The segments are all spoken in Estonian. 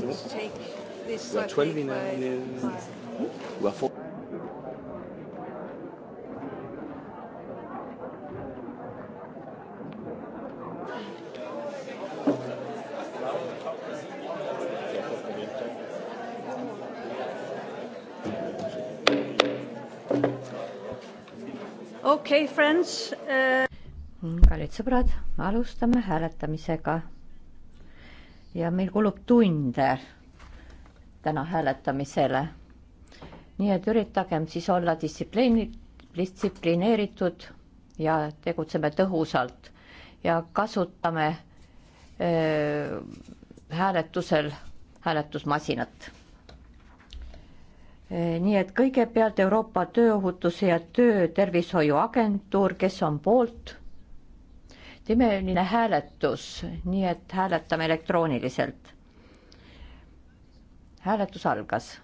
We are 12 in, in we are 4. okei okay,, friends uh.... Mm, kallid sõbrad, alustame hääletamisega ja meil kulub tunde täna hääletamisele. nii et üritagem siis olla distsipliini, distsiplineeritud ja tegutseme tõhusalt ja kasutame öö, hääletusel hääletusmasinat. nii et kõigepealt Euroopa Tööohutuse ja Töötervishoiu Agentuur, kes on poolt nimeline hääletus, nii et hääletame elektrooniliselt. hääletus algas.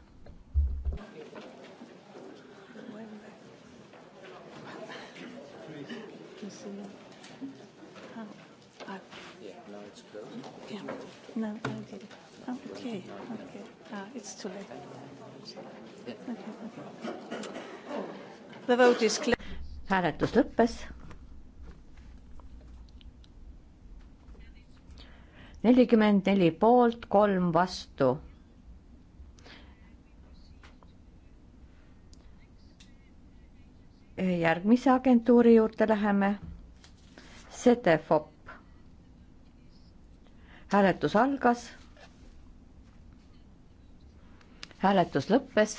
No, okay. Oh, okay, okay. Ah, it's too late. Okay, okay. The vote is clear. hääletus lõppes nelikümmend neli poolt, kolm vastu. järgmise agentuuri juurde läheme. Setefop. hääletus algas. hääletus lõppes.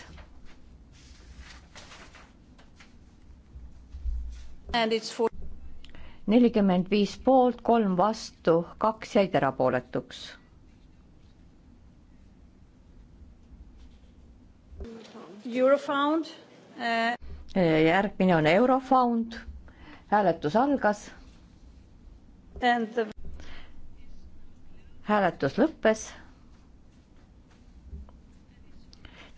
And it's for nelikümmend viis poolt, kolm vastu, kaks jäid erapooletuks Eurofound äh.... järgmine on Eurofound, hääletus algas. The... hääletus lõppes.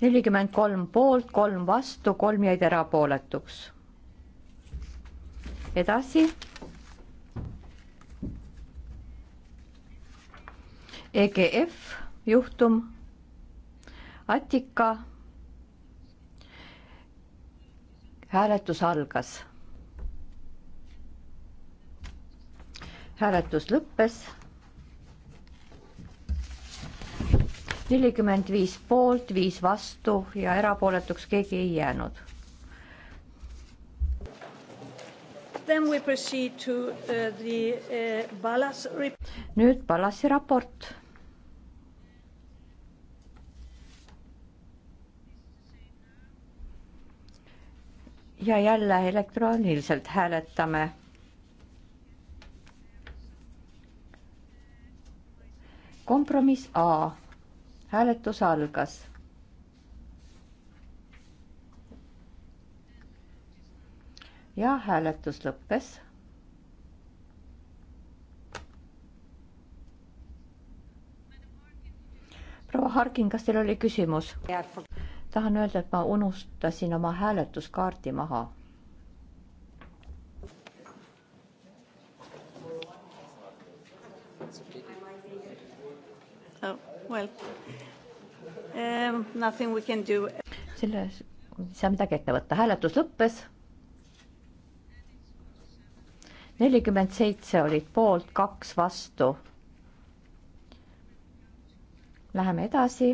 nelikümmend kolm poolt, kolm vastu, kolm jäid erapooletuks. edasi EGF juhtum, Attika hääletus algas. hääletus lõppes. nelikümmend viis poolt, viis vastu ja erapooletuks keegi ei jäänud. Then we proceed to uh, the uh, Ballas. nüüd Ballasi raport ja jälle elektrooniliselt hääletame. kompromiss A, hääletus algas. ja hääletus lõppes. proua Harkin, kas teil oli küsimus? tahan öelda, et ma unustasin oma hääletuskaardi maha. Oh, well, um, nothing we can do. selles, ei saa midagi ette võtta, hääletus lõppes. nelikümmend seitse olid poolt, kaks vastu. Läheme edasi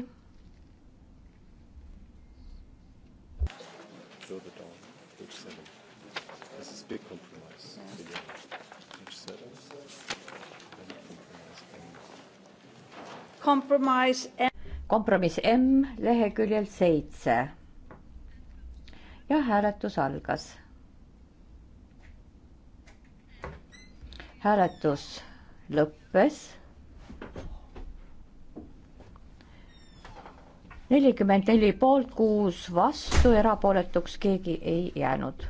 kompromiss M leheküljel seitse. ja hääletus algas. hääletus lõppes. nelikümmend neli poolt, kuus vastu, erapooletuks keegi ei jäänud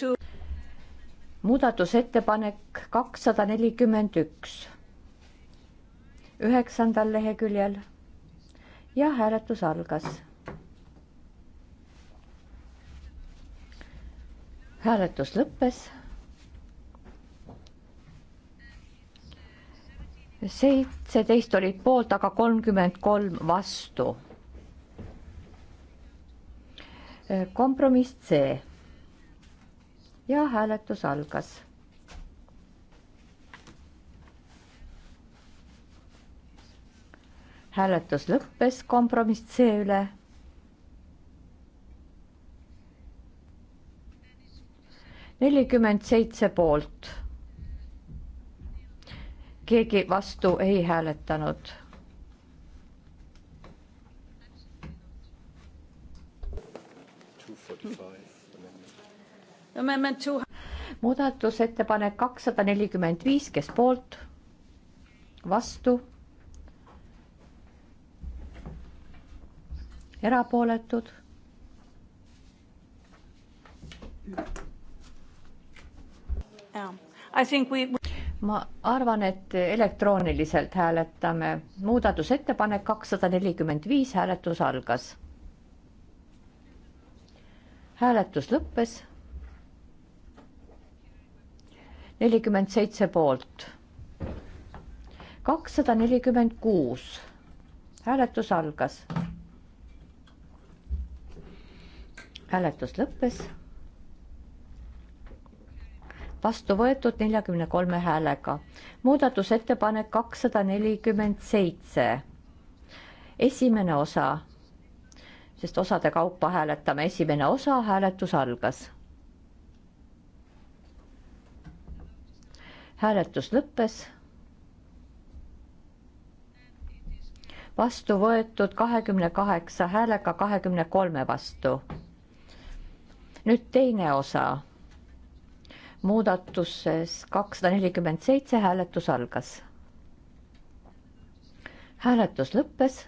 To muudatusettepanek kakssada nelikümmend üks, üheksandal leheküljel ja hääletus algas. hääletus lõppes. seitseteist olid poolt, aga kolmkümmend kolm vastu. kompromiss C ja hääletus algas. hääletus lõppes kompromiss C üle. nelikümmend seitse poolt. keegi vastu ei hääletanud muudatusettepanek kakssada nelikümmend viis, kes poolt, vastu, erapooletud. ma arvan, et elektrooniliselt hääletame, muudatusettepanek kakssada nelikümmend viis, hääletus algas. hääletus lõppes nelikümmend seitse poolt. kakssada nelikümmend kuus. hääletus algas. hääletus lõppes. vastu võetud neljakümne kolme häälega. muudatusettepanek kakssada nelikümmend seitse. esimene osa, sest osade kaupa hääletame, esimene osa, hääletus algas hääletus lõppes. vastu võetud kahekümne kaheksa häälega kahekümne kolme vastu. nüüd teine osa. muudatuses kakssada nelikümmend seitse hääletus algas. hääletus lõppes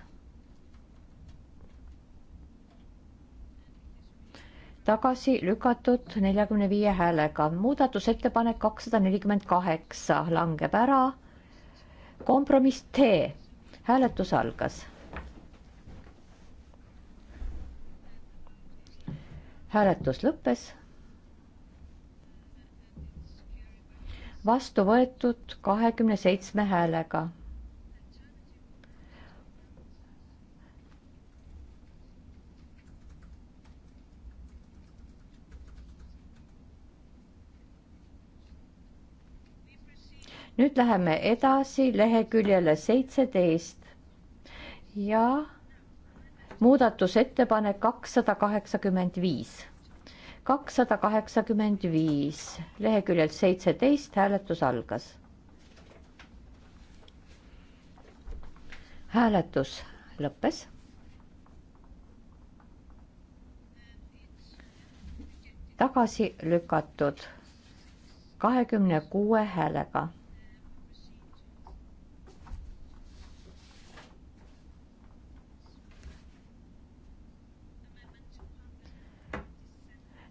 tagasi lükatud neljakümne viie häälega. muudatusettepanek kakssada nelikümmend kaheksa langeb ära. kompromiss T, hääletus algas. hääletus lõppes. vastu võetud kahekümne seitsme häälega nüüd läheme edasi leheküljele seitseteist ja muudatusettepanek kakssada kaheksakümmend viis. kakssada kaheksakümmend viis, leheküljelt seitseteist hääletus algas. hääletus lõppes. tagasi lükatud kahekümne kuue häälega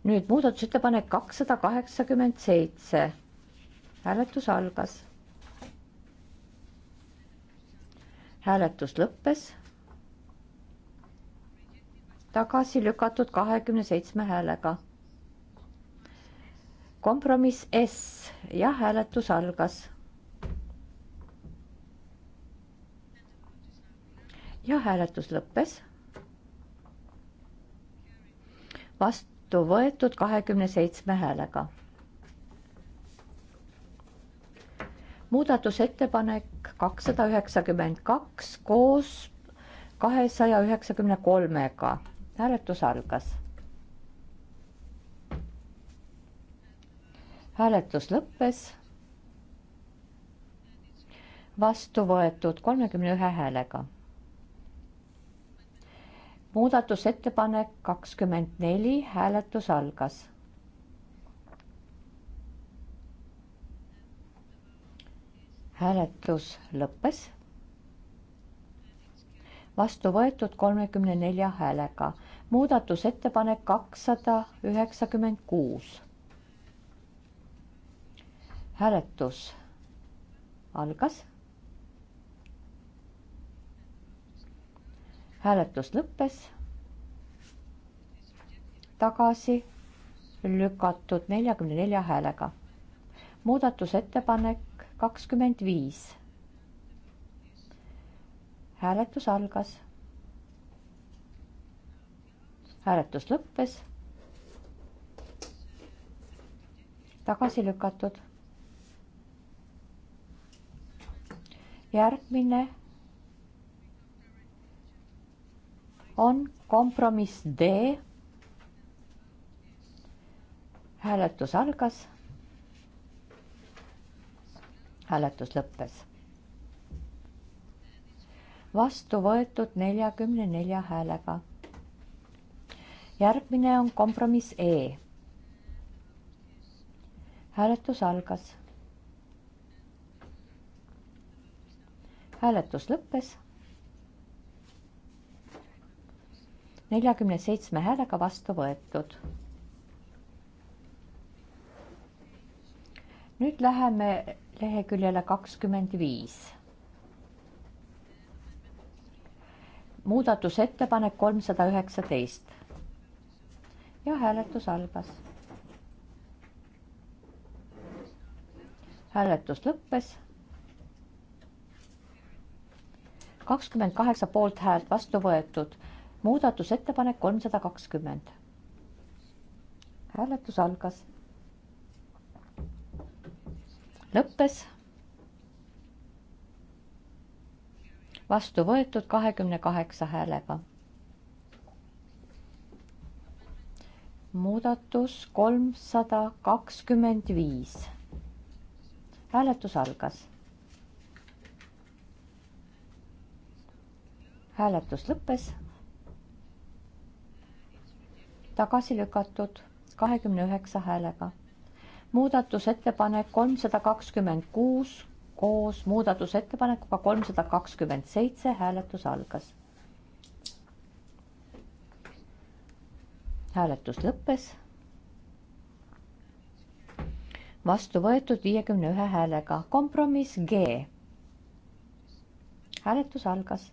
nüüd muudatusettepanek kakssada kaheksakümmend seitse. hääletus algas. hääletus lõppes. tagasi lükatud kahekümne seitsme häälega. kompromiss S ja hääletus algas. ja hääletus lõppes. vastu vastu võetud kahekümne seitsme häälega. muudatusettepanek kakssada üheksakümmend kaks koos kahesaja üheksakümne kolmega. hääletus algas. hääletus lõppes. vastu võetud kolmekümne ühe häälega muudatusettepanek kakskümmend neli, hääletus algas. hääletus lõppes. vastu võetud kolmekümne nelja häälega, muudatusettepanek kakssada üheksakümmend kuus. hääletus algas hääletus lõppes. tagasi lükatud neljakümne nelja häälega. muudatusettepanek kakskümmend viis. hääletus algas. hääletus lõppes. tagasi lükatud. järgmine on kompromiss D. hääletus algas. hääletus lõppes. vastu võetud neljakümne nelja häälega. järgmine on kompromiss E. hääletus algas. hääletus lõppes neljakümne seitsme häälega vastu võetud. nüüd läheme leheküljele kakskümmend viis. muudatusettepanek kolmsada üheksateist. ja hääletus algas. hääletus lõppes kakskümmend kaheksa poolthäält vastu võetud muudatusettepanek kolmsada kakskümmend. hääletus algas. lõppes. vastu võetud kahekümne kaheksa häälega. muudatus kolmsada kakskümmend viis. hääletus algas hääletus lõppes tagasi lükatud kahekümne üheksa häälega. muudatusettepanek kolmsada kakskümmend kuus koos muudatusettepanekuga kolmsada kakskümmend seitse hääletus algas. hääletus lõppes. vastu võetud viiekümne ühe häälega, kompromiss G. hääletus algas.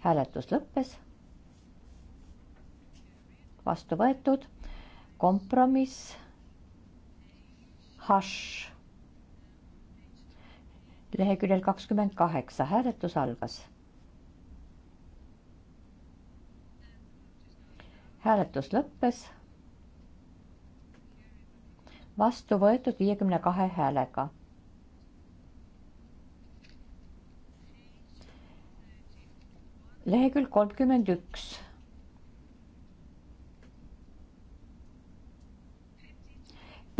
hääletus lõppes vastu võetud, kompromiss, hašš. leheküljel kakskümmend kaheksa hääletus algas. hääletus lõppes. vastu võetud viiekümne kahe häälega lehekülg kolmkümmend üks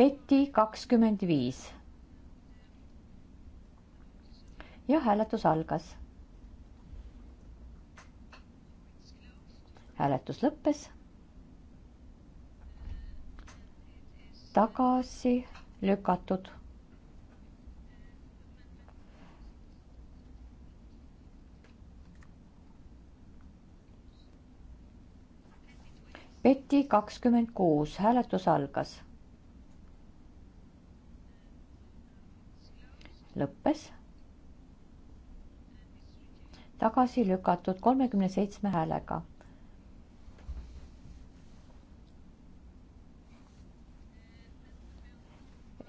peti kakskümmend viis. ja hääletus algas. hääletus lõppes. tagasi lükatud Peti kakskümmend kuus, hääletus algas. lõppes tagasi lükatud kolmekümne seitsme häälega.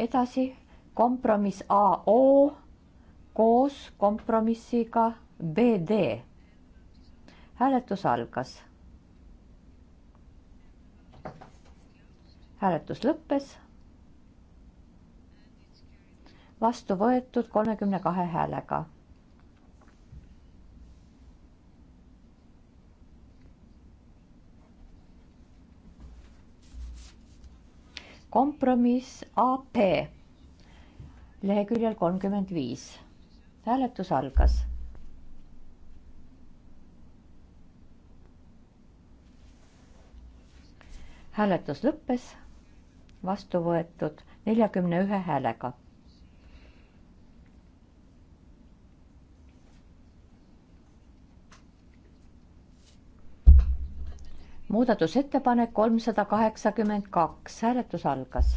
edasi kompromiss AO koos kompromissiga BD. hääletus algas. hääletus lõppes vastu võetud kolmekümne kahe häälega. kompromiss AP leheküljel kolmkümmend viis. hääletus algas. hääletus lõppes, vastu võetud neljakümne ühe häälega muudatusettepanek kolmsada kaheksakümmend kaks, hääletus algas.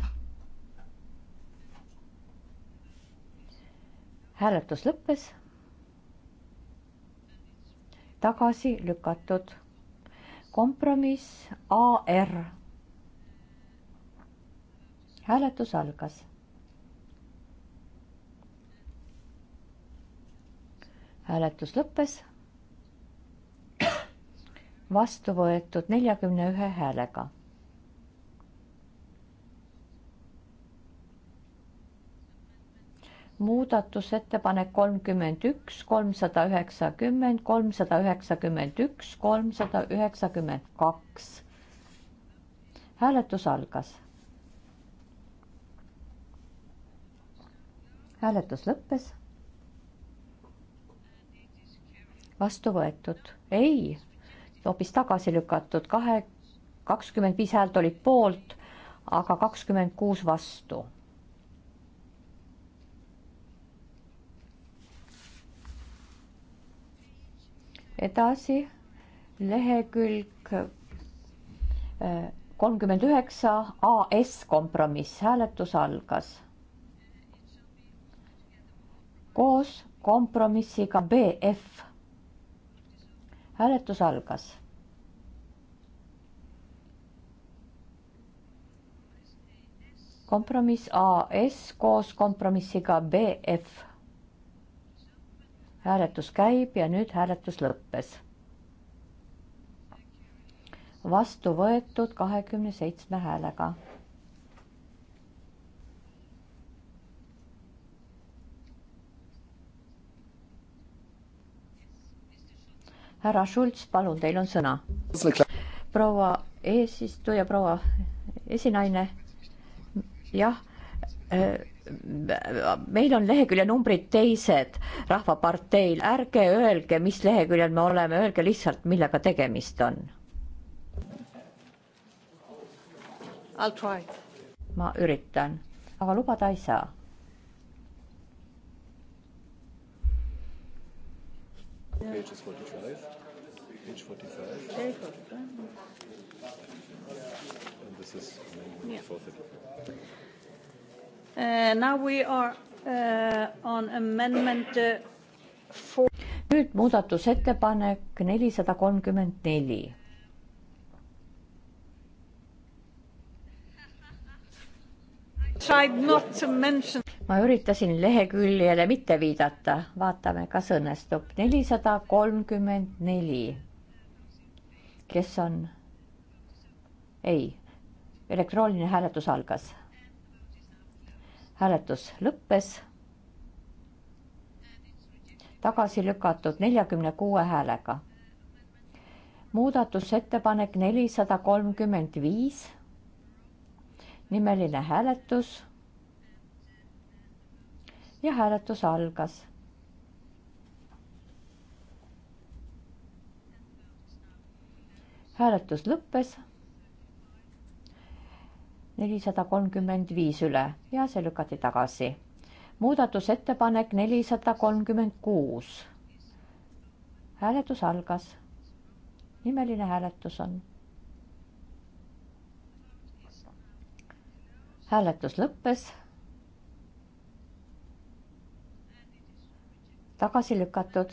hääletus lõppes. tagasi lükatud. kompromiss AR. hääletus algas. hääletus lõppes vastu võetud neljakümne ühe häälega. muudatusettepanek kolmkümmend üks, kolmsada üheksakümmend, kolmsada üheksakümmend üks, kolmsada üheksakümmend kaks. hääletus algas hääletus lõppes. vastu võetud, ei, hoopis tagasi lükatud, kahe, kakskümmend viis häält olid poolt, aga kakskümmend kuus vastu. edasi lehekülg äh, kolmkümmend üheksa AS kompromiss, hääletus algas. koos kompromissiga BF hääletus algas. kompromiss AS koos kompromissiga BF. hääletus käib ja nüüd hääletus lõppes. vastu võetud kahekümne seitsme häälega härra Schulz, palun, teil on sõna. proua eesistuja, proua esinaine. jah, äh, meil on lehekülje numbrid teised Rahvaparteil, ärge öelge, mis leheküljel me oleme, öelge lihtsalt, millega tegemist on. ma üritan, aga lubada ei saa Pages 45. Page 45. Page 45. And this is yeah. 435. Uh, now we are uh, on amendment uh, four. nüüd muudatusettepanek nelisada kolmkümmend neli. Tried not to mention ma üritasin leheküljele mitte viidata, vaatame, kas õnnestub. nelisada kolmkümmend neli. kes on? ei, elektrooniline hääletus algas. hääletus lõppes. tagasi lükatud neljakümne kuue häälega. muudatusettepanek nelisada kolmkümmend viis. nimeline hääletus ja hääletus algas. hääletus lõppes. nelisada kolmkümmend viis üle ja see lükati tagasi. muudatusettepanek nelisada kolmkümmend kuus. hääletus algas. nimeline hääletus on hääletus lõppes tagasi lükatud.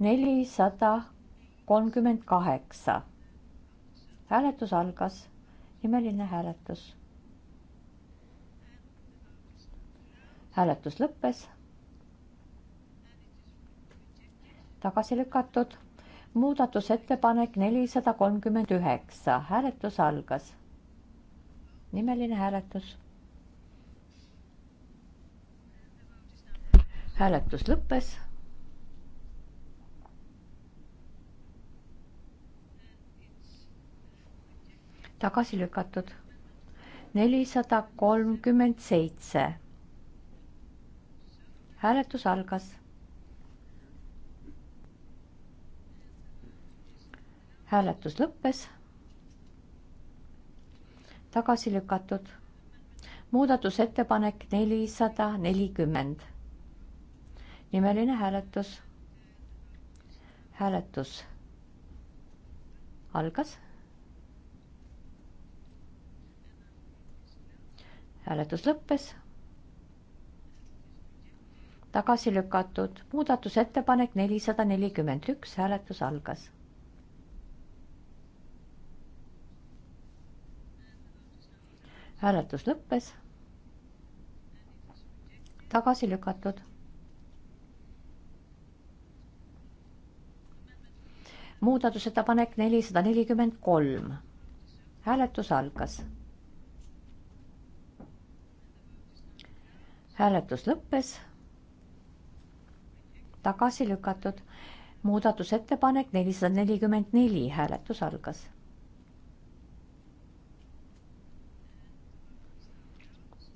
nelisada kolmkümmend kaheksa. hääletus algas, nimeline hääletus. hääletus lõppes. tagasi lükatud muudatusettepanek nelisada kolmkümmend üheksa, hääletus algas. nimeline hääletus hääletus lõppes. tagasi lükatud nelisada kolmkümmend seitse. hääletus algas. hääletus lõppes. tagasi lükatud muudatusettepanek nelisada nelikümmend nimeline hääletus. hääletus algas. hääletus lõppes. tagasi lükatud muudatusettepanek nelisada nelikümmend üks, hääletus algas. hääletus lõppes tagasi lükatud muudatusettepanek nelisada nelikümmend kolm. hääletus algas. hääletus lõppes. tagasi lükatud muudatusettepanek nelisada nelikümmend neli, hääletus algas.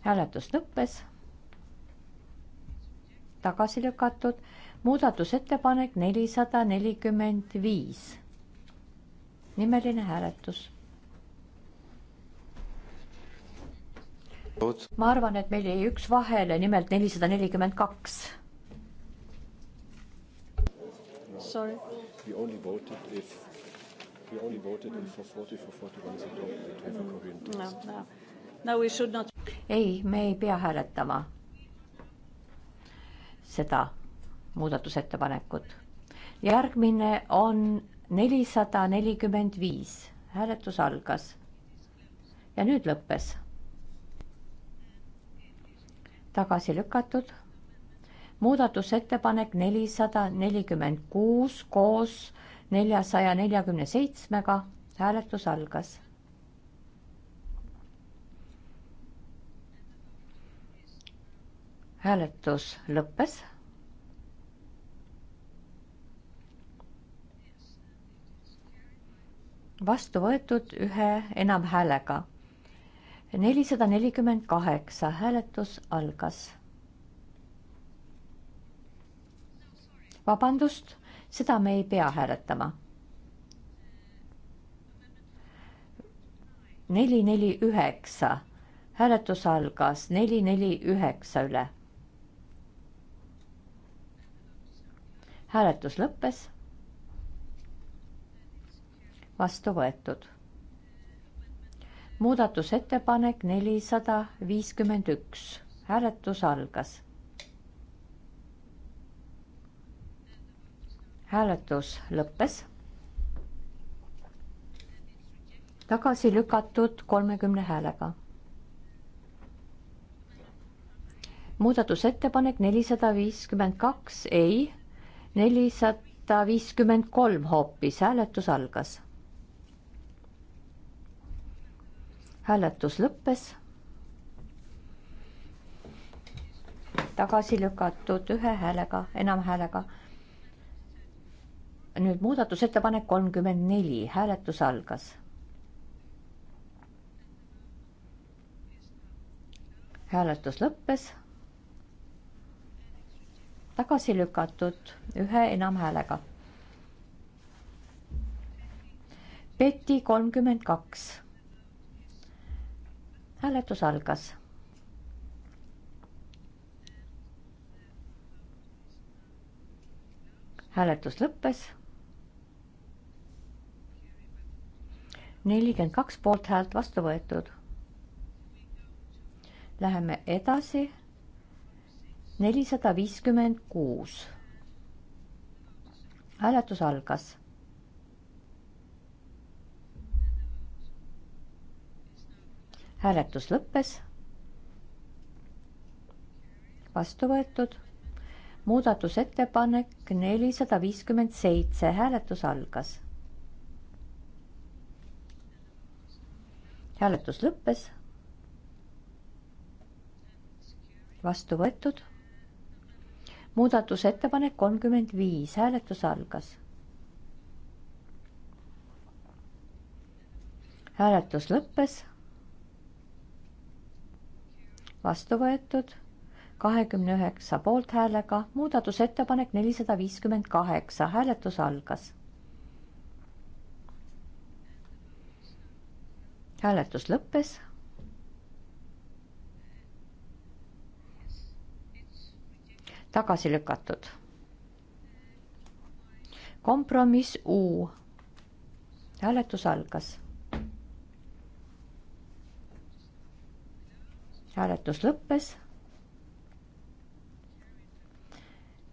hääletus lõppes. tagasi lükatud muudatusettepanek nelisada nelikümmend viis. nimeline hääletus. ma arvan, et meil jäi üks vahele, nimelt nelisada nelikümmend kaks. Sorry. We only voted if we only voted if for forty for forty one is adopted with a Korean text. No, no. No we should not. ei, me ei pea hääletama seda muudatusettepanekut. järgmine on nelisada nelikümmend viis, hääletus algas ja nüüd lõppes. tagasi lükatud muudatusettepanek nelisada nelikümmend kuus koos neljasaja neljakümne seitsmega hääletus algas. hääletus lõppes vastu võetud ühe enamhäälega. nelisada nelikümmend kaheksa, hääletus algas. vabandust, seda me ei pea hääletama. neli, neli, üheksa, hääletus algas neli, neli, üheksa üle. hääletus lõppes vastu võetud. muudatusettepanek nelisada viiskümmend üks, hääletus algas. hääletus lõppes. tagasi lükatud kolmekümne häälega. muudatusettepanek nelisada viiskümmend kaks, ei, nelisada viiskümmend kolm hoopis, hääletus algas hääletus lõppes. tagasi lükatud ühe häälega, enamhäälega. nüüd muudatusettepanek kolmkümmend neli, hääletus algas. hääletus lõppes. tagasi lükatud ühe enamhäälega. peti kolmkümmend kaks hääletus algas. hääletus lõppes. nelikümmend kaks poolthäält vastu võetud. Läheme edasi. nelisada viiskümmend kuus. hääletus algas hääletus lõppes. vastu võetud. muudatusettepanek nelisada viiskümmend seitse, hääletus algas. hääletus lõppes. vastu võetud. muudatusettepanek kolmkümmend viis, hääletus algas hääletus lõppes vastu võetud kahekümne üheksa poolthäälega, muudatusettepanek nelisada viiskümmend kaheksa, hääletus algas. hääletus lõppes. tagasi lükatud. kompromiss U. hääletus algas hääletus lõppes.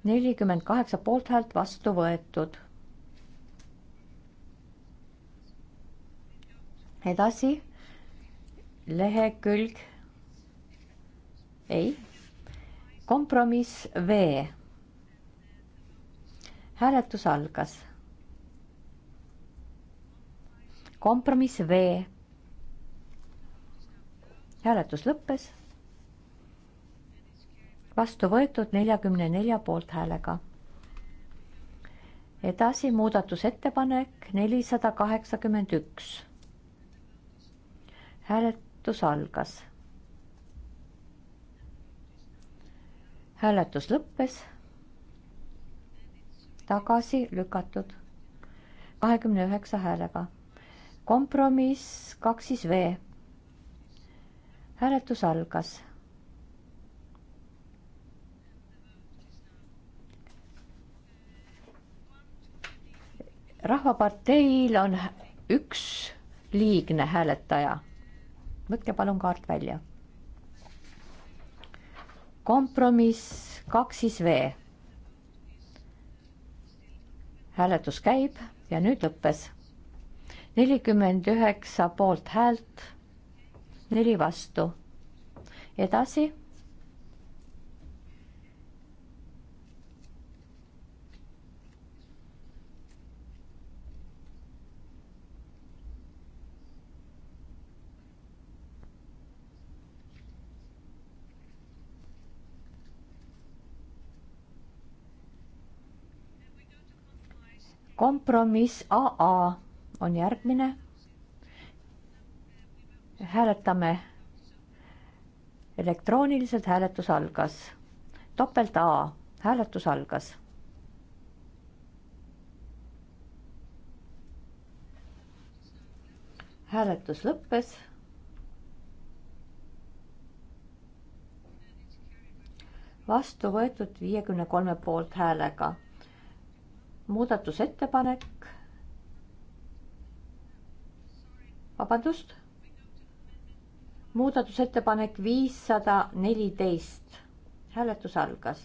nelikümmend kaheksa poolthäält vastu võetud. edasi lehekülg. ei, kompromiss V. hääletus algas. kompromiss V hääletus lõppes. vastu võetud neljakümne nelja poolthäälega. edasi muudatusettepanek nelisada kaheksakümmend üks. hääletus algas. hääletus lõppes. tagasi lükatud kahekümne üheksa häälega. kompromiss kaks siis V hääletus algas. rahvaparteil on üks liigne hääletaja. võtke palun kaart välja. kompromiss kaks siis V. hääletus käib ja nüüd lõppes. nelikümmend üheksa poolthäält neli vastu. edasi. kompromiss AA on järgmine hääletame elektrooniliselt, hääletus algas. topelt A, hääletus algas. hääletus lõppes. vastu võetud viiekümne kolme poolthäälega. muudatusettepanek. vabandust muudatusettepanek viissada neliteist, hääletus algas.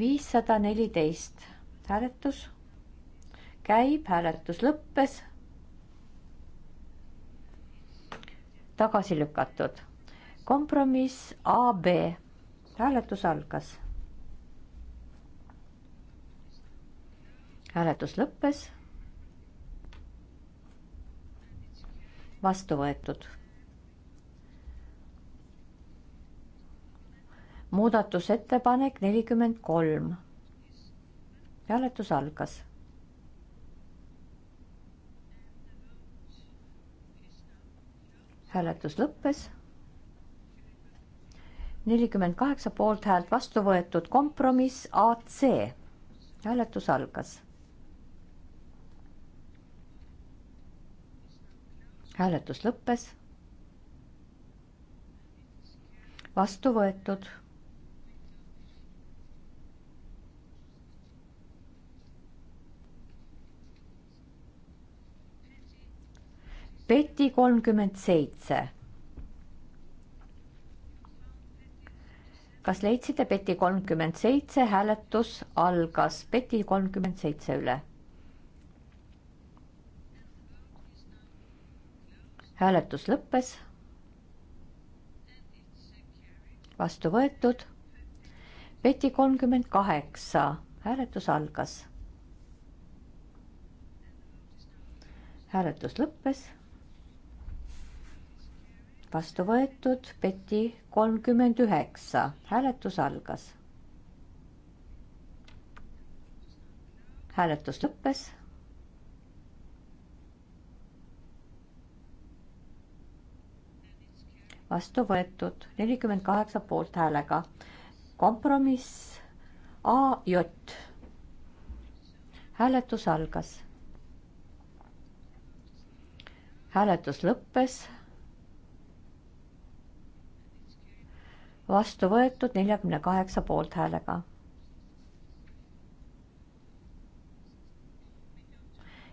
viissada neliteist, hääletus käib, hääletus lõppes. tagasi lükatud. kompromiss AB, hääletus algas. hääletus lõppes vastu võetud. muudatusettepanek nelikümmend kolm. hääletus algas. hääletus lõppes. nelikümmend kaheksa poolthäält vastu võetud kompromiss AC. hääletus algas hääletus lõppes. vastu võetud. Peti kolmkümmend seitse. kas leidsite Peti kolmkümmend seitse, hääletus algas Peti kolmkümmend seitse üle hääletus lõppes. vastu võetud. peti kolmkümmend kaheksa, hääletus algas. hääletus lõppes. vastu võetud, peti kolmkümmend üheksa, hääletus algas. hääletus lõppes vastu võetud nelikümmend kaheksa poolthäälega. kompromiss AJ. hääletus algas. hääletus lõppes. vastu võetud neljakümne kaheksa poolthäälega.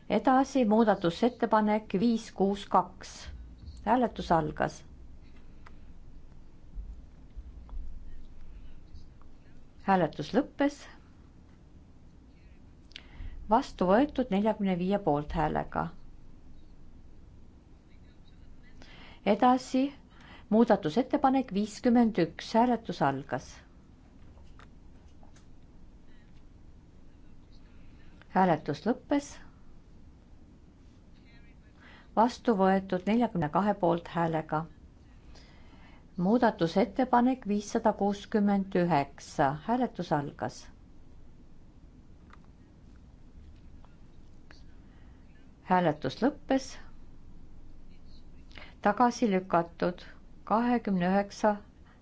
edasi muudatusettepanek viis, kuus, kaks. hääletus algas hääletus lõppes. vastu võetud neljakümne viie poolthäälega. edasi muudatusettepanek viiskümmend üks, hääletus algas. hääletus lõppes. vastu võetud neljakümne kahe poolthäälega muudatusettepanek viissada kuuskümmend üheksa, hääletus algas. hääletus lõppes. tagasi lükatud kahekümne üheksa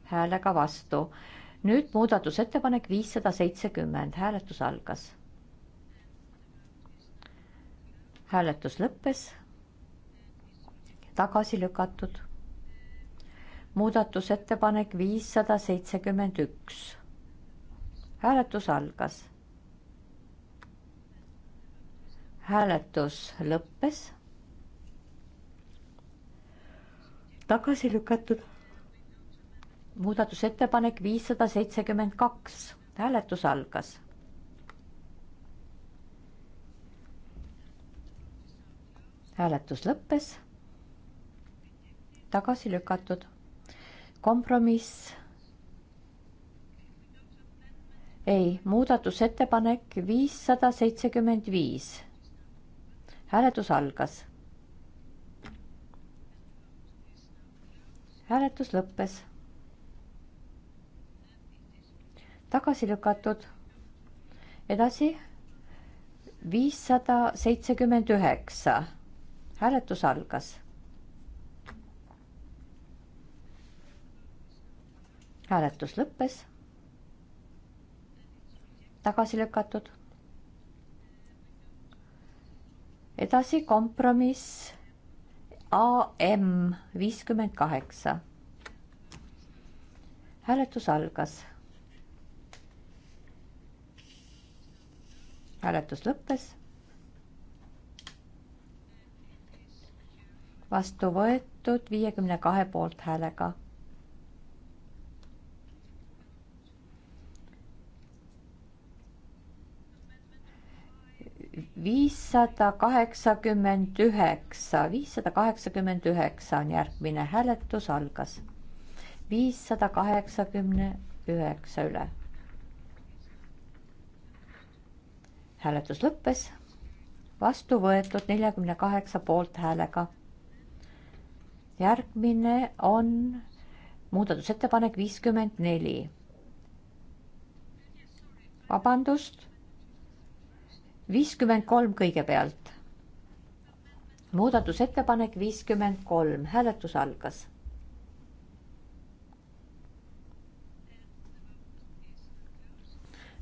häälega vastu. nüüd muudatusettepanek viissada seitsekümmend, hääletus algas. hääletus lõppes. tagasi lükatud muudatusettepanek viissada seitsekümmend üks. hääletus algas. hääletus lõppes. tagasi lükatud. muudatusettepanek viissada seitsekümmend kaks, hääletus algas. hääletus lõppes. tagasi lükatud kompromiss. ei, muudatusettepanek viissada seitsekümmend viis. hääletus algas. hääletus lõppes. tagasi lükatud. edasi viissada seitsekümmend üheksa. hääletus algas hääletus lõppes. tagasi lükatud. edasi kompromiss AM viiskümmend kaheksa. hääletus algas. hääletus lõppes. vastu võetud viiekümne kahe poolthäälega viissada kaheksakümmend üheksa, viissada kaheksakümmend üheksa on järgmine hääletus algas. viissada kaheksakümne üheksa üle. hääletus lõppes, vastu võetud neljakümne kaheksa poolthäälega. järgmine on muudatusettepanek viiskümmend neli. vabandust viiskümmend kolm kõigepealt. muudatusettepanek viiskümmend kolm, hääletus algas.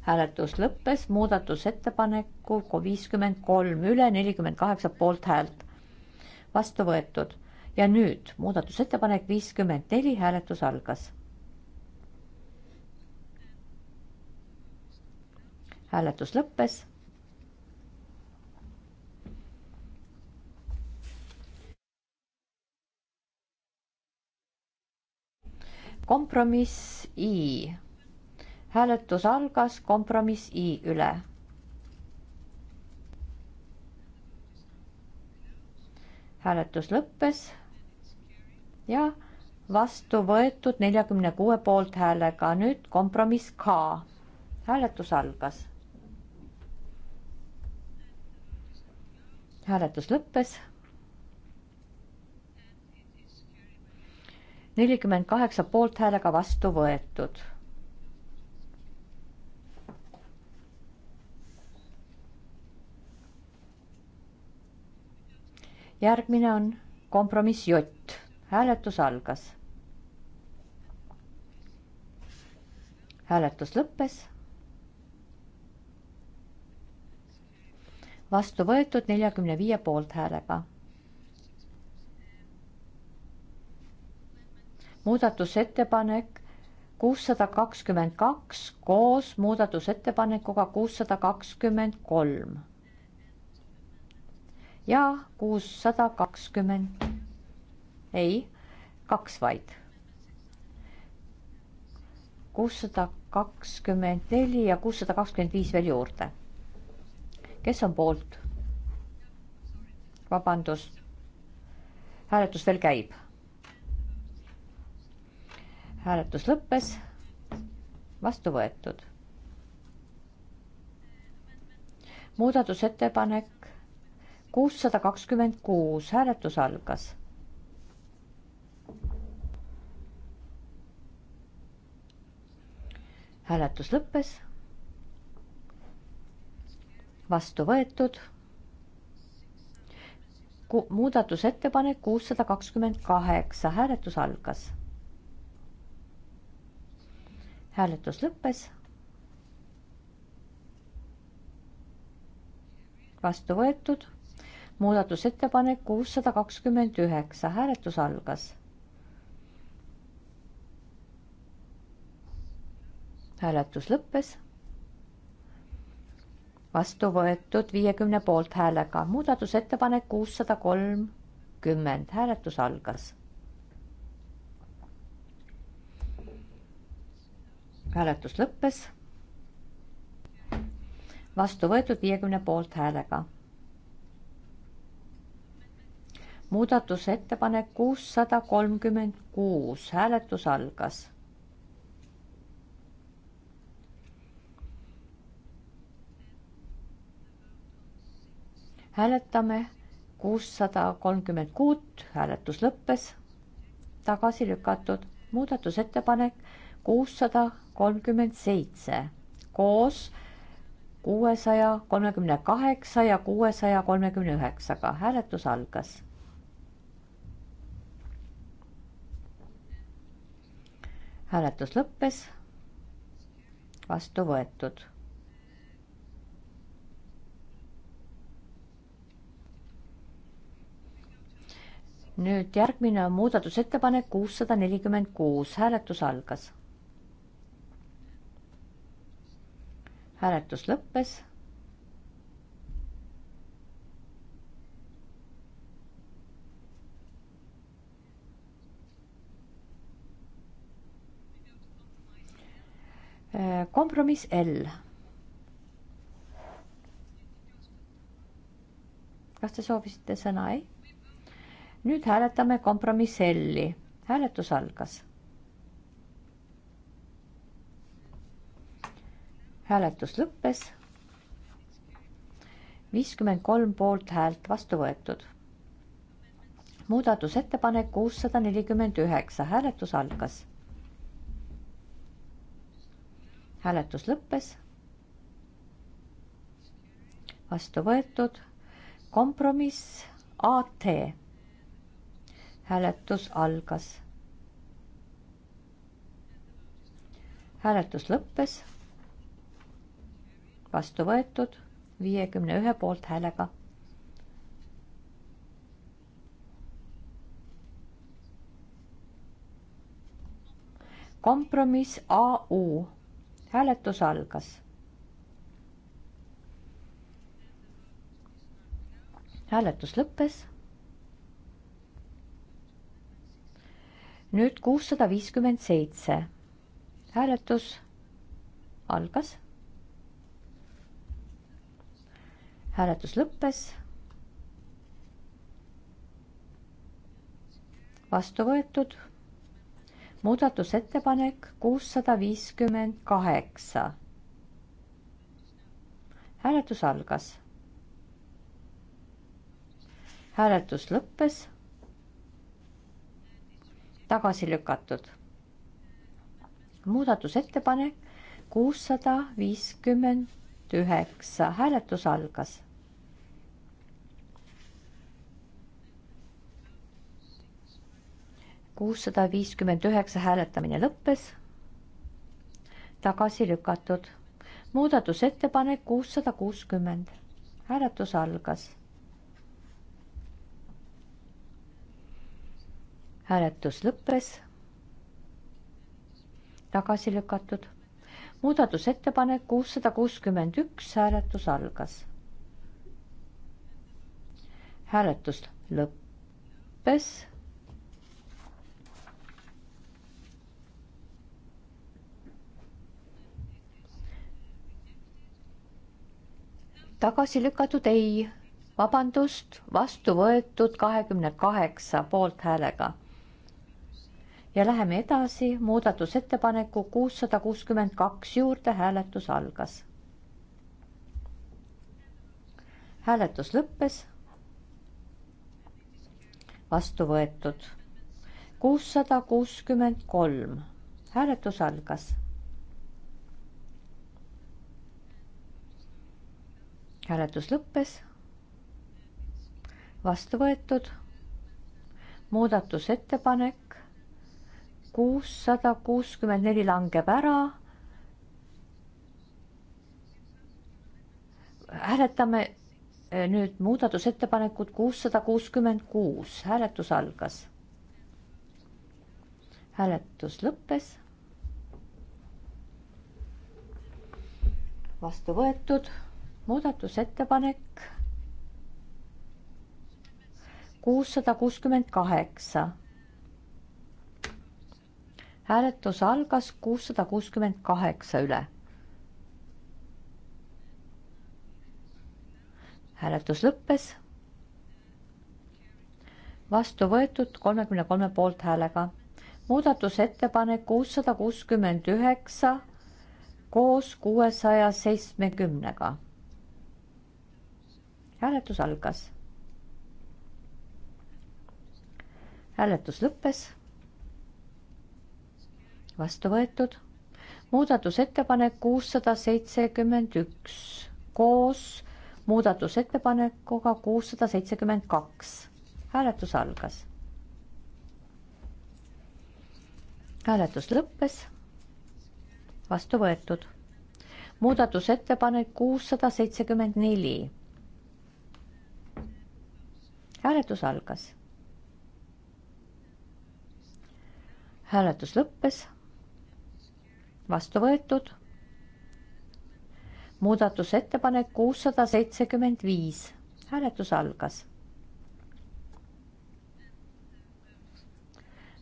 hääletus lõppes muudatusettepaneku viiskümmend kolm üle nelikümmend kaheksa poolthäält vastu võetud ja nüüd muudatusettepanek viiskümmend neli hääletus algas. hääletus lõppes kompromiss I. hääletus algas kompromiss I üle. hääletus lõppes ja vastu võetud neljakümne kuue poolthäälega, nüüd kompromiss K. hääletus algas. hääletus lõppes nelikümmend kaheksa poolthäälega vastu võetud. järgmine on kompromiss J, hääletus algas. hääletus lõppes. vastu võetud neljakümne viie poolthäälega muudatusettepanek kuussada kakskümmend kaks koos muudatusettepanekuga kuussada kakskümmend kolm ja kuussada kakskümmend, ei, kaks vaid. kuussada kakskümmend neli ja kuussada kakskümmend viis veel juurde. kes on poolt? vabandust, hääletus veel käib hääletus lõppes, vastu võetud. muudatusettepanek kuussada kakskümmend kuus, hääletus algas. hääletus lõppes. vastu võetud muudatusettepanek kuussada kakskümmend kaheksa, hääletus algas hääletus lõppes. vastu võetud muudatusettepanek kuussada kakskümmend üheksa, hääletus algas. hääletus lõppes. vastu võetud viiekümne poolthäälega, muudatusettepanek kuussada kolmkümmend, hääletus algas hääletus lõppes. vastu võetud viiekümne poolthäälega. muudatusettepanek kuussada kolmkümmend kuus, hääletus algas. hääletame kuussada kolmkümmend kuut, hääletus lõppes, tagasi lükatud muudatusettepanek kuussada 600 kolmkümmend seitse koos kuuesaja kolmekümne kaheksa ja kuuesaja kolmekümne üheksaga. hääletus algas. hääletus lõppes. vastu võetud. nüüd järgmine on muudatusettepanek kuussada nelikümmend kuus, hääletus algas hääletus lõppes. kompromiss L. kas te soovisite sõna, ei? nüüd hääletame kompromiss L-i. hääletus algas hääletus lõppes. viiskümmend kolm poolthäält vastu võetud. muudatusettepanek kuussada nelikümmend üheksa, hääletus algas. hääletus lõppes. vastu võetud. kompromiss AT. hääletus algas. hääletus lõppes vastu võetud viiekümne ühe poolthäälega. kompromiss AU, hääletus algas. hääletus lõppes. nüüd kuussada viiskümmend seitse. hääletus algas hääletus lõppes. vastu võetud muudatusettepanek kuussada viiskümmend kaheksa. hääletus algas. hääletus lõppes. tagasi lükatud muudatusettepanek kuussada viiskümmend üheksa, hääletus algas. kuussada viiskümmend üheksa hääletamine lõppes, tagasi lükatud. muudatusettepanek kuussada kuuskümmend, hääletus algas. hääletus lõppes, tagasi lükatud. muudatusettepanek kuussada kuuskümmend üks, hääletus algas. hääletus lõppes tagasi lükatud ei, vabandust, vastu võetud kahekümne kaheksa poolthäälega. ja läheme edasi muudatusettepaneku kuussada kuuskümmend kaks juurde, hääletus algas. hääletus lõppes. vastu võetud kuussada kuuskümmend kolm, hääletus algas hääletus lõppes. vastu võetud. muudatusettepanek kuussada kuuskümmend neli langeb ära. hääletame eh, nüüd muudatusettepanekut kuussada kuuskümmend kuus, hääletus algas. hääletus lõppes. vastu võetud muudatusettepanek kuussada kuuskümmend kaheksa. hääletus algas kuussada kuuskümmend kaheksa üle. hääletus lõppes. vastu võetud kolmekümne kolme poolthäälega. muudatusettepanek kuussada kuuskümmend üheksa koos kuuesaja seitsmekümnega hääletus algas. hääletus lõppes. vastu võetud. muudatusettepanek kuussada seitsekümmend üks koos muudatusettepanekuga kuussada seitsekümmend kaks. hääletus algas. hääletus lõppes. vastu võetud muudatusettepanek kuussada seitsekümmend neli hääletus algas. hääletus lõppes. vastu võetud. muudatusettepanek kuussada seitsekümmend viis, hääletus algas.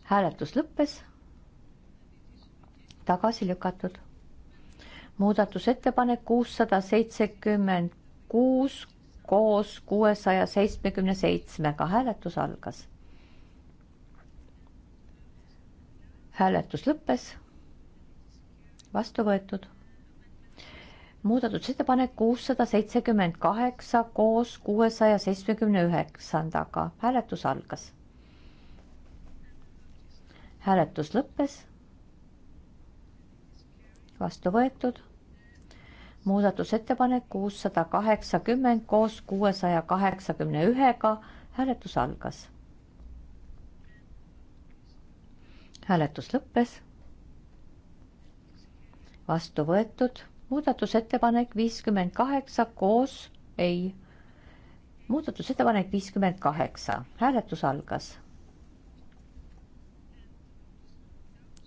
hääletus lõppes. tagasi lükatud. muudatusettepanek kuussada seitsekümmend kuus koos kuuesaja seitsmekümne seitsmega. hääletus algas. hääletus lõppes. vastu võetud. muudatusettepanek kuussada seitsekümmend kaheksa koos kuuesaja seitsmekümne üheksandaga. hääletus algas. hääletus lõppes. vastu võetud muudatusettepanek kuussada kaheksakümmend koos kuuesaja kaheksakümne ühega. hääletus algas. hääletus lõppes. vastu võetud muudatusettepanek viiskümmend kaheksa koos ei. muudatusettepanek viiskümmend kaheksa, hääletus algas.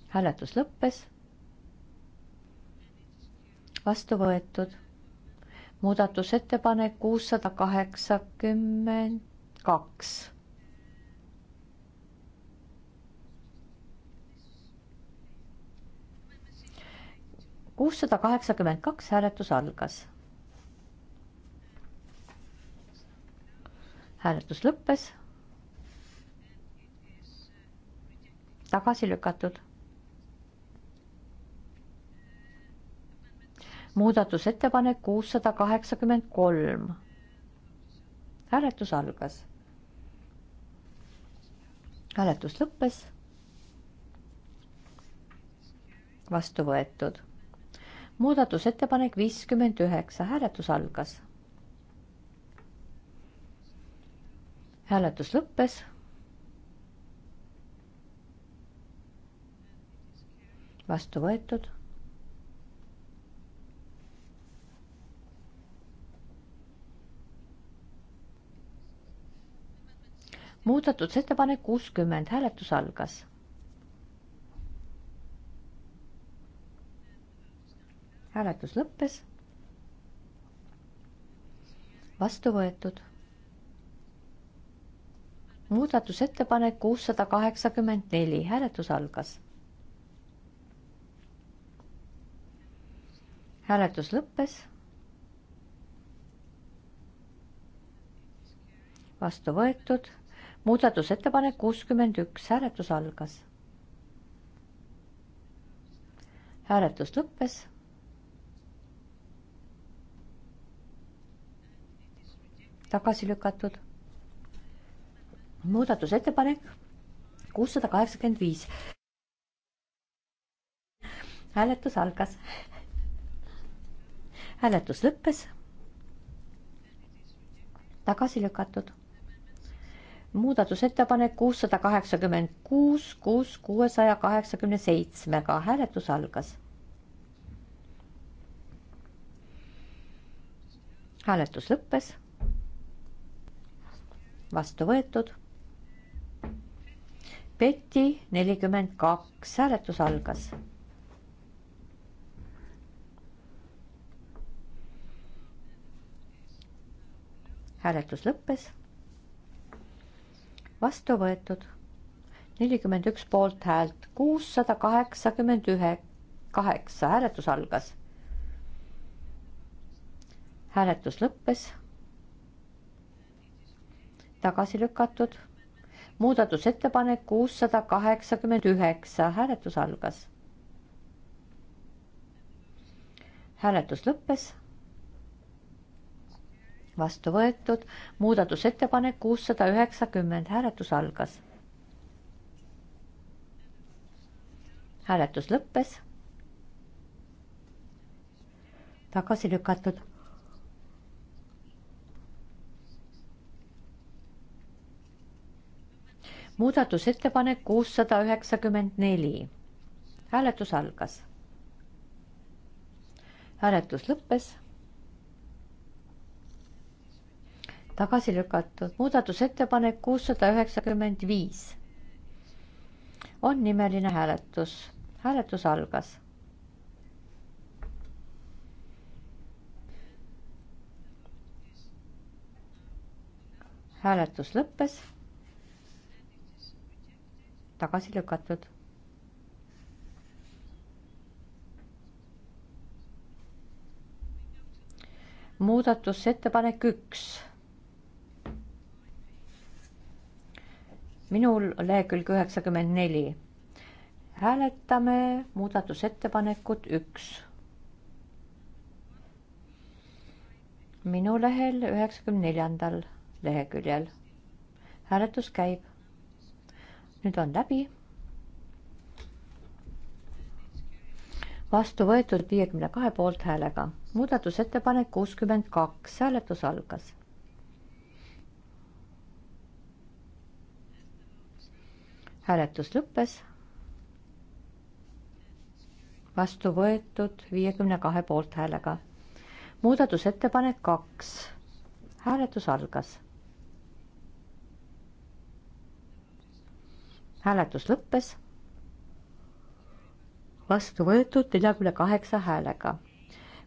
hääletus lõppes vastu võetud. muudatusettepanek kuussada kaheksakümmend kaks. kuussada kaheksakümmend kaks hääletus algas. hääletus lõppes. tagasi lükatud muudatusettepanek kuussada kaheksakümmend kolm. hääletus algas. hääletus lõppes. vastu võetud. muudatusettepanek viiskümmend üheksa, hääletus algas. hääletus lõppes. vastu võetud muudatusettepanek kuuskümmend, hääletus algas. hääletus lõppes. vastu võetud. muudatusettepanek kuussada kaheksakümmend neli, hääletus algas. hääletus lõppes. vastu võetud muudatusettepanek kuuskümmend üks, hääletus algas. hääletus lõppes. tagasi lükatud. muudatusettepanek kuussada kaheksakümmend viis. hääletus algas. hääletus lõppes. tagasi lükatud muudatusettepanek kuussada kaheksakümmend kuus, kuus kuuesaja kaheksakümne seitsmega hääletus algas. hääletus lõppes. vastu võetud. Peti nelikümmend kaks, hääletus algas. hääletus lõppes vastu võetud. nelikümmend üks poolthäält, kuussada kaheksakümmend ühe, kaheksa, hääletus algas. hääletus lõppes. tagasi lükatud. muudatusettepanek kuussada kaheksakümmend üheksa, hääletus algas. hääletus lõppes vastu võetud, muudatusettepanek kuussada üheksakümmend, hääletus algas. hääletus lõppes. tagasi lükatud. muudatusettepanek kuussada üheksakümmend neli, hääletus algas hääletus lõppes. tagasi lükatud. muudatusettepanek kuussada üheksakümmend viis on nimeline hääletus. hääletus algas. hääletus lõppes. tagasi lükatud. muudatusettepanek üks minul lehekülg üheksakümmend neli. hääletame muudatusettepanekut üks. minu lehel üheksakümne neljandal leheküljel. hääletus käib. nüüd on läbi. vastu võetud viiekümne kahe poolthäälega. muudatusettepanek kuuskümmend kaks, hääletus algas hääletus lõppes. vastu võetud viiekümne kahe poolthäälega. muudatusettepanek kaks. hääletus algas. hääletus lõppes. vastu võetud neljakümne kaheksa häälega.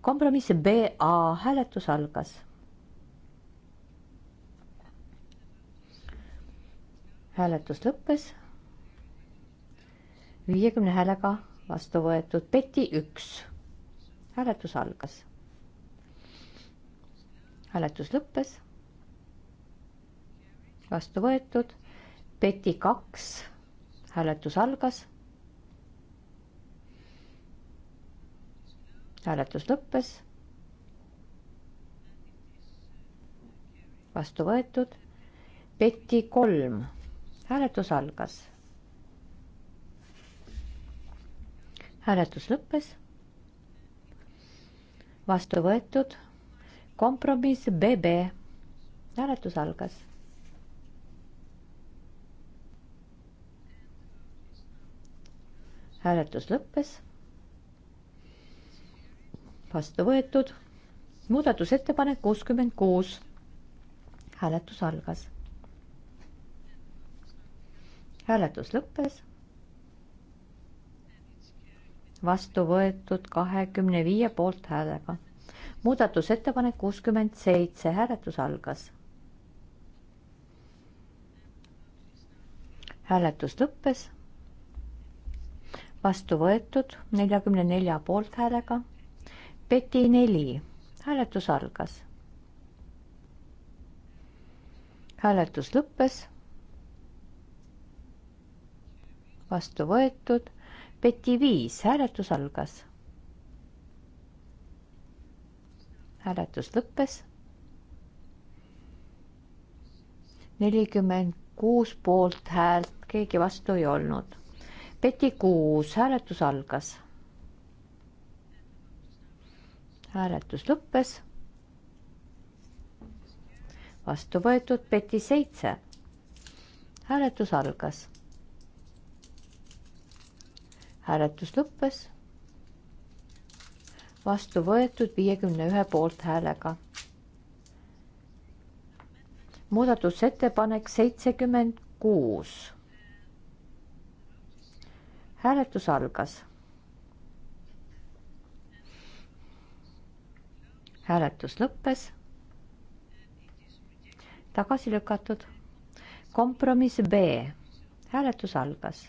kompromiss BA hääletus algas hääletus lõppes viiekümne häälega vastu võetud. Peti üks. hääletus algas. hääletus lõppes. vastu võetud. Peti kaks. hääletus algas. hääletus lõppes. vastu võetud. Peti kolm. hääletus algas hääletus lõppes. vastu võetud kompromiss BB. hääletus algas. hääletus lõppes. vastu võetud muudatusettepanek kuuskümmend kuus. hääletus algas. hääletus lõppes vastu võetud kahekümne viie poolthäälega. muudatusettepanek kuuskümmend seitse, hääletus algas. hääletus lõppes. vastu võetud neljakümne nelja poolthäälega. Peti neli, hääletus algas. hääletus lõppes. vastu võetud peti viis, hääletus algas. hääletus lõppes. nelikümmend kuus poolthäält, keegi vastu ei olnud. peti kuus, hääletus algas. hääletus lõppes. vastu võetud peti seitse. hääletus algas hääletus lõppes. vastu võetud viiekümne ühe poolthäälega. muudatusettepanek seitsekümmend kuus. hääletus algas. hääletus lõppes. tagasi lükatud. kompromiss B. hääletus algas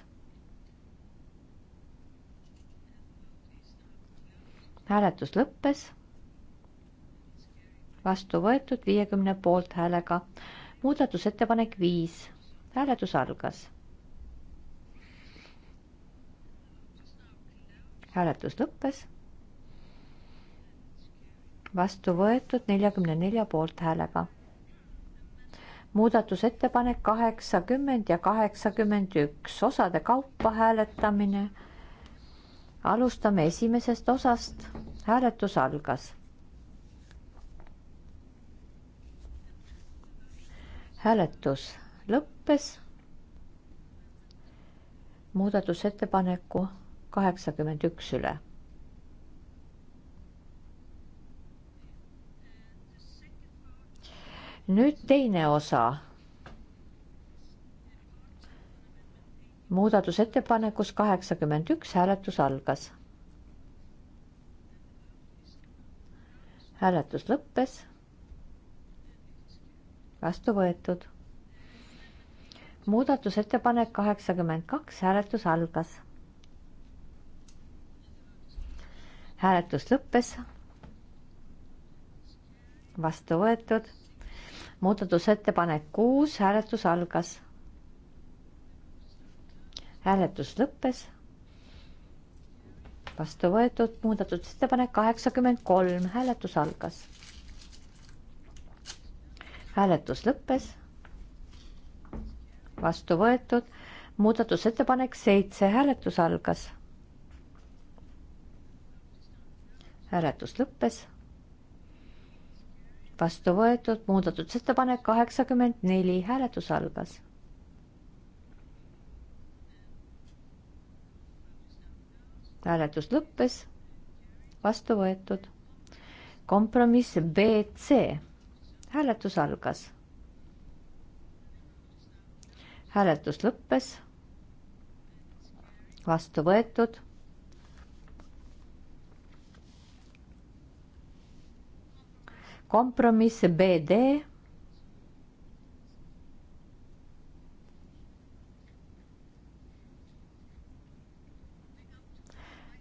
hääletus lõppes. vastu võetud viiekümne poolthäälega. muudatusettepanek viis, hääletus algas. hääletus lõppes. vastu võetud neljakümne nelja poolthäälega muudatusettepanek kaheksakümmend ja kaheksakümmend üks, osade kaupa hääletamine alustame esimesest osast. hääletus algas. hääletus lõppes. muudatusettepaneku kaheksakümmend üks üle. nüüd teine osa muudatusettepanekus kaheksakümmend üks hääletus algas. hääletus lõppes. vastu võetud. muudatusettepanek kaheksakümmend kaks hääletus algas. hääletus lõppes. vastu võetud. muudatusettepanek kuus hääletus algas hääletus lõppes. vastu võetud muudatusettepanek kaheksakümmend kolm, hääletus algas. hääletus lõppes. vastu võetud muudatusettepanek seitse, hääletus algas. hääletus lõppes vastu võetud muudatusettepanek kaheksakümmend neli, hääletus algas hääletus lõppes, vastu võetud. kompromiss BC, hääletus algas. hääletus lõppes, vastu võetud. kompromiss BD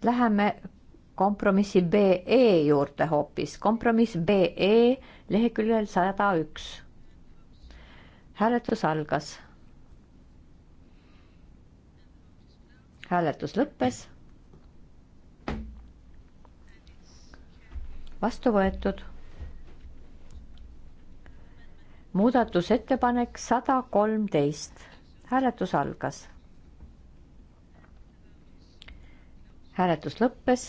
Läheme kompromissi BE juurde hoopis. kompromiss BE leheküljel sada üks. hääletus algas. hääletus lõppes. vastu võetud. muudatusettepanek sada kolmteist. hääletus algas hääletus lõppes.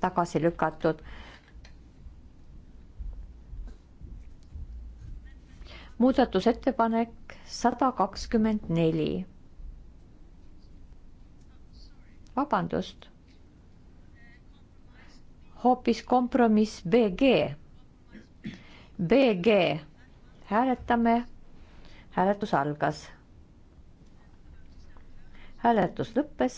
tagasi lükatud. muudatusettepanek sada kakskümmend neli. vabandust. hoopis kompromiss BG. BG, hääletame. hääletus algas hääletus lõppes.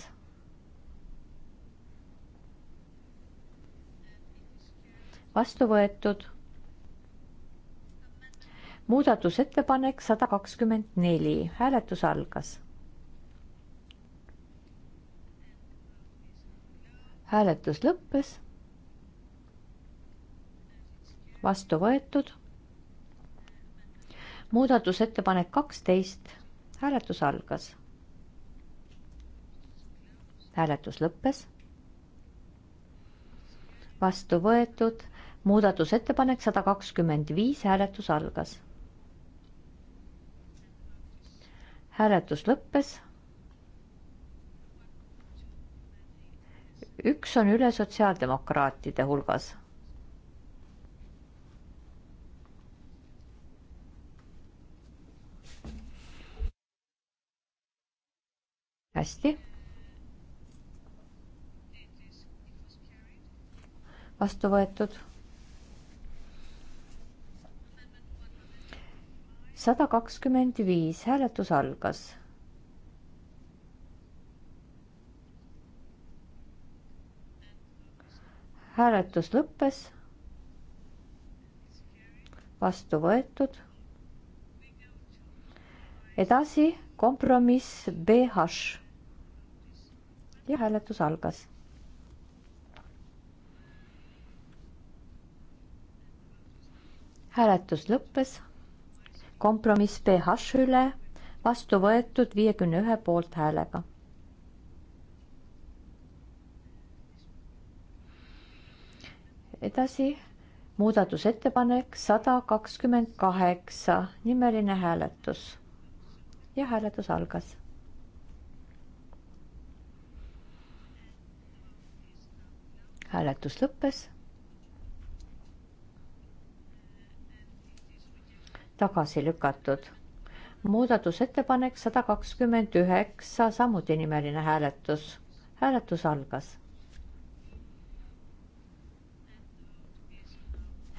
vastu võetud. muudatusettepanek sada kakskümmend neli, hääletus algas. hääletus lõppes. vastu võetud. muudatusettepanek kaksteist, hääletus algas hääletus lõppes. vastu võetud muudatusettepanek sada kakskümmend viis, hääletus algas. hääletus lõppes. üks on üle sotsiaaldemokraatide hulgas hästi. vastu võetud. sada kakskümmend viis, hääletus algas. hääletus lõppes. vastu võetud. edasi kompromiss BH. ja hääletus algas hääletus lõppes. kompromiss PH üle vastu võetud viiekümne ühe poolthäälega. edasi muudatusettepanek sada kakskümmend kaheksa, nimeline hääletus ja hääletus algas. hääletus lõppes tagasi lükatud. muudatusettepanek sada kakskümmend üheksa, samuti nimeline hääletus. hääletus algas.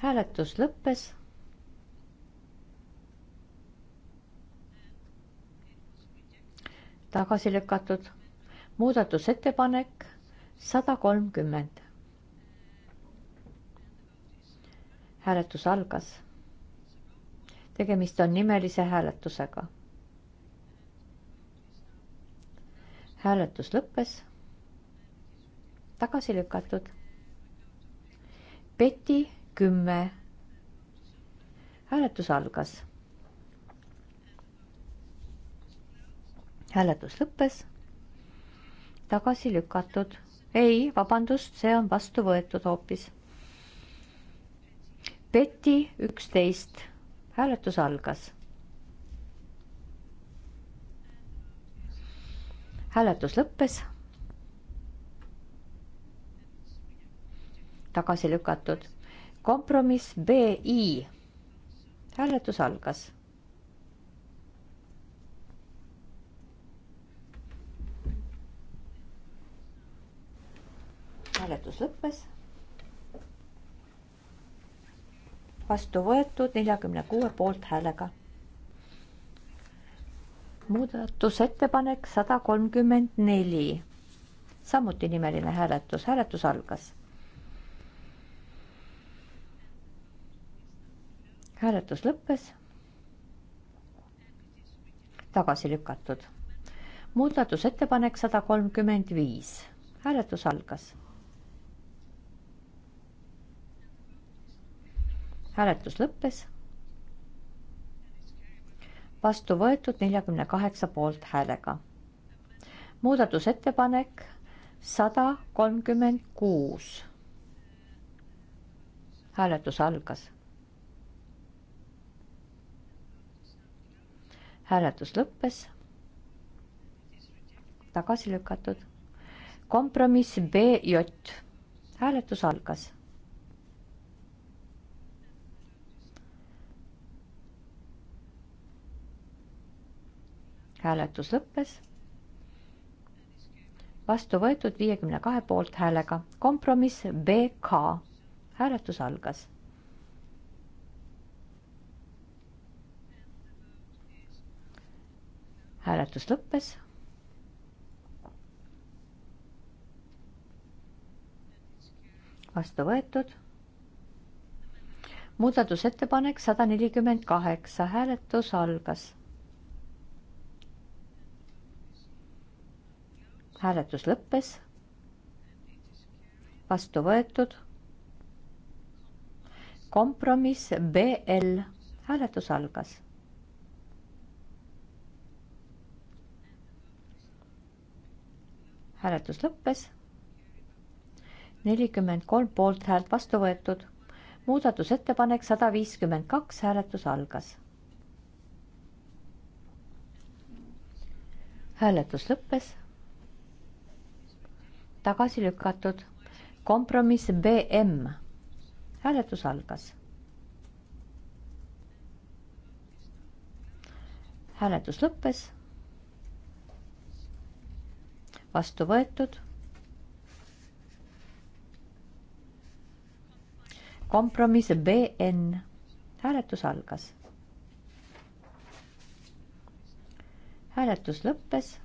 hääletus lõppes. tagasi lükatud muudatusettepanek sada kolmkümmend. hääletus algas tegemist on nimelise hääletusega. hääletus lõppes. tagasi lükatud. peti kümme. hääletus algas. hääletus lõppes. tagasi lükatud. ei, vabandust, see on vastu võetud hoopis. peti üksteist hääletus algas. hääletus lõppes. tagasi lükatud. kompromiss BI. hääletus algas. hääletus lõppes vastu võetud neljakümne kuue poolthäälega. muudatusettepanek sada kolmkümmend neli, samuti nimeline hääletus, hääletus algas. hääletus lõppes. tagasi lükatud muudatusettepanek sada kolmkümmend viis, hääletus algas hääletus lõppes. vastu võetud neljakümne kaheksa poolthäälega. muudatusettepanek sada kolmkümmend kuus. hääletus algas. hääletus lõppes. tagasi lükatud. kompromiss BJ. hääletus algas hääletus lõppes. vastu võetud viiekümne kahe poolthäälega, kompromiss BK, hääletus algas. hääletus lõppes vastu võetud. muudatusettepanek sada nelikümmend kaheksa, hääletus algas. hääletus lõppes. vastu võetud. kompromiss BL, hääletus algas. hääletus lõppes. nelikümmend kolm poolthäält vastu võetud. muudatusettepanek sada viiskümmend kaks, hääletus algas hääletus lõppes tagasi lükatud. kompromiss BM. hääletus algas. hääletus lõppes. vastu võetud. kompromiss BN. hääletus algas. hääletus lõppes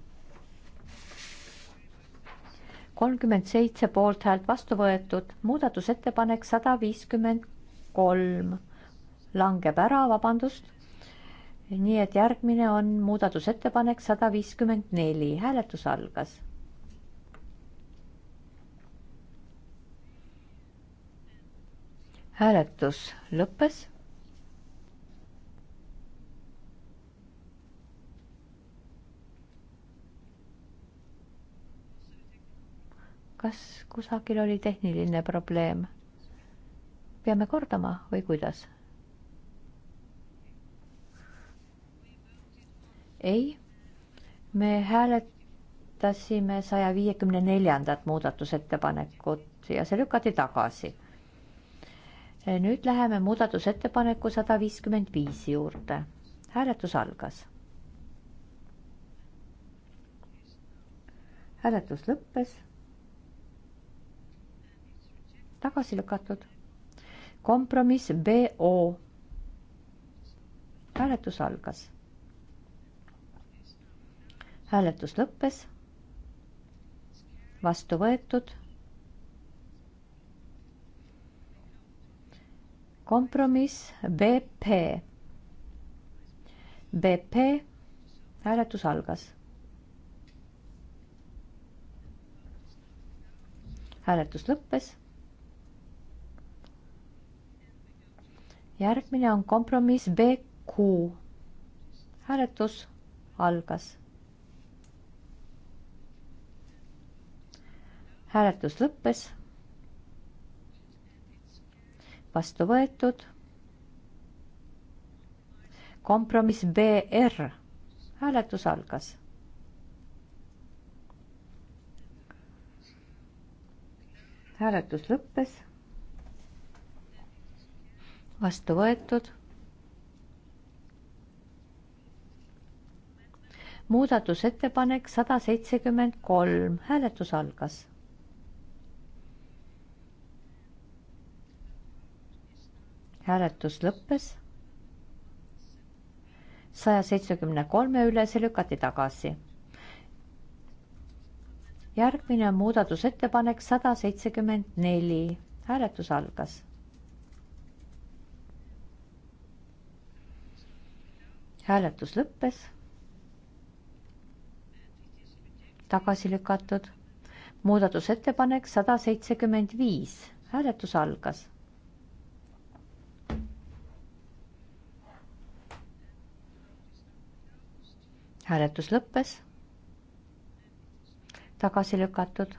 kolmkümmend seitse poolthäält vastu võetud, muudatusettepanek sada viiskümmend kolm langeb ära, vabandust. nii et järgmine on muudatusettepanek sada viiskümmend neli, hääletus algas. hääletus lõppes kas kusagil oli tehniline probleem? peame kordama või kuidas? ei, me hääletasime saja viiekümne neljandat muudatusettepanekut ja see lükati tagasi. nüüd läheme muudatusettepaneku sada viiskümmend viis juurde. hääletus algas. hääletus lõppes tagasi lükatud. kompromiss BO. hääletus algas. hääletus lõppes. vastu võetud. kompromiss BP. BP hääletus algas. hääletus lõppes järgmine on kompromiss BQ. hääletus algas. hääletus lõppes. vastu võetud. kompromiss BR. hääletus algas hääletus lõppes vastu võetud. muudatusettepanek sada seitsekümmend kolm, hääletus algas. hääletus lõppes saja seitsmekümne kolme üle, see lükati tagasi. järgmine muudatusettepanek sada seitsekümmend neli, hääletus algas hääletus lõppes. tagasi lükatud. muudatusettepanek sada seitsekümmend viis, hääletus algas. hääletus lõppes. tagasi lükatud.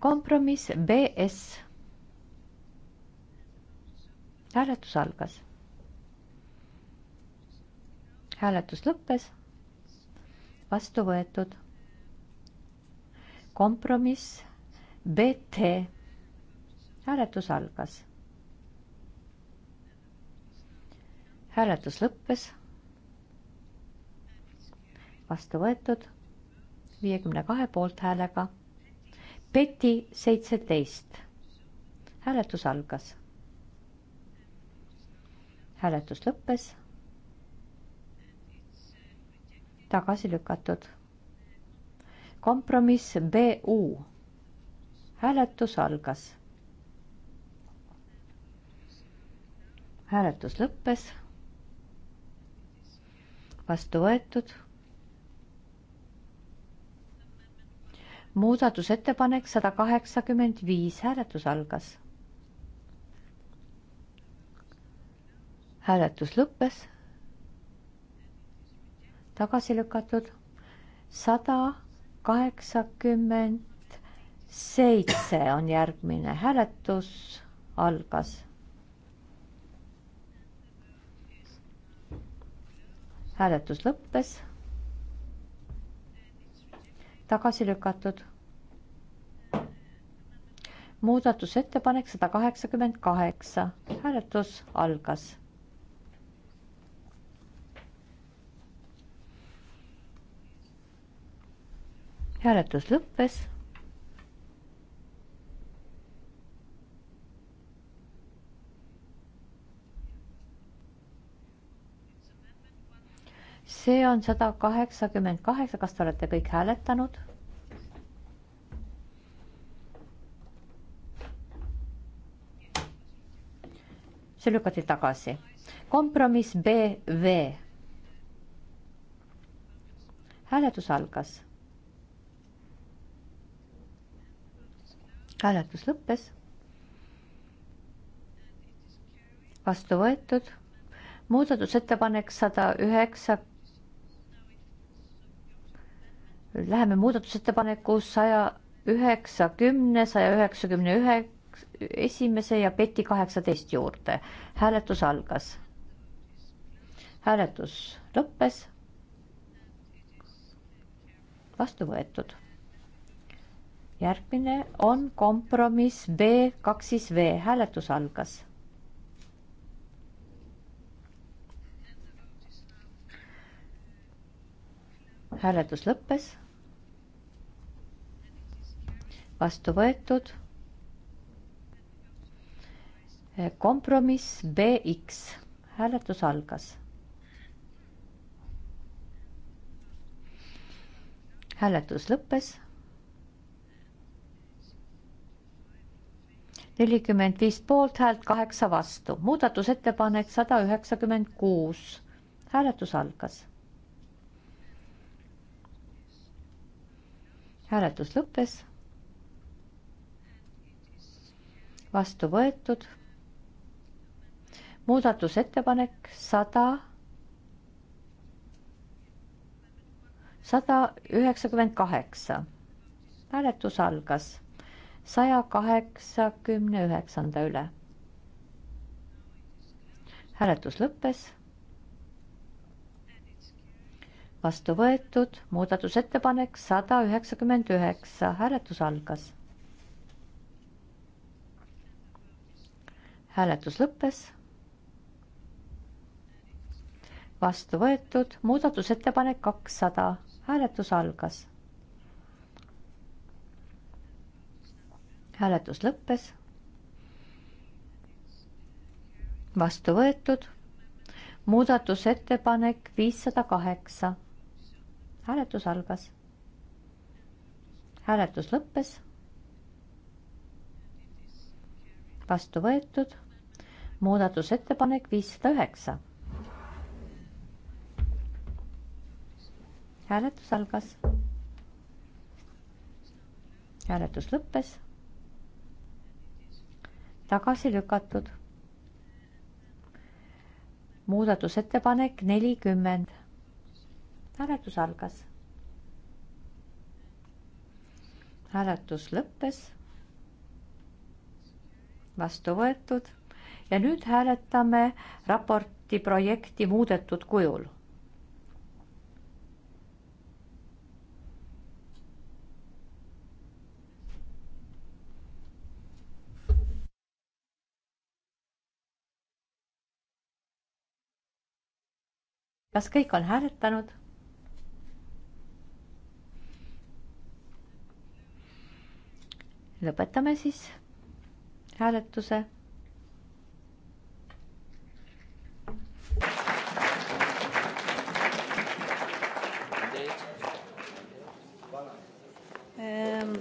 kompromiss BS. hääletus algas hääletus lõppes. vastu võetud. kompromiss BT. hääletus algas. hääletus lõppes. vastu võetud viiekümne kahe poolthäälega. Peti seitseteist. hääletus algas. hääletus lõppes tagasi lükatud. kompromiss BU. hääletus algas. hääletus lõppes. vastu võetud. muudatusettepanek sada kaheksakümmend viis, hääletus algas. hääletus lõppes tagasi lükatud, sada kaheksakümmend seitse on järgmine hääletus, algas. hääletus lõppes. tagasi lükatud muudatusettepanek sada kaheksakümmend kaheksa, hääletus algas. hääletus lõppes. see on sada kaheksakümmend kaheksa, kas te olete kõik hääletanud? see lükati tagasi. kompromiss BV. hääletus algas hääletus lõppes. vastu võetud muudatusettepanek sada üheksa. Läheme muudatusettepaneku saja üheksakümne, saja üheksakümne ühe esimese ja peti kaheksateist juurde. hääletus algas. hääletus lõppes. vastu võetud järgmine on kompromiss B kaks siis V, hääletus algas. hääletus lõppes. vastu võetud. kompromiss BX, hääletus algas. hääletus lõppes nelikümmend viis poolthäält, kaheksa vastu. muudatusettepanek sada üheksakümmend kuus. hääletus algas. hääletus lõppes. vastu võetud. muudatusettepanek sada, sada üheksakümmend kaheksa. hääletus algas saja kaheksakümne üheksanda üle. hääletus lõppes. vastu võetud muudatusettepanek sada üheksakümmend üheksa, hääletus algas. hääletus lõppes vastu võetud muudatusettepanek kakssada, hääletus algas. hääletus lõppes. vastu võetud. muudatusettepanek viissada kaheksa. hääletus algas. hääletus lõppes. vastu võetud. muudatusettepanek viissada üheksa. hääletus algas. hääletus lõppes tagasi lükatud. muudatusettepanek nelikümmend. hääletus algas. hääletus lõppes. vastu võetud ja nüüd hääletame raporti projekti muudetud kujul kas kõik on hääletanud? lõpetame siis hääletuse. Um,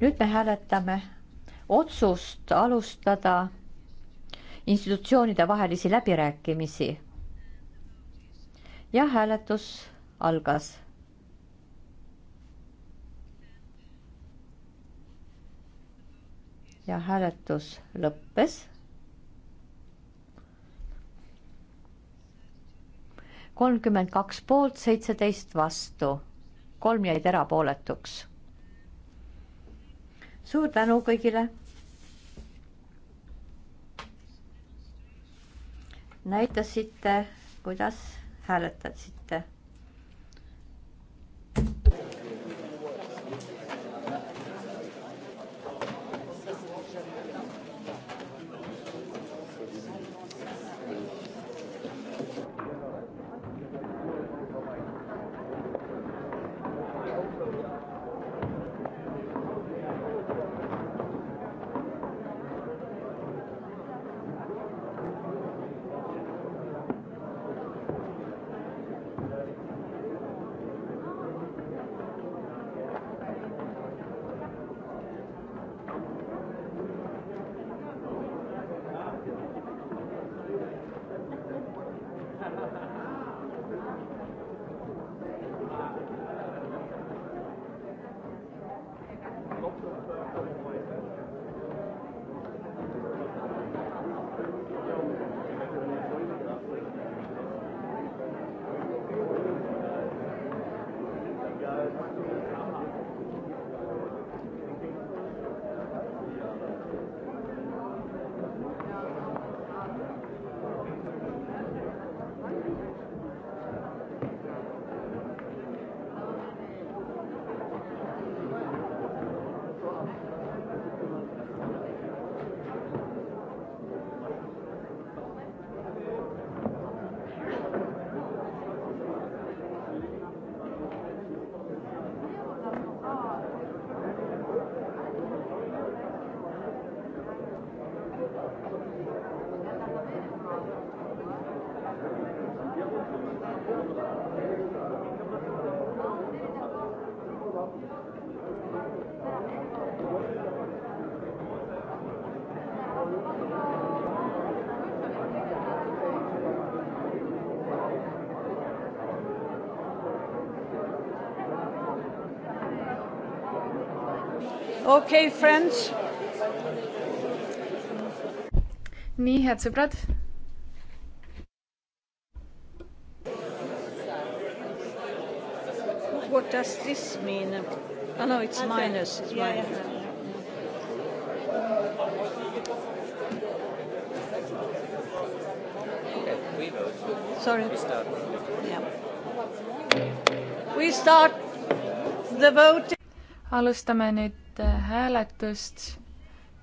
nüüd me hääletame otsust alustada institutsioonide vahelisi läbirääkimisi. ja hääletus algas. ja hääletus lõppes. kolmkümmend kaks poolt, seitseteist vastu, kolm jäid erapooletuks. suur tänu kõigile näitasite, kuidas hääletasite. okei okay,, friends. nii, head sõbrad. What does this mean? Oh no, it's okay. minus, it's yeah, minus yeah.. Sorry. We start. Yeah. We start the vote. alustame nüüd eilset hääletust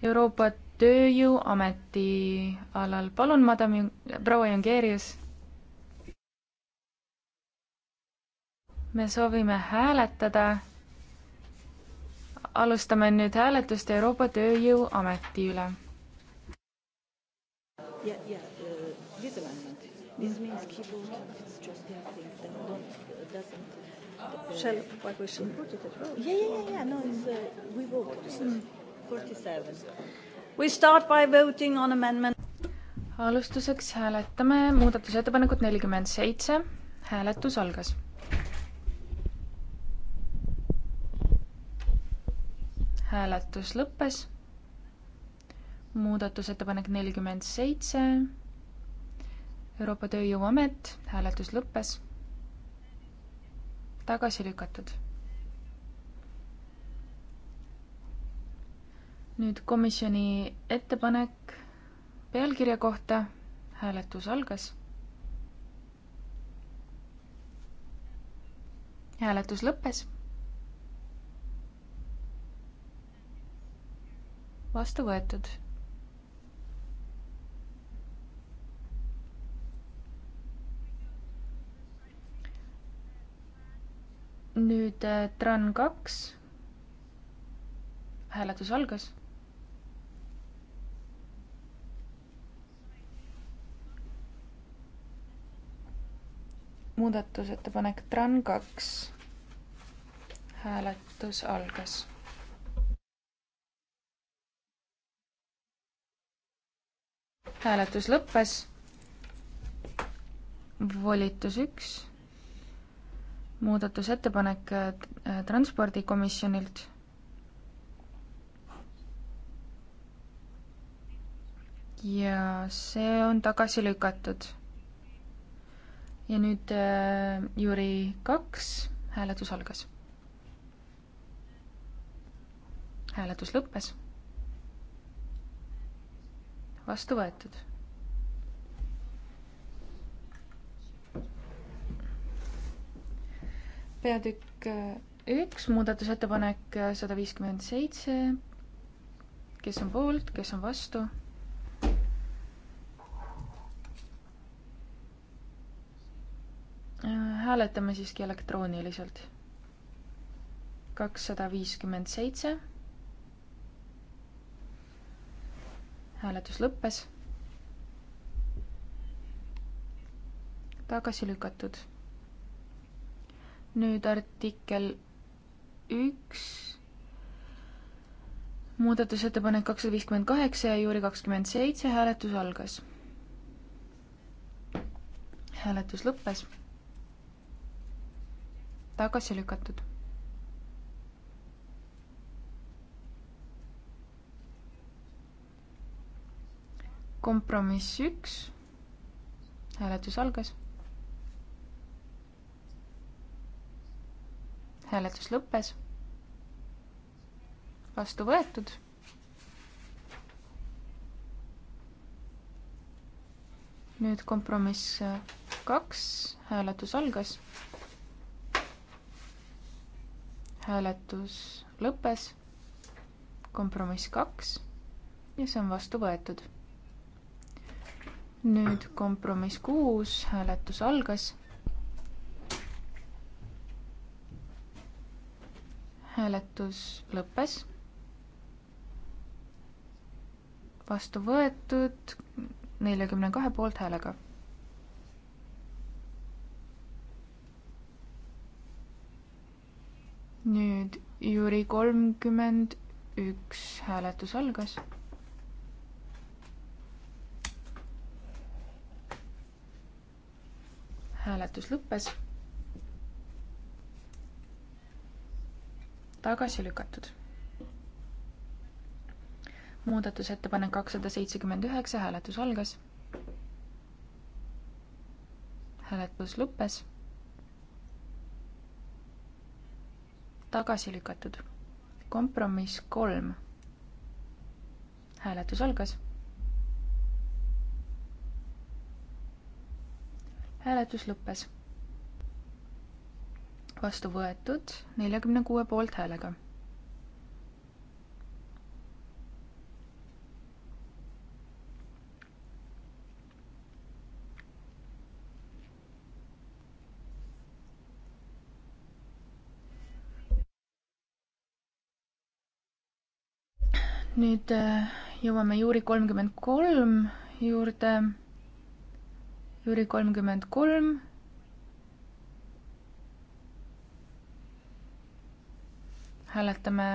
Euroopa Tööjõuameti alal. palun, madam, proua Jungeerius. me soovime hääletada. alustame nüüd hääletust Euroopa Tööjõuameti üle. Yeah, yeah, uh, this amendment. This means keyboard. Shall what we should put it at vote? Yeah, yeah, yeah, yeah. No, it's, uh, we vote. Mm. 47. We start by voting on amendment. alustuseks hääletame muudatusettepanekut nelikümmend seitse. hääletus algas. hääletus lõppes. muudatusettepanek nelikümmend seitse. Euroopa Tööjõuamet, hääletus lõppes tagasi lükatud. nüüd komisjoni ettepanek pealkirja kohta. hääletus algas. hääletus lõppes. vastu võetud nüüd äh, TRAN kaks. hääletus algas. muudatusettepanek TRAN kaks. hääletus algas hääletus lõppes. volitus üks muudatusettepanek äh, äh, Transpordikomisjonilt. ja see on tagasi lükatud. ja nüüd äh, Jüri kaks, hääletus algas. hääletus lõppes. vastu võetud peatükk äh, üks, muudatusettepanek äh, sada viiskümmend seitse. kes on poolt, kes on vastu? Äh, hääletame siiski elektrooniliselt. kakssada viiskümmend seitse. hääletus lõppes. tagasi lükatud nüüd artikkel üks, muudatusettepanek kakssada viiskümmend kaheksa ja juuri kakskümmend seitse, hääletus algas. hääletus lõppes. tagasi lükatud. kompromiss üks, hääletus algas hääletus lõppes. vastu võetud. nüüd kompromiss kaks, hääletus algas. hääletus lõppes. kompromiss kaks ja see on vastu võetud. nüüd kompromiss kuus, hääletus algas hääletus lõppes. vastu võetud neljakümne kahe poolthäälega. nüüd Jüri kolmkümmend üks hääletus algas. hääletus lõppes tagasi lükatud. muudatusettepanek kakssada seitsekümmend üheksa, hääletus algas. hääletus lõppes. tagasi lükatud. kompromiss kolm. hääletus algas. hääletus lõppes vastu võetud neljakümne kuue poolthäälega. nüüd äh, jõuame juuri kolmkümmend kolm juurde. juuri kolmkümmend kolm hääletame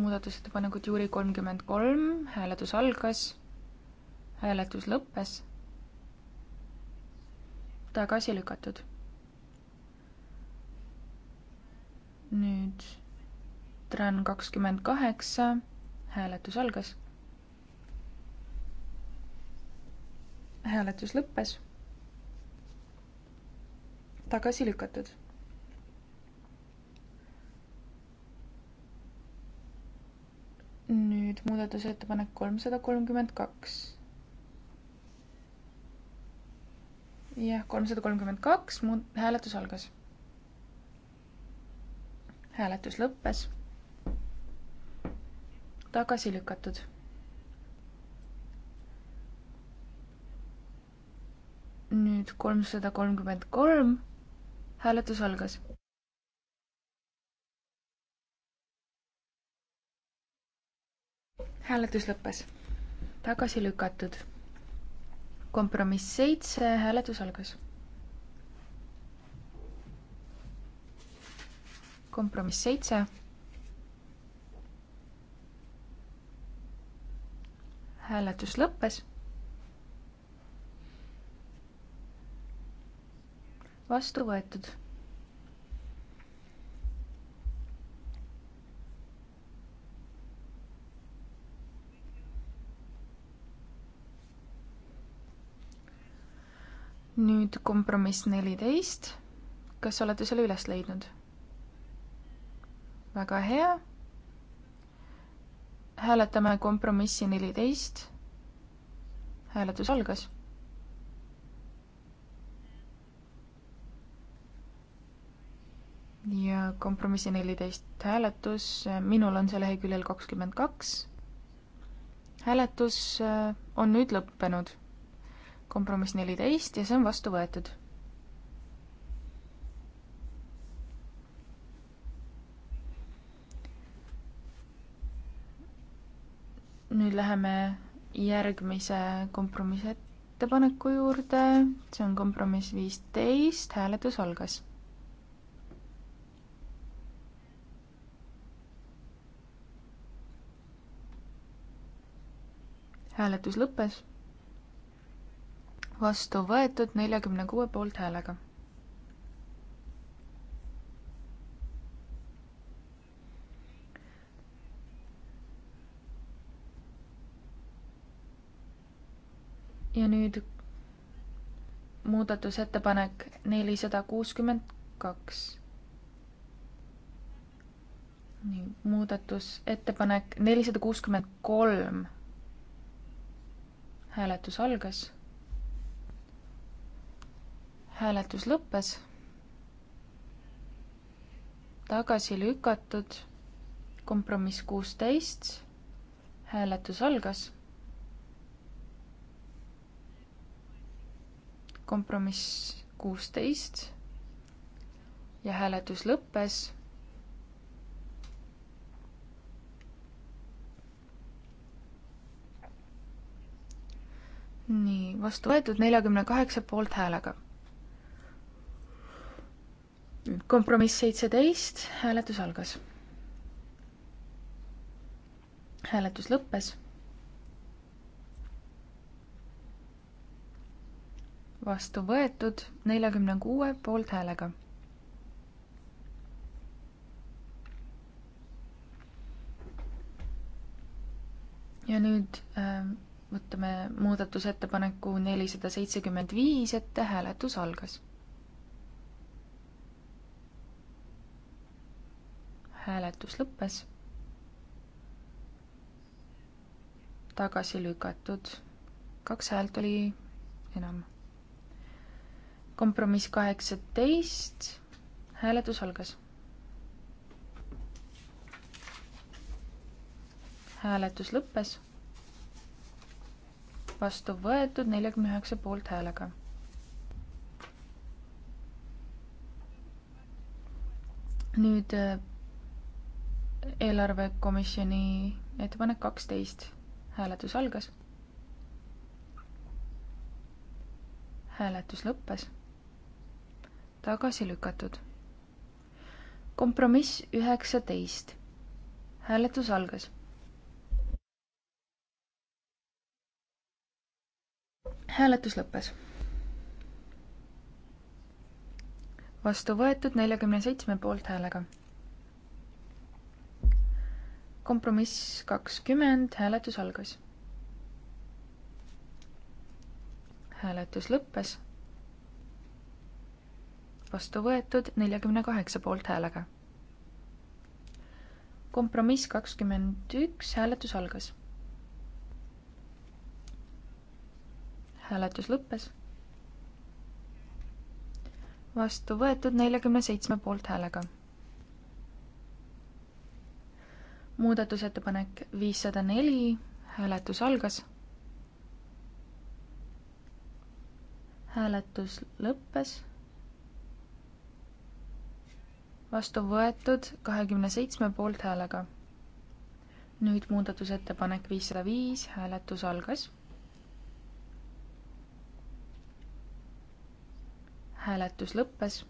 muudatusettepanekut juuri kolmkümmend kolm, hääletus algas, hääletus lõppes, tagasi lükatud. nüüd TRAN kakskümmend kaheksa, hääletus algas. hääletus lõppes, tagasi lükatud nüüd muudatusettepanek kolmsada kolmkümmend kaks. jah, kolmsada kolmkümmend kaks, mu hääletus algas. hääletus lõppes. tagasi lükatud. nüüd kolmsada kolmkümmend kolm, hääletus algas hääletus lõppes. tagasi lükatud. kompromiss seitse, hääletus algas. kompromiss seitse. hääletus lõppes. vastu võetud nüüd kompromiss neliteist. kas olete selle üles leidnud? väga hea. hääletame kompromissi neliteist. hääletus algas. ja kompromissi neliteist hääletus, minul on see leheküljel kakskümmend kaks. hääletus äh, on nüüd lõppenud kompromiss neliteist ja see on vastu võetud. nüüd läheme järgmise kompromissettepaneku juurde, see on kompromiss viisteist, hääletus algas hääletus lõppes vastu võetud neljakümne kuue poolthäälega. ja nüüd muudatusettepanek nelisada kuuskümmend kaks. nii, muudatusettepanek nelisada kuuskümmend kolm. hääletus algas hääletus lõppes. tagasi lükatud kompromiss kuusteist. hääletus algas. kompromiss kuusteist ja hääletus lõppes nii, vastu võetud neljakümne kaheksa poolthäälega kompromiss seitseteist, hääletus algas. hääletus lõppes. vastu võetud neljakümne kuue poolthäälega. ja nüüd äh, võtame muudatusettepaneku nelisada seitsekümmend viis ette, hääletus algas hääletus lõppes. tagasi lükatud, kaks häält oli enam. kompromiss kaheksateist, hääletus algas. hääletus lõppes. vastu võetud neljakümne üheksa poolthäälega nüüd äh, eelarvekomisjoni ettepanek kaksteist. hääletus algas. hääletus lõppes. tagasi lükatud. kompromiss üheksateist. hääletus algas. hääletus lõppes. vastu võetud neljakümne seitsme poolthäälega kompromiss kakskümmend, hääletus algas. hääletus lõppes. vastu võetud neljakümne kaheksa poolthäälega. kompromiss kakskümmend üks, hääletus algas. hääletus lõppes. vastu võetud neljakümne seitsme poolthäälega muudatusettepanek viissada neli, hääletus algas. hääletus lõppes. vastu võetud kahekümne seitsme poolthäälega. nüüd muudatusettepanek viissada viis, hääletus algas. hääletus lõppes.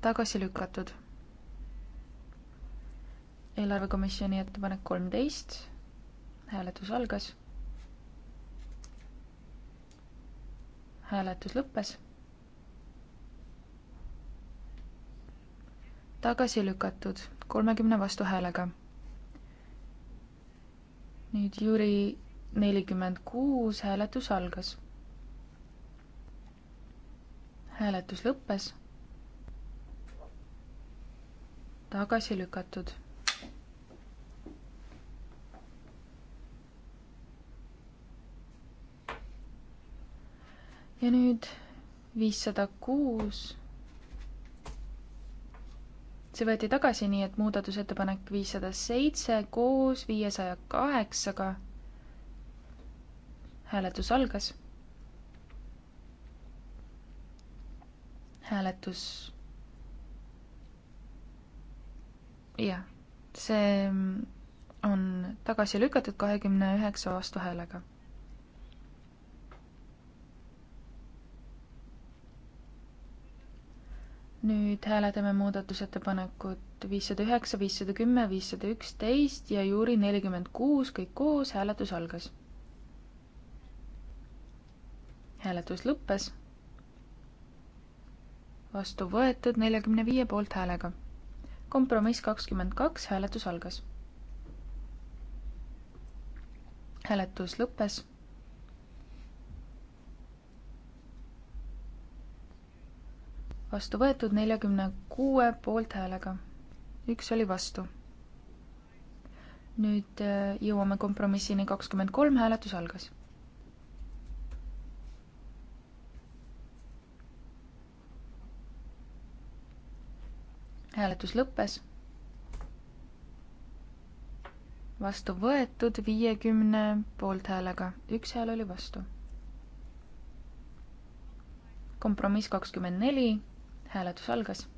tagasi lükatud eelarvekomisjoni ettepanek kolmteist, hääletus algas. hääletus lõppes. tagasi lükatud kolmekümne vastuhäälega. nüüd Jüri nelikümmend kuus, hääletus algas. hääletus lõppes. tagasi lükatud ja nüüd viissada kuus. see võeti tagasi, nii et muudatusettepanek viissada seitse koos viiesaja kaheksaga. hääletus algas. hääletus. jah, see on tagasi lükatud kahekümne üheksa vastuhäälega nüüd hääletame muudatusettepanekut viissada üheksa, viissada kümme, viissada üksteist ja juuri nelikümmend kuus, kõik koos, hääletus algas. hääletus lõppes. vastu võetud neljakümne viie poolthäälega. kompromiss kakskümmend kaks, hääletus algas. hääletus lõppes vastu võetud neljakümne kuue poolthäälega. üks oli vastu. nüüd äh, jõuame kompromissini kakskümmend kolm, hääletus algas. hääletus lõppes. vastu võetud viiekümne poolthäälega, üks hääl oli vastu. kompromiss kakskümmend neli hääletus algas.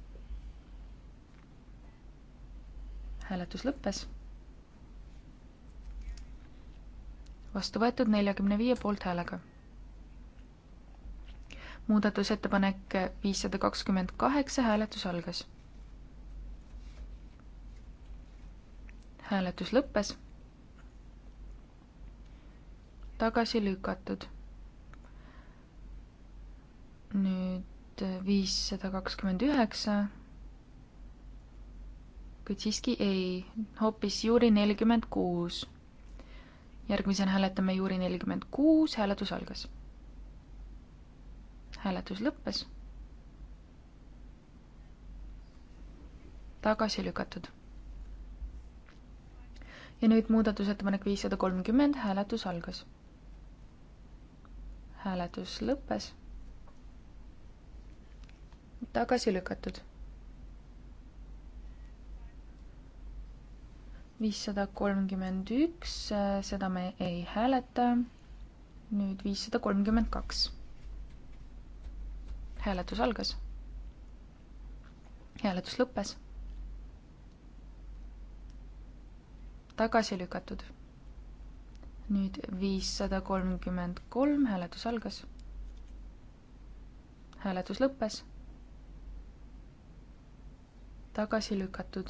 hääletus lõppes. vastu võetud neljakümne viie poolthäälega. muudatusettepanek viissada kakskümmend kaheksa, hääletus algas. hääletus lõppes. tagasi lükatud. nüüd tuhat viissada kakskümmend üheksa, kuid siiski ei, hoopis juuri nelikümmend kuus. järgmisena hääletame juuri nelikümmend kuus, hääletus algas. hääletus lõppes. tagasi lükatud. ja nüüd muudatusettepanek viissada kolmkümmend, hääletus algas. hääletus lõppes tagasi lükatud. viissada kolmkümmend üks, seda me ei hääleta. nüüd viissada kolmkümmend kaks. hääletus algas. hääletus lõppes. tagasi lükatud. nüüd viissada kolmkümmend kolm, hääletus algas. hääletus lõppes tagasi lükatud.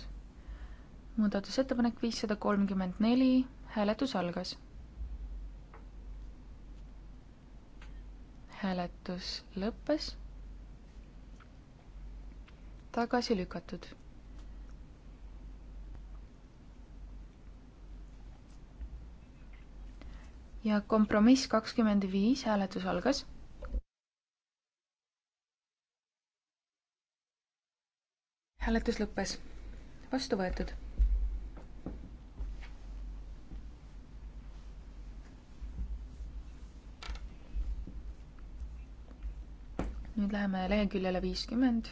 muudatusettepanek viissada kolmkümmend neli, hääletus algas. hääletus lõppes. tagasi lükatud. ja kompromiss kakskümmend viis, hääletus algas hääletus lõppes. vastu võetud. nüüd läheme leheküljele viiskümmend.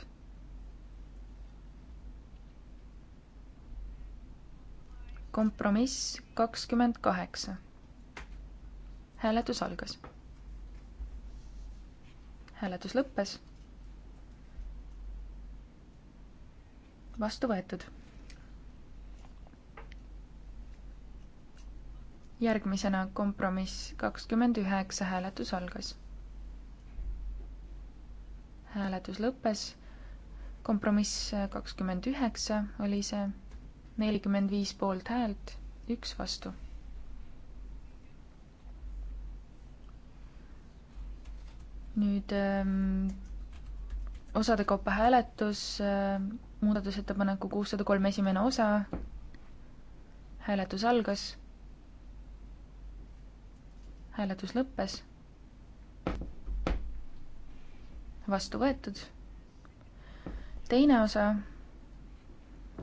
kompromiss kakskümmend kaheksa. hääletus algas. hääletus lõppes vastu võetud. järgmisena kompromiss kakskümmend üheksa, hääletus algas. hääletus lõppes. kompromiss kakskümmend üheksa oli see, nelikümmend viis poolthäält, üks vastu nüüd öö, ähm, osade kaupa hääletus, äh, muudatusettepaneku kuussada kolm esimene osa. hääletus algas. hääletus lõppes. vastu võetud. teine osa.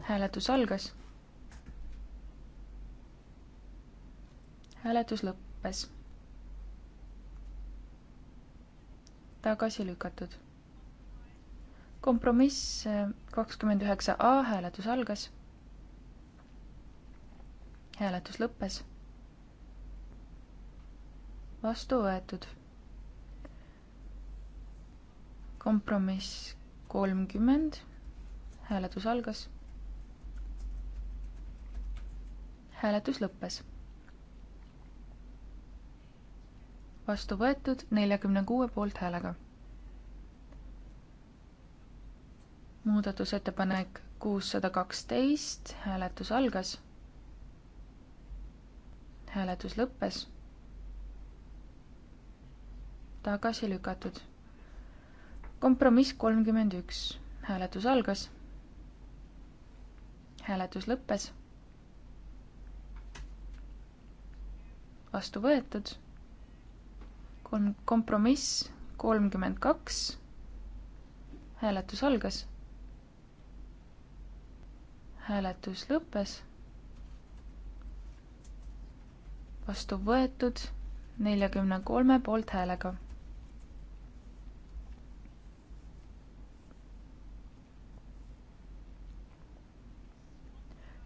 hääletus algas. hääletus lõppes. tagasi lükatud kompromiss äh, kakskümmend üheksa A hääletus algas. hääletus lõppes. vastu võetud. kompromiss kolmkümmend, hääletus algas. hääletus lõppes. vastu võetud neljakümne kuue poolthäälega muudatusettepanek kuussada kaksteist, hääletus algas. hääletus lõppes. tagasi lükatud. kompromiss kolmkümmend üks, hääletus algas. hääletus lõppes. vastu võetud. kolm, kompromiss kolmkümmend kaks. hääletus algas hääletus lõppes. vastu võetud neljakümne kolme poolthäälega.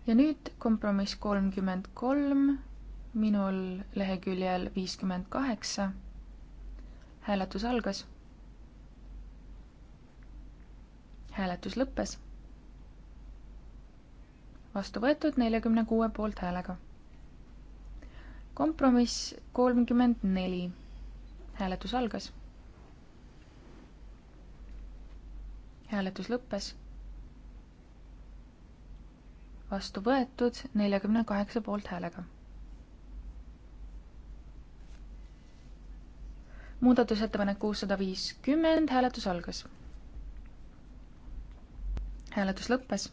ja nüüd kompromiss kolmkümmend kolm, minul leheküljel viiskümmend kaheksa. hääletus algas. hääletus lõppes vastu võetud neljakümne kuue poolthäälega. kompromiss kolmkümmend neli. hääletus algas. hääletus lõppes. vastu võetud neljakümne kaheksa poolthäälega. muudatusettepanek kuussada viiskümmend, hääletus algas. hääletus lõppes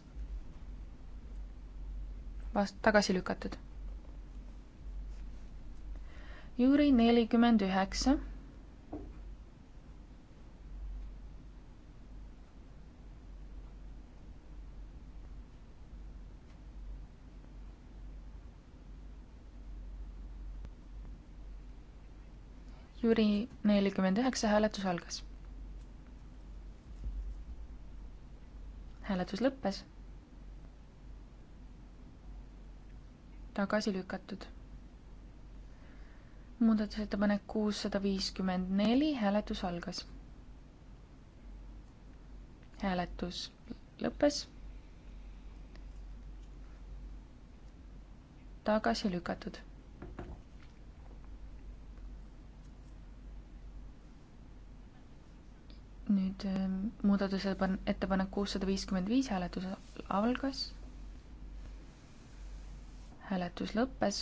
vast-, tagasi lükatud. Jüri nelikümmend üheksa. Jüri nelikümmend üheksa hääletus algas. hääletus lõppes tagasi lükatud. muudatusettepanek kuussada viiskümmend neli, hääletus algas. hääletus lõppes. tagasi lükatud nüüd eh, muudatusettepanek kuussada viiskümmend viis hääletus algas hääletus lõppes.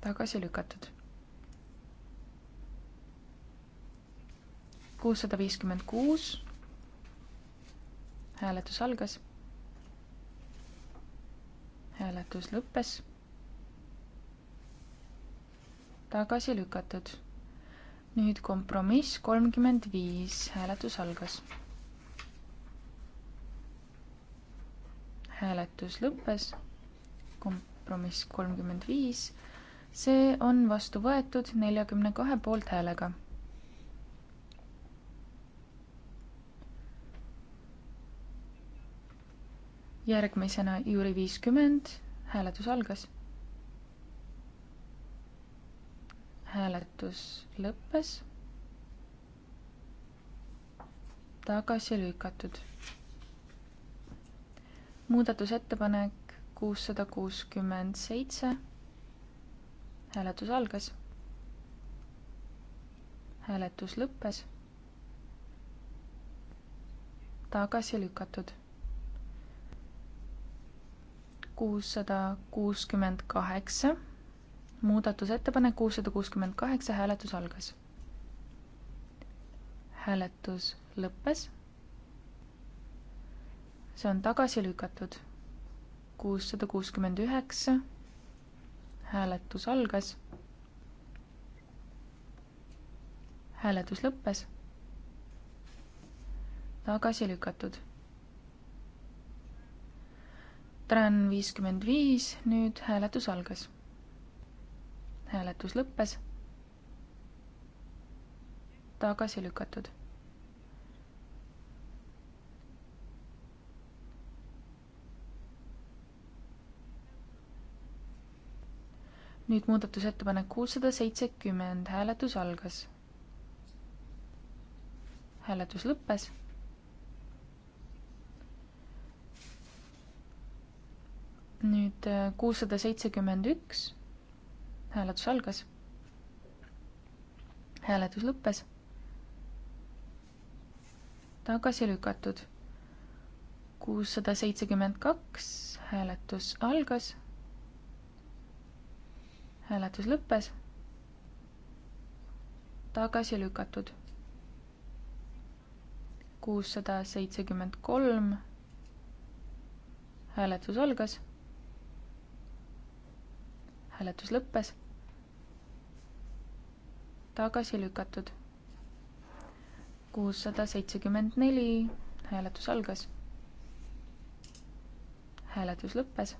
tagasi lükatud. kuussada viiskümmend kuus. hääletus algas. hääletus lõppes. tagasi lükatud. nüüd kompromiss kolmkümmend viis, hääletus algas hääletus lõppes. kompromiss kolmkümmend viis. see on vastu võetud neljakümne kahe poolthäälega. järgmisena juuri viiskümmend, hääletus algas. hääletus lõppes. tagasi lükatud muudatusettepanek kuussada kuuskümmend seitse. hääletus algas. hääletus lõppes. tagasi lükatud. kuussada kuuskümmend kaheksa. muudatusettepanek kuussada kuuskümmend kaheksa, hääletus algas. hääletus lõppes see on tagasi lükatud. kuussada kuuskümmend üheksa. hääletus algas. hääletus lõppes. tagasi lükatud. Tran viiskümmend viis, nüüd hääletus algas. hääletus lõppes. tagasi lükatud nüüd muudatusettepanek kuussada seitsekümmend, hääletus algas. hääletus lõppes. nüüd äh, kuussada seitsekümmend üks, hääletus algas. hääletus lõppes. tagasi lükatud. kuussada seitsekümmend kaks, hääletus algas hääletus lõppes. tagasi lükatud. kuussada seitsekümmend kolm. hääletus algas. hääletus lõppes. tagasi lükatud. kuussada seitsekümmend neli. hääletus algas. hääletus lõppes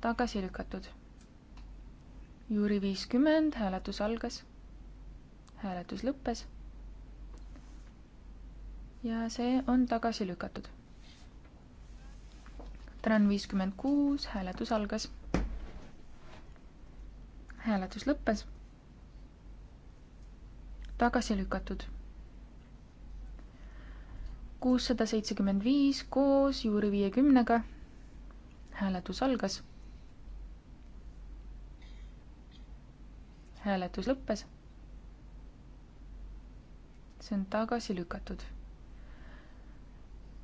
tagasi lükatud. juuri viiskümmend, hääletus algas, hääletus lõppes. ja see on tagasi lükatud. TRAN viiskümmend kuus, hääletus algas. hääletus lõppes. tagasi lükatud kuussada seitsekümmend viis koos juuri viiekümnega. hääletus algas. hääletus lõppes. see on tagasi lükatud.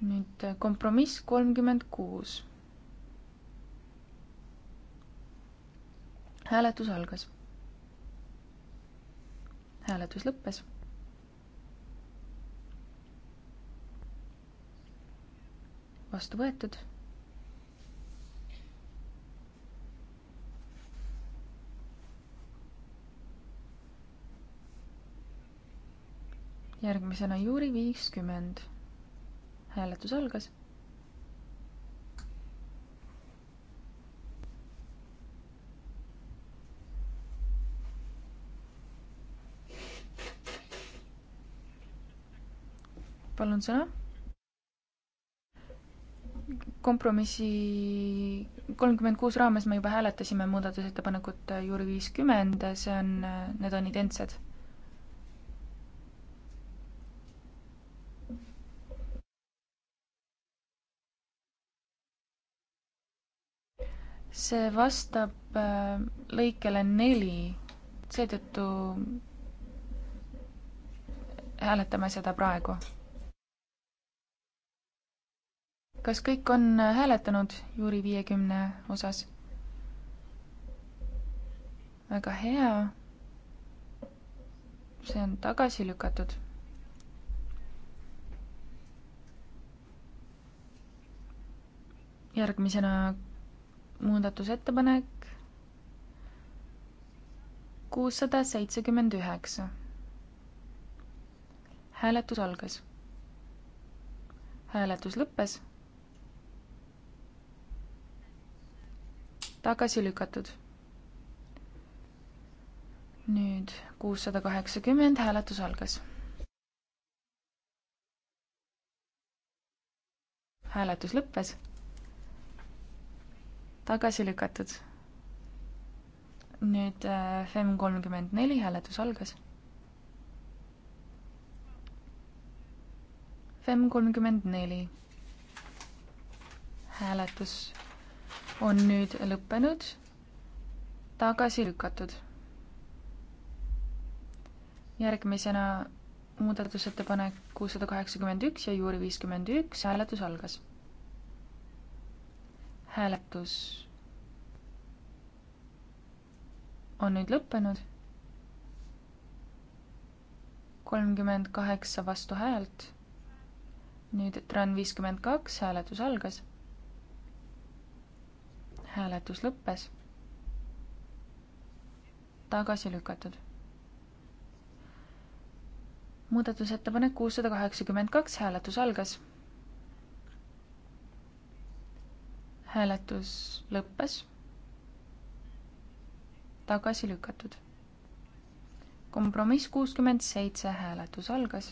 nüüd äh, kompromiss kolmkümmend kuus. hääletus algas. hääletus lõppes. vastu võetud järgmisena juuri viiskümmend. hääletus algas. palun sõna. kompromissi kolmkümmend kuus raames me juba hääletasime muudatusettepanekut juuri viiskümmend, see on, need on identsed see vastab äh, lõikele neli, seetõttu hääletame seda praegu. kas kõik on hääletanud juuri viiekümne osas? väga hea. see on tagasi lükatud. järgmisena muudatusettepanek kuussada seitsekümmend üheksa. hääletus algas. hääletus lõppes. tagasi lükatud. nüüd kuussada kaheksakümmend, hääletus algas. hääletus lõppes tagasi lükatud. nüüd äh, FEM kolmkümmend neli hääletus algas. FEM kolmkümmend neli hääletus on nüüd lõppenud, tagasi lükatud järgmisena muudatusettepaneku sada kaheksakümmend üks ja juuri viiskümmend üks hääletus algas hääletus on nüüd lõppenud. kolmkümmend kaheksa vastuhäält. nüüd TRAN viiskümmend kaks, hääletus algas. hääletus lõppes. tagasi lükatud muudatusettepanek kuussada kaheksakümmend kaks hääletus algas. hääletus lõppes. tagasi lükatud. kompromiss kuuskümmend seitse, hääletus algas.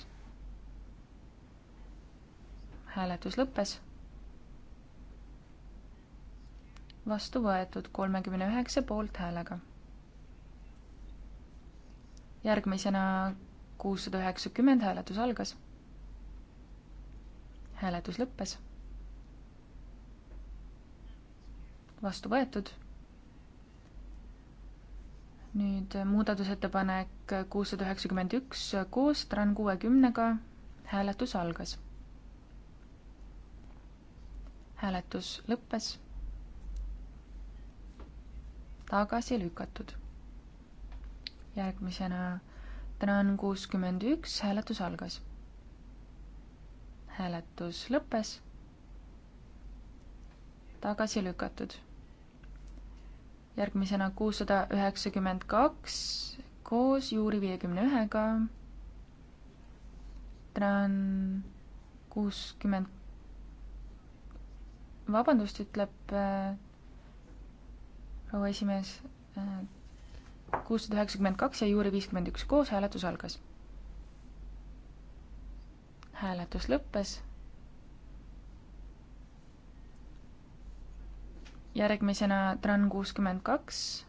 hääletus lõppes. vastu võetud kolmekümne üheksa poolthäälega. järgmisena kuussada üheksakümmend hääletus algas. hääletus lõppes vastu võetud. nüüd muudatusettepanek kuussada üheksakümmend üks koos TRAN kuuekümnega. hääletus algas. hääletus lõppes. tagasi lükatud. järgmisena TRAN kuuskümmend üks, hääletus algas. hääletus lõppes tagasi lükatud järgmisena kuussada üheksakümmend kaks koos juuri viiekümne ühega. Tran kuuskümmend, vabandust, ütleb äh, proua esimees, äh, kuussada üheksakümmend kaks ja juuri viiskümmend üks koos hääletus algas. hääletus lõppes järgmisena TRAN kuuskümmend kaks.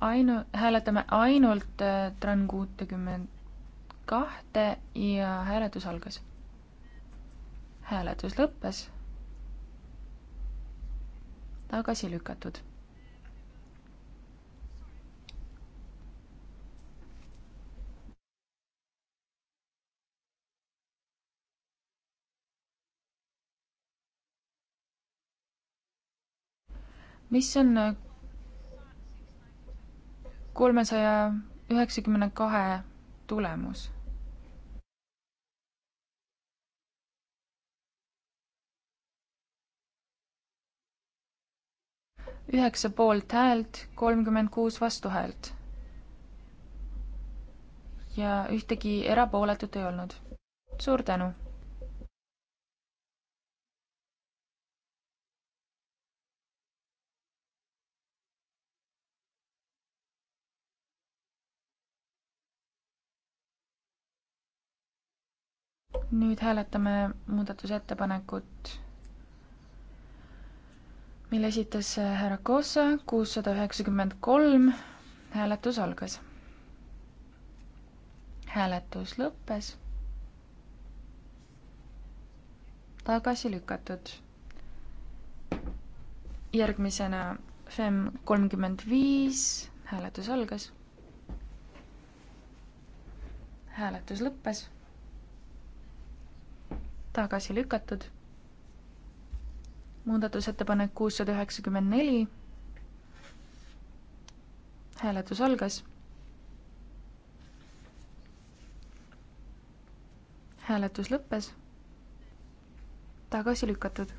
ainu-, hääletame ainult äh, TRAN kuutekümmend kahte ja hääletus algas. hääletus lõppes. tagasi lükatud mis on äh, kolmesaja üheksakümne kahe tulemus? üheksa poolthäält, kolmkümmend kuus vastuhäält. ja ühtegi erapooletut ei olnud. suur tänu! nüüd hääletame muudatusettepanekut, mille esitas härra Kossa, kuussada üheksakümmend kolm. hääletus algas. hääletus lõppes. tagasi lükatud. järgmisena FEM kolmkümmend viis, hääletus algas. hääletus lõppes tagasi lükatud. muudatusettepanek kuussada üheksakümmend neli. hääletus algas. hääletus lõppes. tagasi lükatud.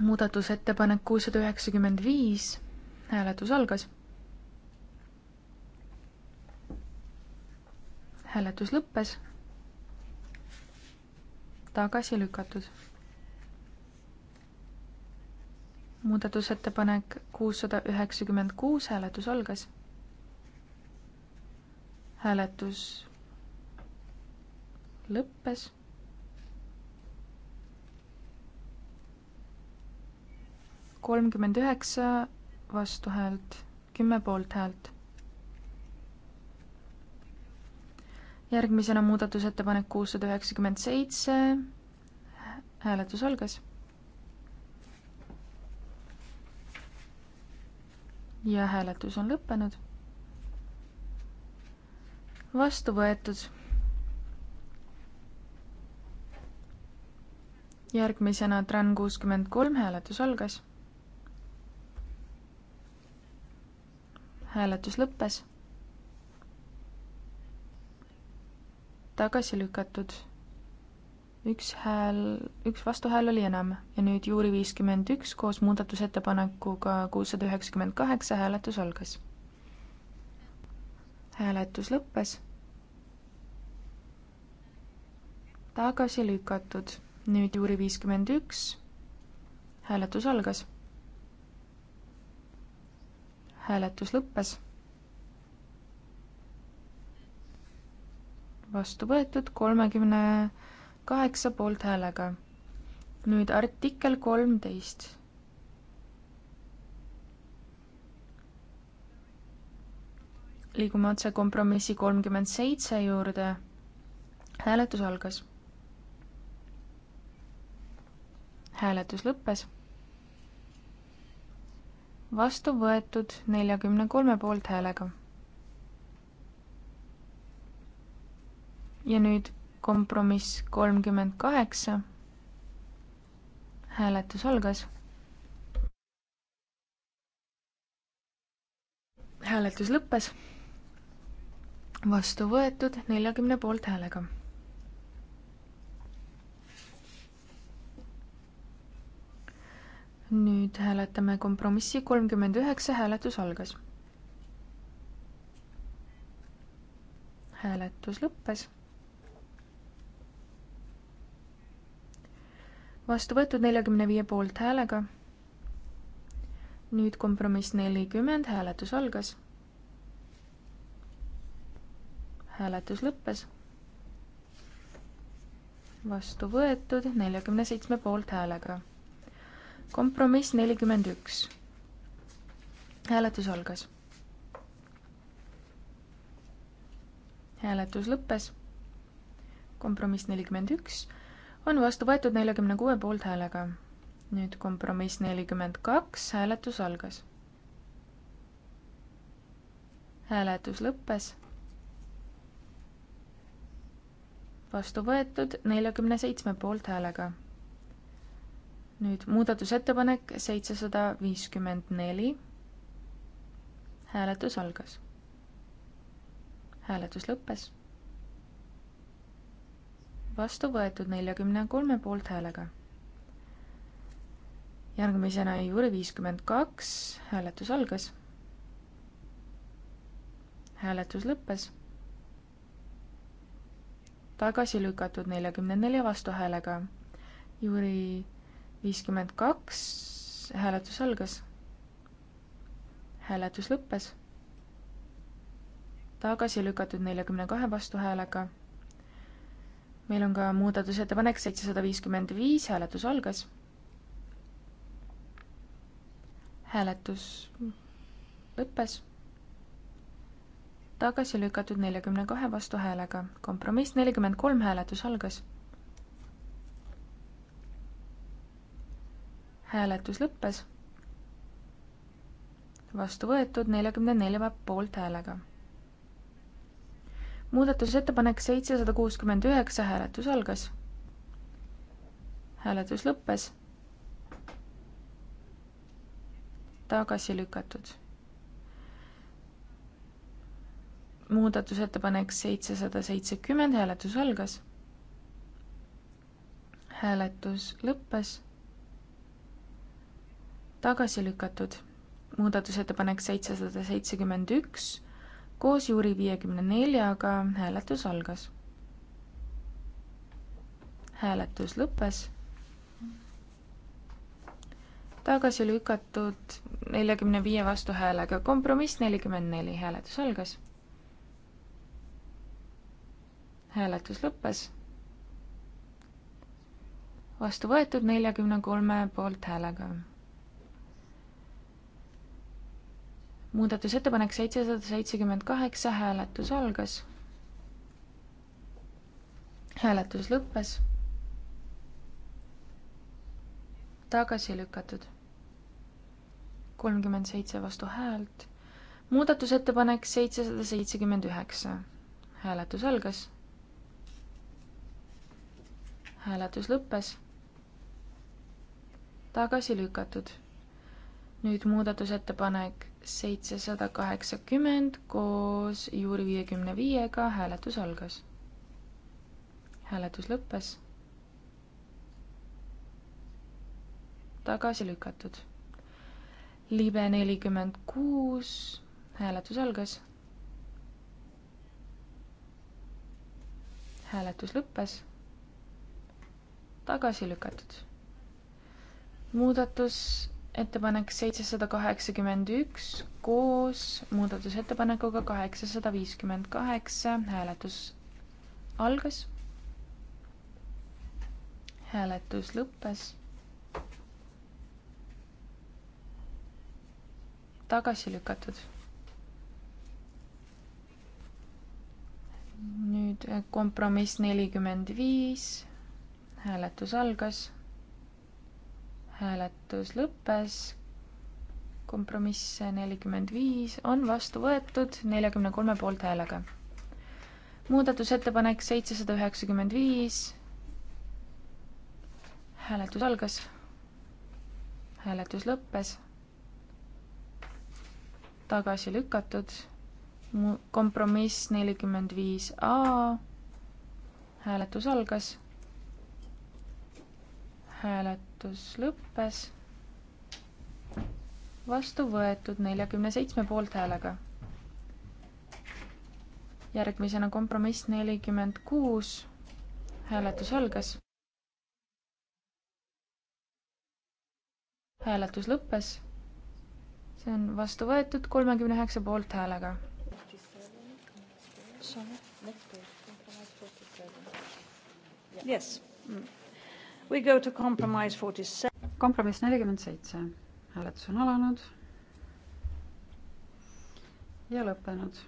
muudatusettepanek kuussada üheksakümmend viis, hääletus algas hääletus lõppes. tagasi lükatud. muudatusettepanek kuussada üheksakümmend kuus, hääletus algas. hääletus lõppes. kolmkümmend üheksa vastuhäält, kümme poolthäält järgmisena muudatusettepanek kuussada üheksakümmend seitse. hääletus algas. ja hääletus on lõppenud. vastu võetud. järgmisena TRAN kuuskümmend kolm, hääletus algas. hääletus lõppes tagasi lükatud. üks hääl, üks vastuhääl oli enam ja nüüd juuri viiskümmend üks koos muudatusettepanekuga kuussada üheksakümmend kaheksa hääletus algas. hääletus lõppes. tagasi lükatud, nüüd juuri viiskümmend üks. hääletus algas. hääletus lõppes vastu võetud kolmekümne kaheksa poolthäälega. nüüd artikkel kolmteist. liigume otse kompromissi kolmkümmend seitse juurde. hääletus algas. hääletus lõppes. vastu võetud neljakümne kolme poolthäälega ja nüüd kompromiss kolmkümmend kaheksa. hääletus algas. hääletus lõppes. vastu võetud neljakümne poolthäälega nüüd hääletame kompromissi kolmkümmend üheksa, hääletus algas. hääletus lõppes vastu võetud neljakümne viie poolthäälega. nüüd kompromiss nelikümmend, hääletus algas. hääletus lõppes. vastu võetud neljakümne seitsme poolthäälega. kompromiss nelikümmend üks. hääletus algas. hääletus lõppes. kompromiss nelikümmend üks on vastu võetud neljakümne kuue poolthäälega. nüüd kompromiss nelikümmend kaks, hääletus algas. hääletus lõppes. vastu võetud neljakümne seitsme poolthäälega. nüüd muudatusettepanek seitsesada viiskümmend neli. hääletus algas. hääletus lõppes vastu võetud neljakümne kolme poolthäälega. järgmisena juurde viiskümmend kaks, hääletus algas. hääletus lõppes. tagasi lükatud neljakümne nelja vastuhäälega. juuri viiskümmend kaks, hääletus algas. hääletus lõppes tagasi lükatud neljakümne kahe vastuhäälega meil on ka muudatusettepanek seitsesada viiskümmend viis, hääletus algas. hääletus lõppes. tagasi lükatud neljakümne kahe vastuhäälega, kompromiss nelikümmend kolm, hääletus algas. hääletus lõppes vastu võetud neljakümne nelja poolthäälega muudatusettepanek seitsesada kuuskümmend üheksa, hääletus algas. hääletus lõppes. tagasi lükatud. muudatusettepanek seitsesada seitsekümmend, hääletus algas. hääletus lõppes. tagasi lükatud. muudatusettepanek seitsesada seitsekümmend üks koos juuri viiekümne neljaga hääletus algas. hääletus lõppes. tagasi lükatud neljakümne viie vastuhäälega kompromiss nelikümmend neli, hääletus algas. hääletus lõppes. vastu võetud neljakümne kolme poolthäälega muudatusettepanek seitsesada seitsekümmend kaheksa, hääletus algas. hääletus lõppes. tagasi lükatud. kolmkümmend seitse vastuhäält. muudatusettepanek seitsesada seitsekümmend üheksa. hääletus algas. hääletus lõppes. tagasi lükatud. nüüd muudatusettepanek seitsesada kaheksakümmend koos juuri viiekümne viiega hääletus algas. hääletus lõppes. tagasi lükatud. libe nelikümmend kuus, hääletus algas. hääletus lõppes. tagasi lükatud. muudatus ettepanek seitsesada kaheksakümmend üks koos muudatusettepanekuga kaheksasada viiskümmend kaheksa, hääletus algas. hääletus lõppes. tagasi lükatud. nüüd kompromiss nelikümmend viis, hääletus algas hääletus lõppes. kompromiss nelikümmend viis on vastu võetud neljakümne kolme poolthäälega. muudatusettepanek seitsesada üheksakümmend viis. hääletus algas. hääletus lõppes. tagasi lükatud. kompromiss nelikümmend viis A. hääletus algas hääletus lõppes. vastu võetud neljakümne seitsme poolthäälega. järgmisena kompromiss nelikümmend kuus. hääletus algas. hääletus lõppes. see on vastu võetud kolmekümne üheksa poolthäälega. Yes. Mm kompromiss nelikümmend seitse, hääletus on alanud ja lõppenud.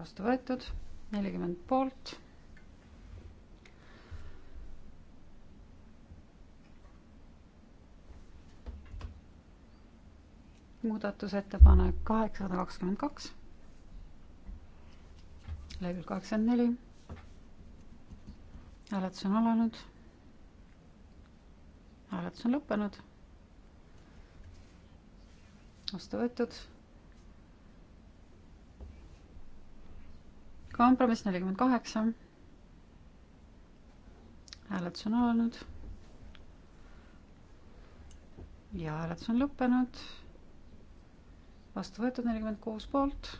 vastu võetud, nelikümmend poolt muudatusettepanek kaheksasada kakskümmend kaks lehekülg kaheksakümmend neli. hääletus on alanud. hääletus on lõppenud. vastu võetud. kompromiss nelikümmend kaheksa. hääletus on alanud. ja hääletus on lõppenud. vastu võetud nelikümmend kuus poolt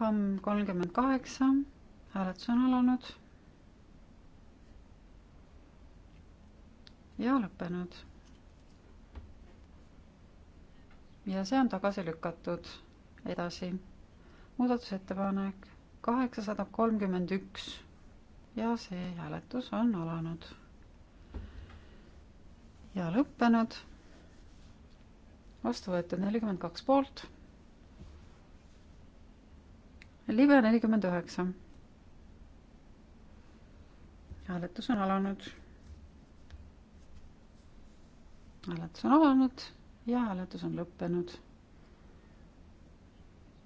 FAM kolmkümmend kaheksa, hääletus on alanud. ja lõppenud. ja see on tagasi lükatud. edasi, muudatusettepanek kaheksasada kolmkümmend üks ja see hääletus on alanud ja lõppenud. vastu võetud nelikümmend kaks poolt libe nelikümmend üheksa. hääletus on alanud. hääletus on alanud ja hääletus on lõppenud.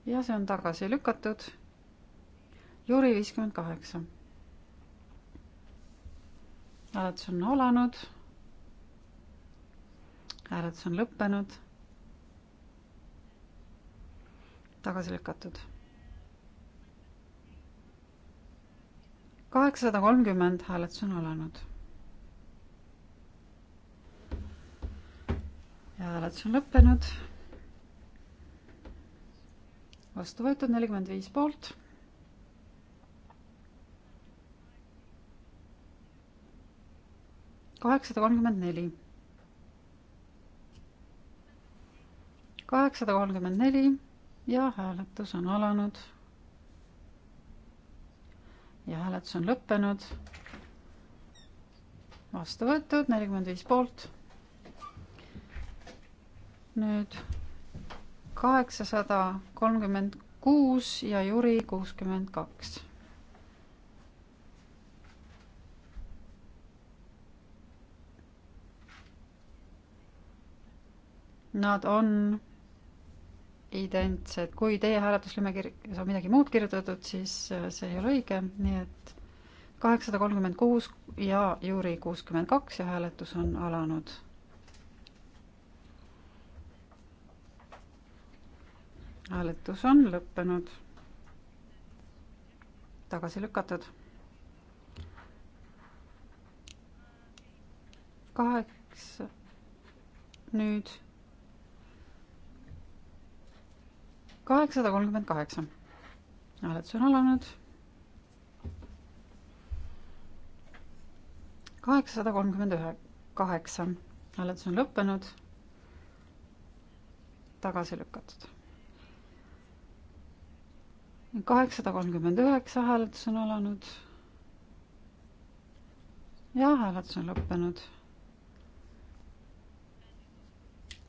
ja see on tagasi lükatud. Juri viiskümmend kaheksa. hääletus on alanud. hääletus on lõppenud. tagasi lükatud kaheksasada kolmkümmend hääletus on alanud. ja hääletus on lõppenud. vastu võetud nelikümmend viis poolt kaheksasada kolmkümmend neli. kaheksasada kolmkümmend neli ja hääletus on alanud ja hääletus on lõppenud. vastu võetud, nelikümmend viis poolt. nüüd kaheksasada kolmkümmend kuus ja Jüri kuuskümmend kaks. Nad on identsed, kui teie hääletusnimekirjas on midagi muud kirjutatud, siis äh, see ei ole õige, nii et kaheksasada kolmkümmend kuus ja juuri kuuskümmend kaks ja hääletus on alanud. hääletus on lõppenud. tagasi lükatud. kaheksa, nüüd kaheksasada kolmkümmend kaheksa. hääletus on alanud. kaheksasada kolmkümmend ühe, kaheksa. hääletus on lõppenud. tagasi lükatud. kaheksasada kolmkümmend üheksa hääletus on alanud. ja hääletus on lõppenud.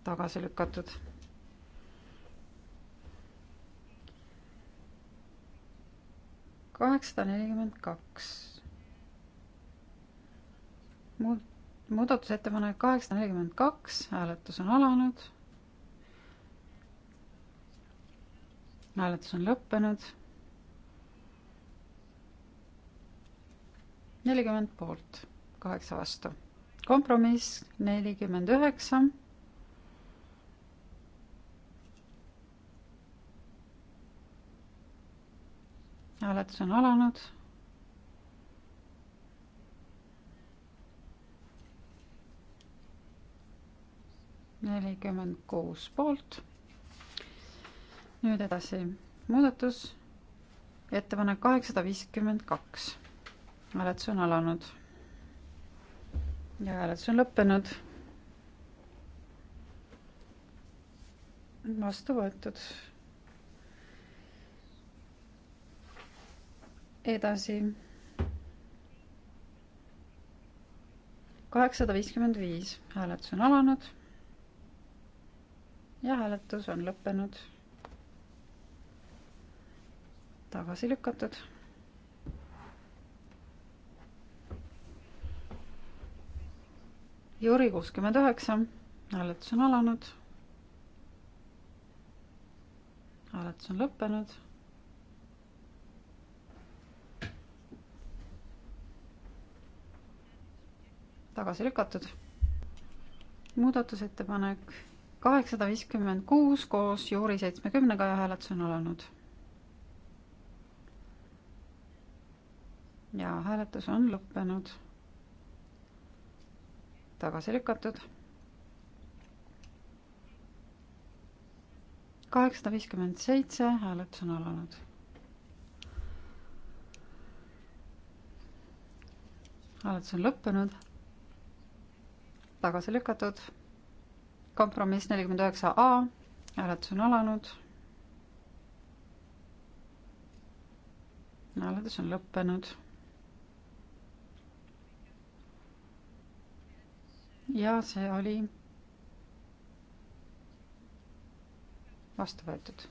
tagasi lükatud kaheksasada nelikümmend kaks. muud, muudatusettepanek kaheksasada nelikümmend kaks, hääletus on alanud. hääletus on lõppenud. nelikümmend poolt, kaheksa vastu. kompromiss nelikümmend üheksa hääletus on alanud. nelikümmend kuus poolt. nüüd edasi muudatus, ettepanek kaheksasada viiskümmend kaks. hääletus on alanud. ja hääletus on lõppenud. vastu võetud edasi. kaheksasada viiskümmend viis, hääletus on alanud. ja hääletus on lõppenud. tagasi lükatud. Jüri kuuskümmend üheksa, hääletus on alanud. hääletus on lõppenud tagasi lükatud. muudatusettepanek kaheksasada viiskümmend kuus koos juuri seitsmekümnega ja hääletus on alanud. ja hääletus on lõppenud. tagasi lükatud. kaheksasada viiskümmend seitse, hääletus on alanud. hääletus on lõppenud tagasi lükatud. kompromiss nelikümmend üheksa A, hääletus on alanud. hääletus on lõppenud. ja see oli vastu võetud.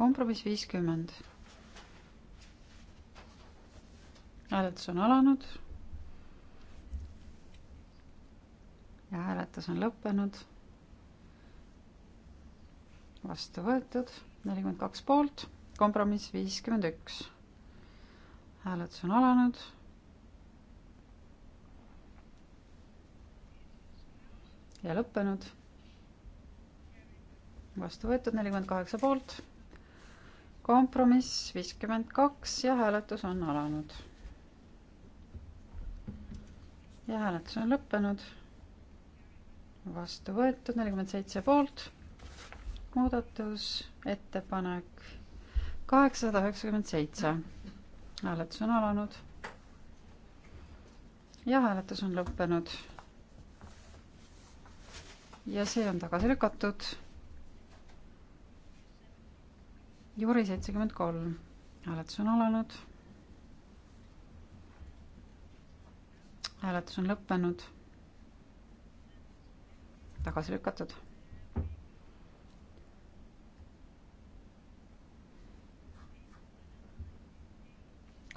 kompromiss viiskümmend. hääletus on alanud ja hääletus on lõppenud. vastu võetud nelikümmend kaks poolt, kompromiss viiskümmend üks. hääletus on alanud. ja lõppenud. vastu võetud nelikümmend kaheksa poolt kompromiss viiskümmend kaks ja hääletus on alanud. ja hääletus on lõppenud vastu võetud, nelikümmend seitse poolt. muudatusettepanek kaheksasada üheksakümmend seitse. hääletus on alanud. ja hääletus on lõppenud. ja see on tagasi lükatud. juuri seitsekümmend kolm. hääletus on alanud. hääletus on lõppenud tagasi lükatud.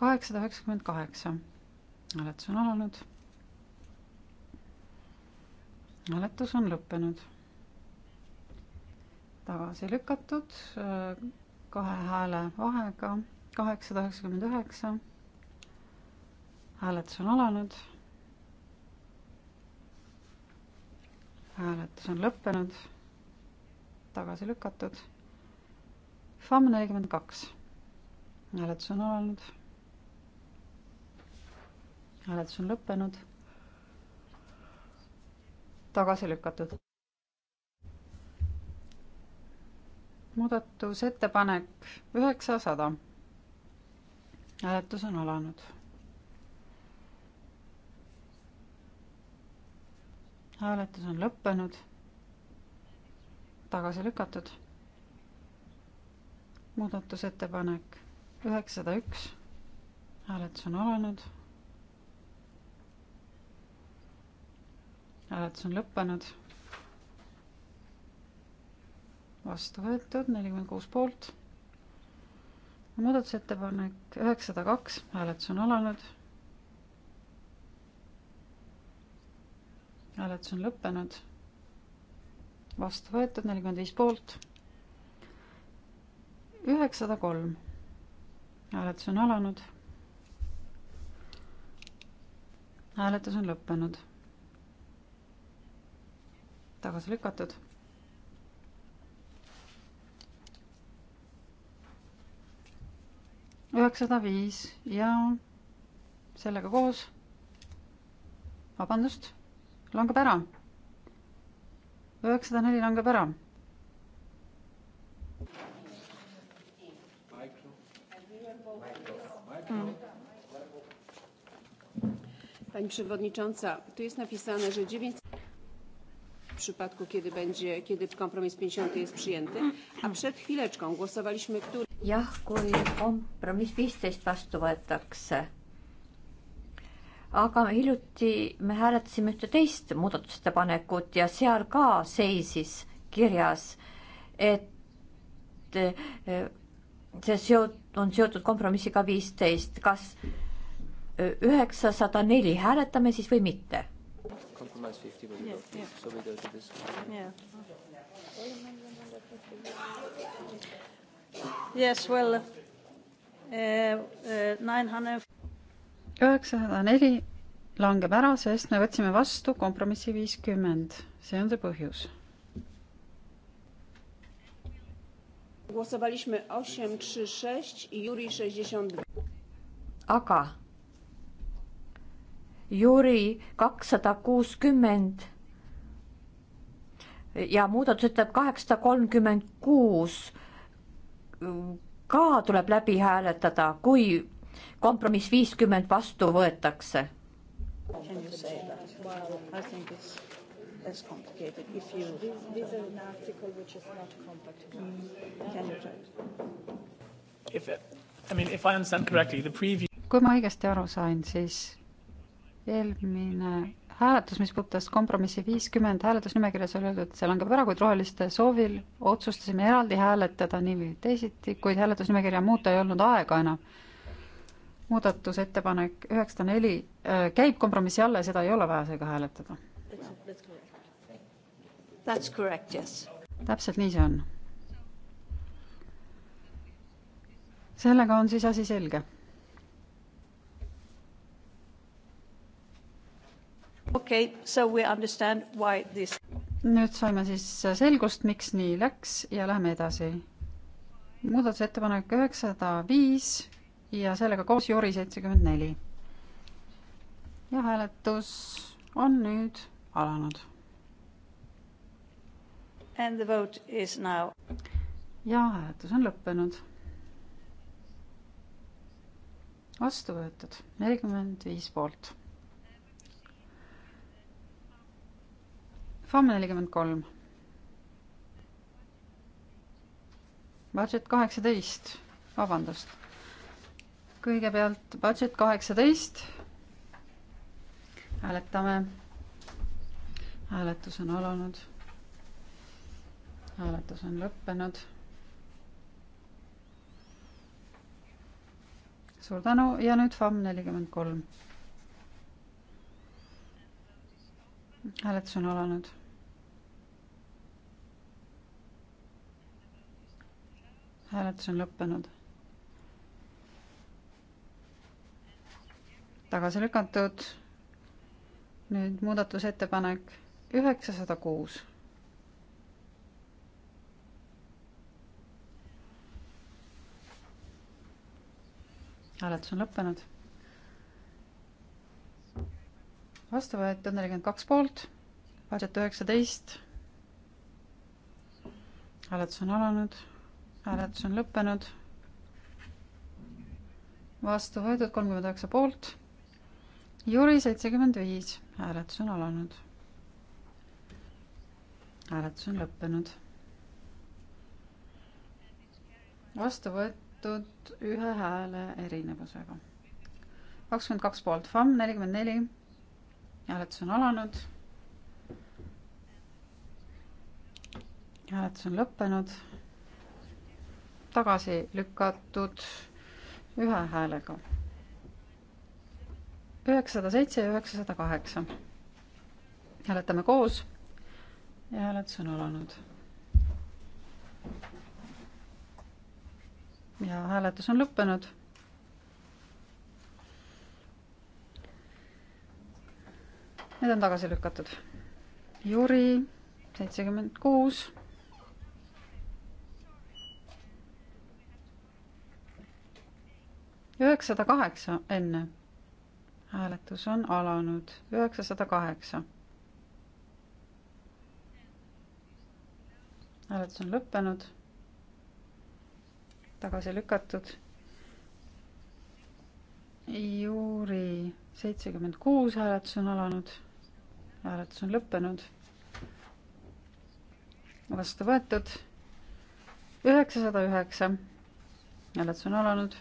kaheksasada üheksakümmend kaheksa. hääletus on alanud. hääletus on lõppenud. tagasi lükatud äh, kahe hääle vahega kaheksasada üheksakümmend üheksa. hääletus on alanud hääletus on lõppenud, tagasi lükatud. FAM nelikümmend kaks, hääletus on alanud. hääletus on lõppenud, tagasi lükatud. muudatusettepanek üheksasada, hääletus on alanud hääletus on lõppenud, tagasi lükatud. muudatusettepanek üheksasada üks, hääletus on alanud. hääletus on lõppenud. vastu võetud nelikümmend kuus poolt. muudatusettepanek üheksasada kaks, hääletus on alanud hääletus on lõppenud. vastu võetud nelikümmend viis poolt. üheksasada kolm. hääletus on alanud. hääletus on lõppenud. tagasi lükatud. üheksasada viis ja sellega koos, vabandust langeb ära. üheksasada neli langeb ära. Pani przewodnicząca, tu jest napisane, że 900 w przypadku, kiedy będzie, kiedy kompromis 50 jest przyjęty, a przed chwileczką głosowaliśmy, który... jah, kui kompromiss viisteist vastu võetakse aga hiljuti me hääletasime ühte teist muudatusettepanekut ja seal ka seisis kirjas, et eh, see seot-, on seotud kompromissiga viisteist, kas üheksasada neli hääletame siis või mitte? compromise 50 will yeah, go. Yeah. So we go to this one. Yeah. Yes, well, uh, uh, 900 üheksasada neli langeb ära, sest me võtsime vastu kompromissi viiskümmend, see on see põhjus. aga Jüri kakssada kuuskümmend ja muudatusettepanek kaheksasada kolmkümmend kuus ka tuleb läbi hääletada, kui kompromiss viiskümmend vastu võetakse. That's complicated. If you this, this is an article which is not compatible. Mm. Can you try? If it, I mean, if I understand correctly, the previous. kui ma õigesti aru sain, siis eelmine hääletus, mis puudutas kompromissi viiskümmend, hääletusnimekirjas oli öeldud, et see langeb ära, kuid roheliste soovil otsustasime eraldi hääletada nii või teisiti, kuid hääletusnimekirja muuta ei olnud aega enam muudatusettepanek üheksasada neli äh, käib kompromissi alla ja seda ei ole vaja seega hääletada. Yes. täpselt nii see on. sellega on siis asi selge. okei okay,, so we understand why this. nüüd saime siis selgust, miks nii läks ja läheme edasi. muudatusettepanek üheksasada viis ja sellega koos Juri seitsekümmend neli. ja hääletus on nüüd alanud. And the vote is now. ja hääletus on lõppenud. vastu võetud nelikümmend viis poolt. FAM nelikümmend kolm. Budget kaheksateist, vabandust kõigepealt budget kaheksateist. hääletame. hääletus on alanud. hääletus on lõppenud. suur tänu ja nüüd FAM nelikümmend kolm. hääletus on alanud hääletus on lõppenud tagasi lükatud. nüüd muudatusettepanek üheksasada kuus. hääletus on lõppenud. vastu võetud nelikümmend kaks poolt, vaadete üheksateist. hääletus on alanud, hääletus on lõppenud. vastu võetud kolmkümmend üheksa poolt Juri seitsekümmend viis, hääletus on alanud. hääletus on lõppenud. vastu võetud ühe hääle erinevusega. kakskümmend kaks poolt FAM, nelikümmend neli. hääletus on alanud. hääletus on lõppenud. tagasi lükatud ühe häälega üheksasada seitse ja üheksasada kaheksa. hääletame koos ja hääletus on alanud. ja hääletus on lõppenud. Need on tagasi lükatud. Juri seitsekümmend kuus. üheksasada kaheksa enne hääletus on alanud, üheksasada kaheksa. hääletus on lõppenud, tagasi lükatud. juuri seitsekümmend kuus hääletus on alanud, hääletus on lõppenud, vastu võetud, üheksasada üheksa, hääletus on alanud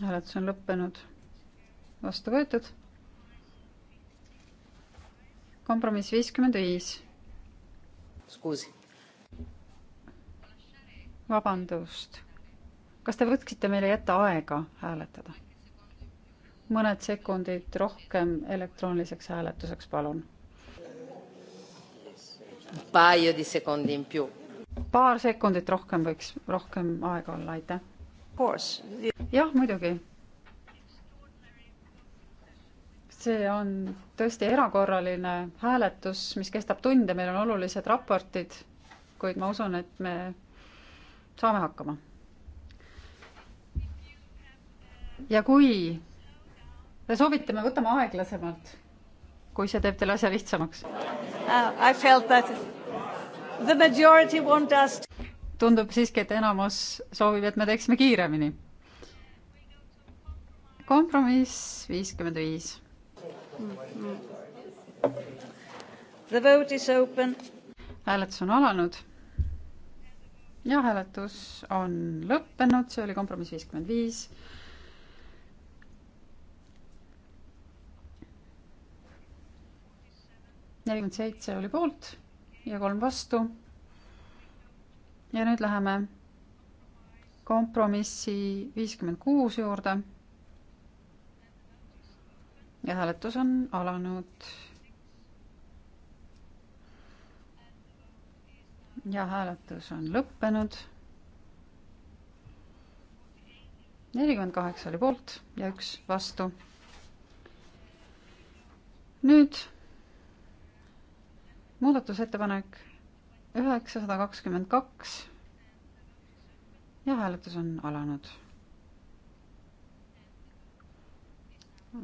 hääletus on lõppenud, vastu võetud. kompromiss viiskümmend viis. vabandust, kas te võtsite meile jätta aega hääletada? mõned sekundid rohkem elektrooniliseks hääletuseks, palun. paar sekundit rohkem võiks, rohkem aega olla, aitäh jah, muidugi. see on tõesti erakorraline hääletus, mis kestab tunde, meil on olulised raportid, kuid ma usun, et me saame hakkama. ja kui te soovite, me võtame aeglasemalt, kui see teeb teile asja lihtsamaks uh,. I felt that the majority want us to tundub siiski, et enamus soovib, et me teeksime kiiremini. kompromiss viiskümmend viis. The vote is open. hääletus on alanud. ja hääletus on lõppenud, see oli kompromiss viiskümmend viis. nelikümmend seitse oli poolt ja kolm vastu ja nüüd läheme kompromissi viiskümmend kuus juurde. ja hääletus on alanud. ja hääletus on lõppenud. nelikümmend kaheksa oli poolt ja üks vastu. nüüd muudatusettepanek üheksasada kakskümmend kaks ja hääletus on alanud.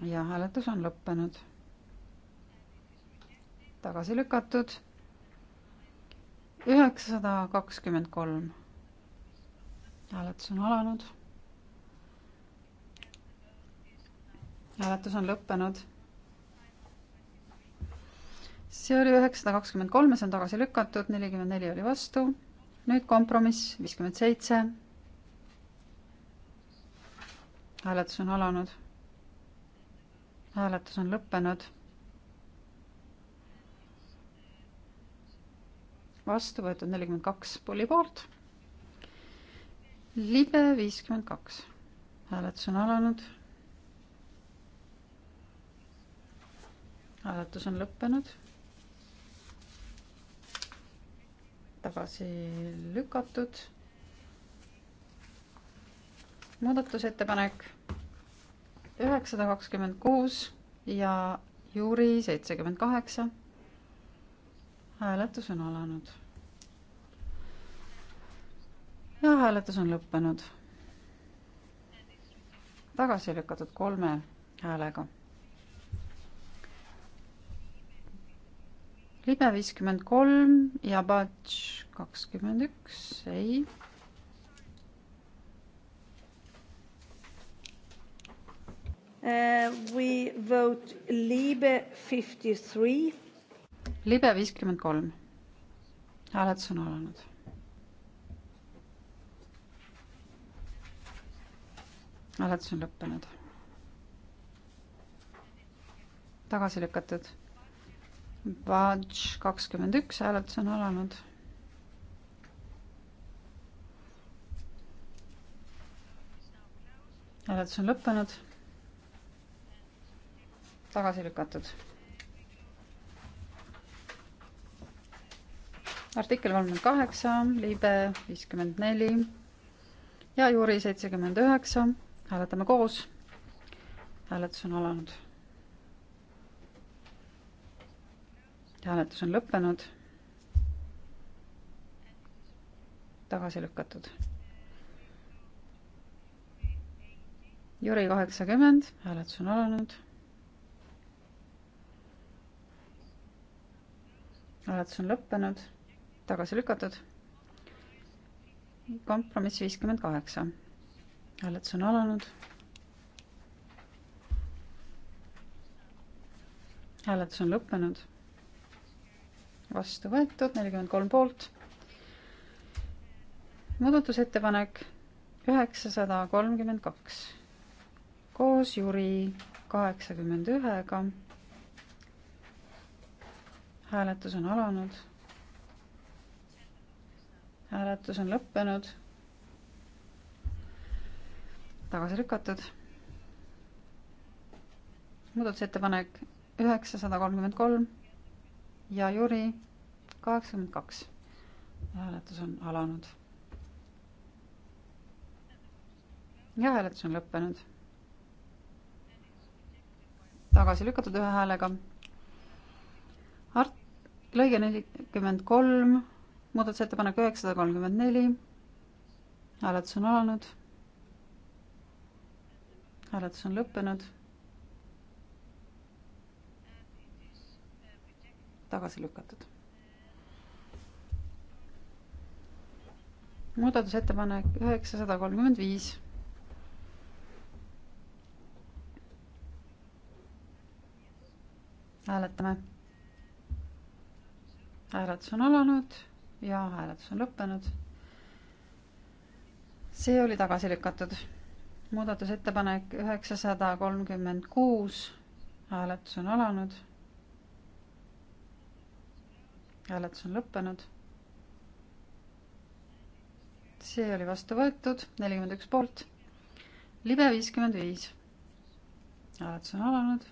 ja hääletus on lõppenud. tagasi lükatud. üheksasada kakskümmend kolm. hääletus on alanud. hääletus on lõppenud see oli üheksasada kakskümmend kolm ja see on tagasi lükatud, nelikümmend neli oli vastu. nüüd kompromiss viiskümmend seitse. hääletus on alanud. hääletus on lõppenud. vastu võetud nelikümmend kaks pulli poolt. libe viiskümmend kaks. hääletus on alanud hääletus on lõppenud. tagasi lükatud. muudatusettepanek üheksasada kakskümmend kuus ja juuri seitsekümmend kaheksa. hääletus on alanud. ja hääletus on lõppenud. tagasi lükatud kolme häälega libe viiskümmend kolm ja batš kakskümmend üks, ei. Eh, we vote libe fifty three. libe viiskümmend kolm. hääletus on alanud. hääletus on lõppenud. tagasi lükatud Badge kakskümmend üks, hääletus on alanud. hääletus on lõppenud. tagasi lükatud. artikkel kolmkümmend kaheksa, libe viiskümmend neli ja juuri seitsekümmend üheksa, hääletame koos. hääletus on alanud hääletus on lõppenud. tagasi lükatud. Jüri kaheksakümmend, hääletus on alanud. hääletus on lõppenud, tagasi lükatud. kompromiss viiskümmend kaheksa, hääletus on alanud hääletus on lõppenud vastu võetud, nelikümmend kolm poolt. muudatusettepanek üheksasada kolmkümmend kaks koos Jüri kaheksakümmend ühega. hääletus on alanud. hääletus on lõppenud. tagasi lükatud. muudatusettepanek üheksasada kolmkümmend kolm ja Jüri kaheksakümmend kaks. hääletus on alanud. ja hääletus on lõppenud. tagasi lükatud ühe häälega. Art-, lõige nelikümmend kolm, muudatusettepanek üheksasada kolmkümmend neli. hääletus on alanud. hääletus on lõppenud tagasi lükatud muudatusettepanek üheksasada kolmkümmend viis. hääletame. hääletus on alanud ja hääletus on lõppenud. see oli tagasi lükatud. muudatusettepanek üheksasada kolmkümmend kuus. hääletus on alanud. hääletus on lõppenud see oli vastu võetud, nelikümmend üks poolt. libe viiskümmend viis. hääletus on alanud.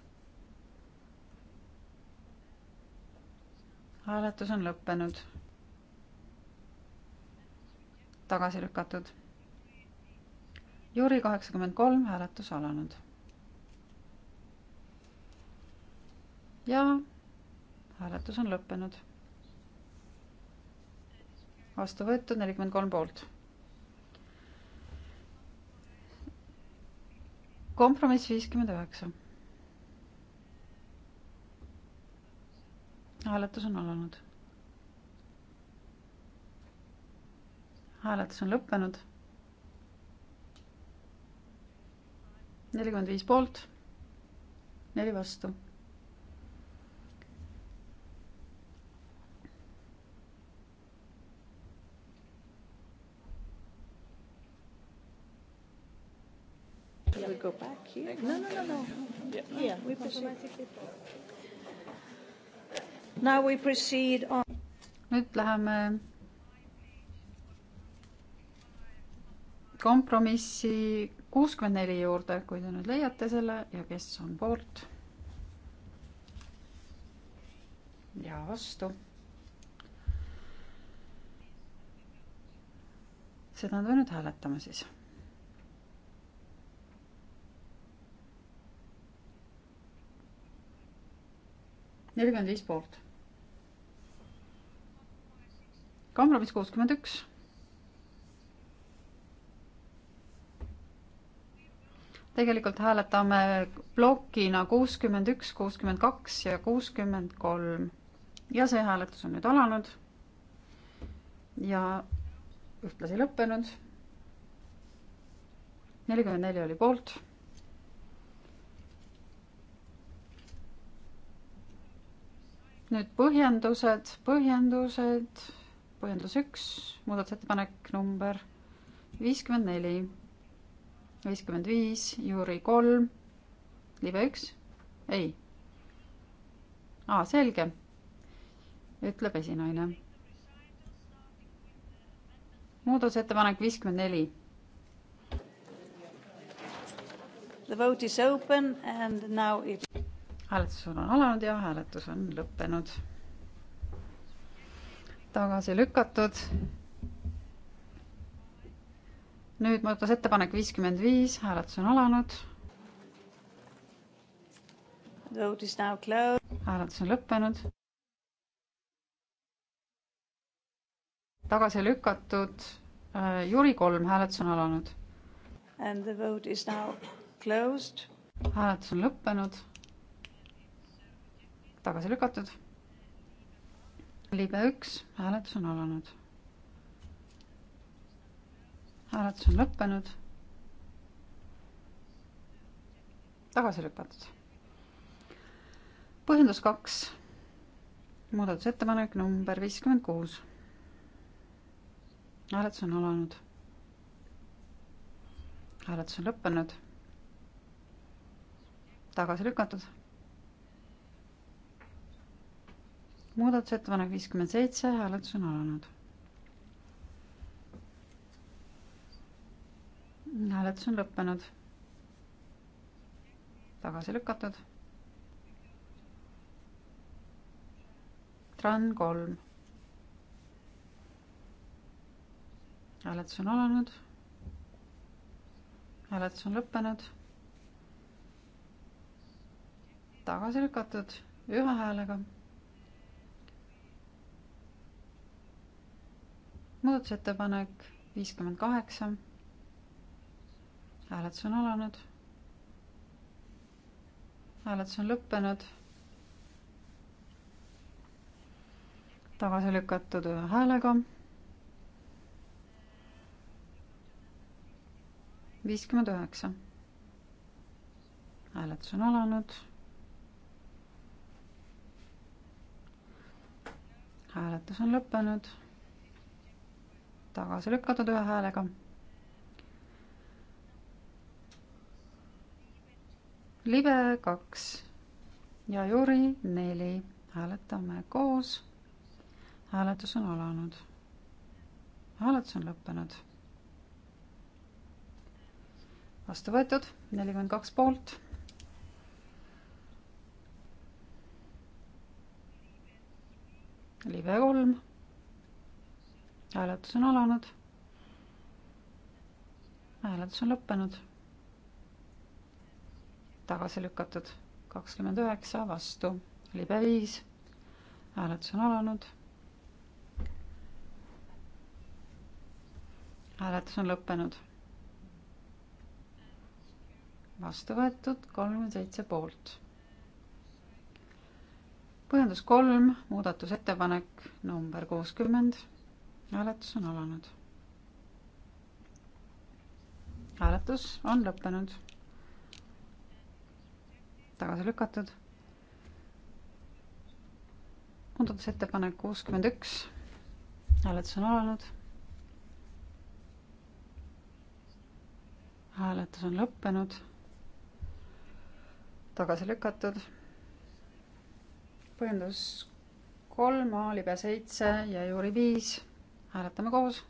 hääletus on lõppenud. tagasi lükatud. Juri kaheksakümmend kolm, hääletus alanud. ja hääletus on lõppenud vastu võetud, nelikümmend kolm poolt. kompromiss viiskümmend üheksa. hääletus on alanud. hääletus on lõppenud. nelikümmend viis poolt, neli vastu Yeah. We go back here? No, no, no, no. Yeah, yeah we proceed. Now we proceed on... Nüüd läheme kompromissi kuuskümmend neli juurde, kui te nüüd leiate selle ja kes on poolt. ja vastu. seda me nüüd hääletame siis nelikümmend viis poolt. kompromiss kuuskümmend üks. tegelikult hääletame plokina kuuskümmend üks, kuuskümmend kaks ja kuuskümmend kolm. ja see hääletus on nüüd alanud. ja ühtlasi lõppenud. nelikümmend neli oli poolt nüüd põhjendused, põhjendused, põhjendus üks, muudatusettepanek number viiskümmend neli, viiskümmend viis, juuri kolm, libe üks, ei. aa, selge, ütleb esinaine. muudatusettepanek viiskümmend neli. The vote is open and now it hääletus on alanud ja hääletus on lõppenud. tagasi lükatud. nüüd muudatusettepanek viiskümmend viis, hääletus on alanud. hääletus on lõppenud. tagasi lükatud. Äh, Juri kolm, hääletus on alanud. hääletus on lõppenud tagasi lükatud. libe üks, hääletus on alanud. hääletus on lõppenud. tagasi lükatud. põhjendus kaks, muudatusettepanek number viiskümmend kuus. hääletus on alanud. hääletus on lõppenud. tagasi lükatud muudatusettepanek viiskümmend seitse, hääletus on alanud. hääletus on lõppenud. tagasi lükatud. Tran kolm. hääletus on alanud. hääletus on lõppenud. tagasi lükatud ühe häälega muudatusettepanek viiskümmend kaheksa. hääletus on alanud. hääletus on lõppenud. tagasi lükatud ühe häälega. viiskümmend üheksa. hääletus on alanud hääletus on lõppenud tagasi lükatud ühe häälega. libe kaks ja Juri neli, hääletame koos. hääletus on alanud. hääletus on lõppenud. vastu võetud, nelikümmend kaks poolt libe kolm hääletus on alanud. hääletus on lõppenud. tagasi lükatud kakskümmend üheksa, vastu libe viis. hääletus on alanud. hääletus on lõppenud. vastu võetud kolmkümmend seitse poolt põhjendus kolm, muudatusettepanek number kuuskümmend hääletus on alanud. hääletus on lõppenud. tagasi lükatud. muudatusettepanek kuuskümmend üks. hääletus on alanud. hääletus on lõppenud. tagasi lükatud. põhjendus kolm, A oli pea seitse ja juuri viis hääletame koos,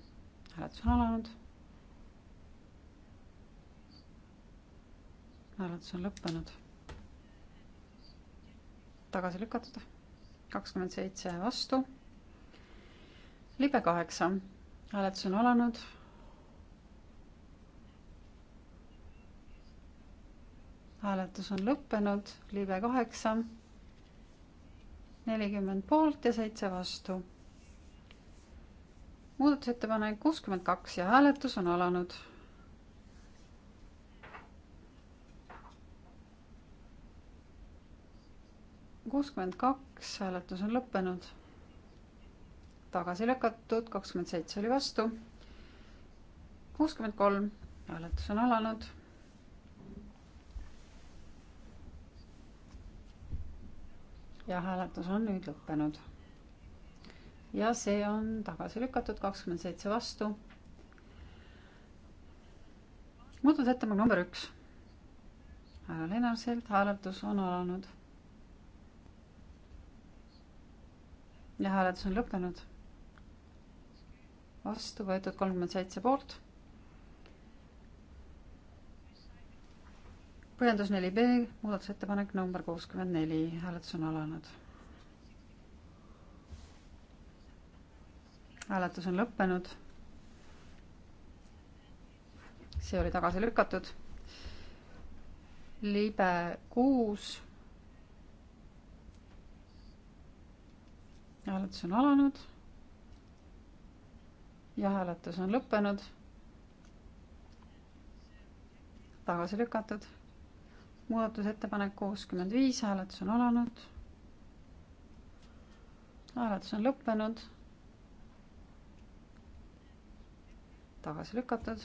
hääletus on alanud. hääletus on lõppenud. tagasi lükatud, kakskümmend seitse vastu. libe kaheksa, hääletus on alanud hääletus on lõppenud, libe kaheksa, nelikümmend poolt ja seitse vastu muudatusettepanek kuuskümmend kaks ja hääletus on alanud. kuuskümmend kaks, hääletus on lõppenud. tagasi lükatud, kakskümmend seitse oli vastu. kuuskümmend kolm, hääletus on alanud ja hääletus on nüüd lõppenud ja see on tagasi lükatud, kakskümmend seitse vastu. muudatusettepanek number üks. härra Lennartselt hääletus on alanud. ja hääletus on lõppenud. vastu võetud kolmkümmend seitse poolt. põhjendus neli B, muudatusettepanek number kuuskümmend neli, hääletus on alanud hääletus on lõppenud. see oli tagasi lükatud. libe kuus. hääletus on alanud. ja hääletus on lõppenud. tagasi lükatud. muudatusettepanek kuuskümmend viis, hääletus on alanud. hääletus on lõppenud tagasi lükatud.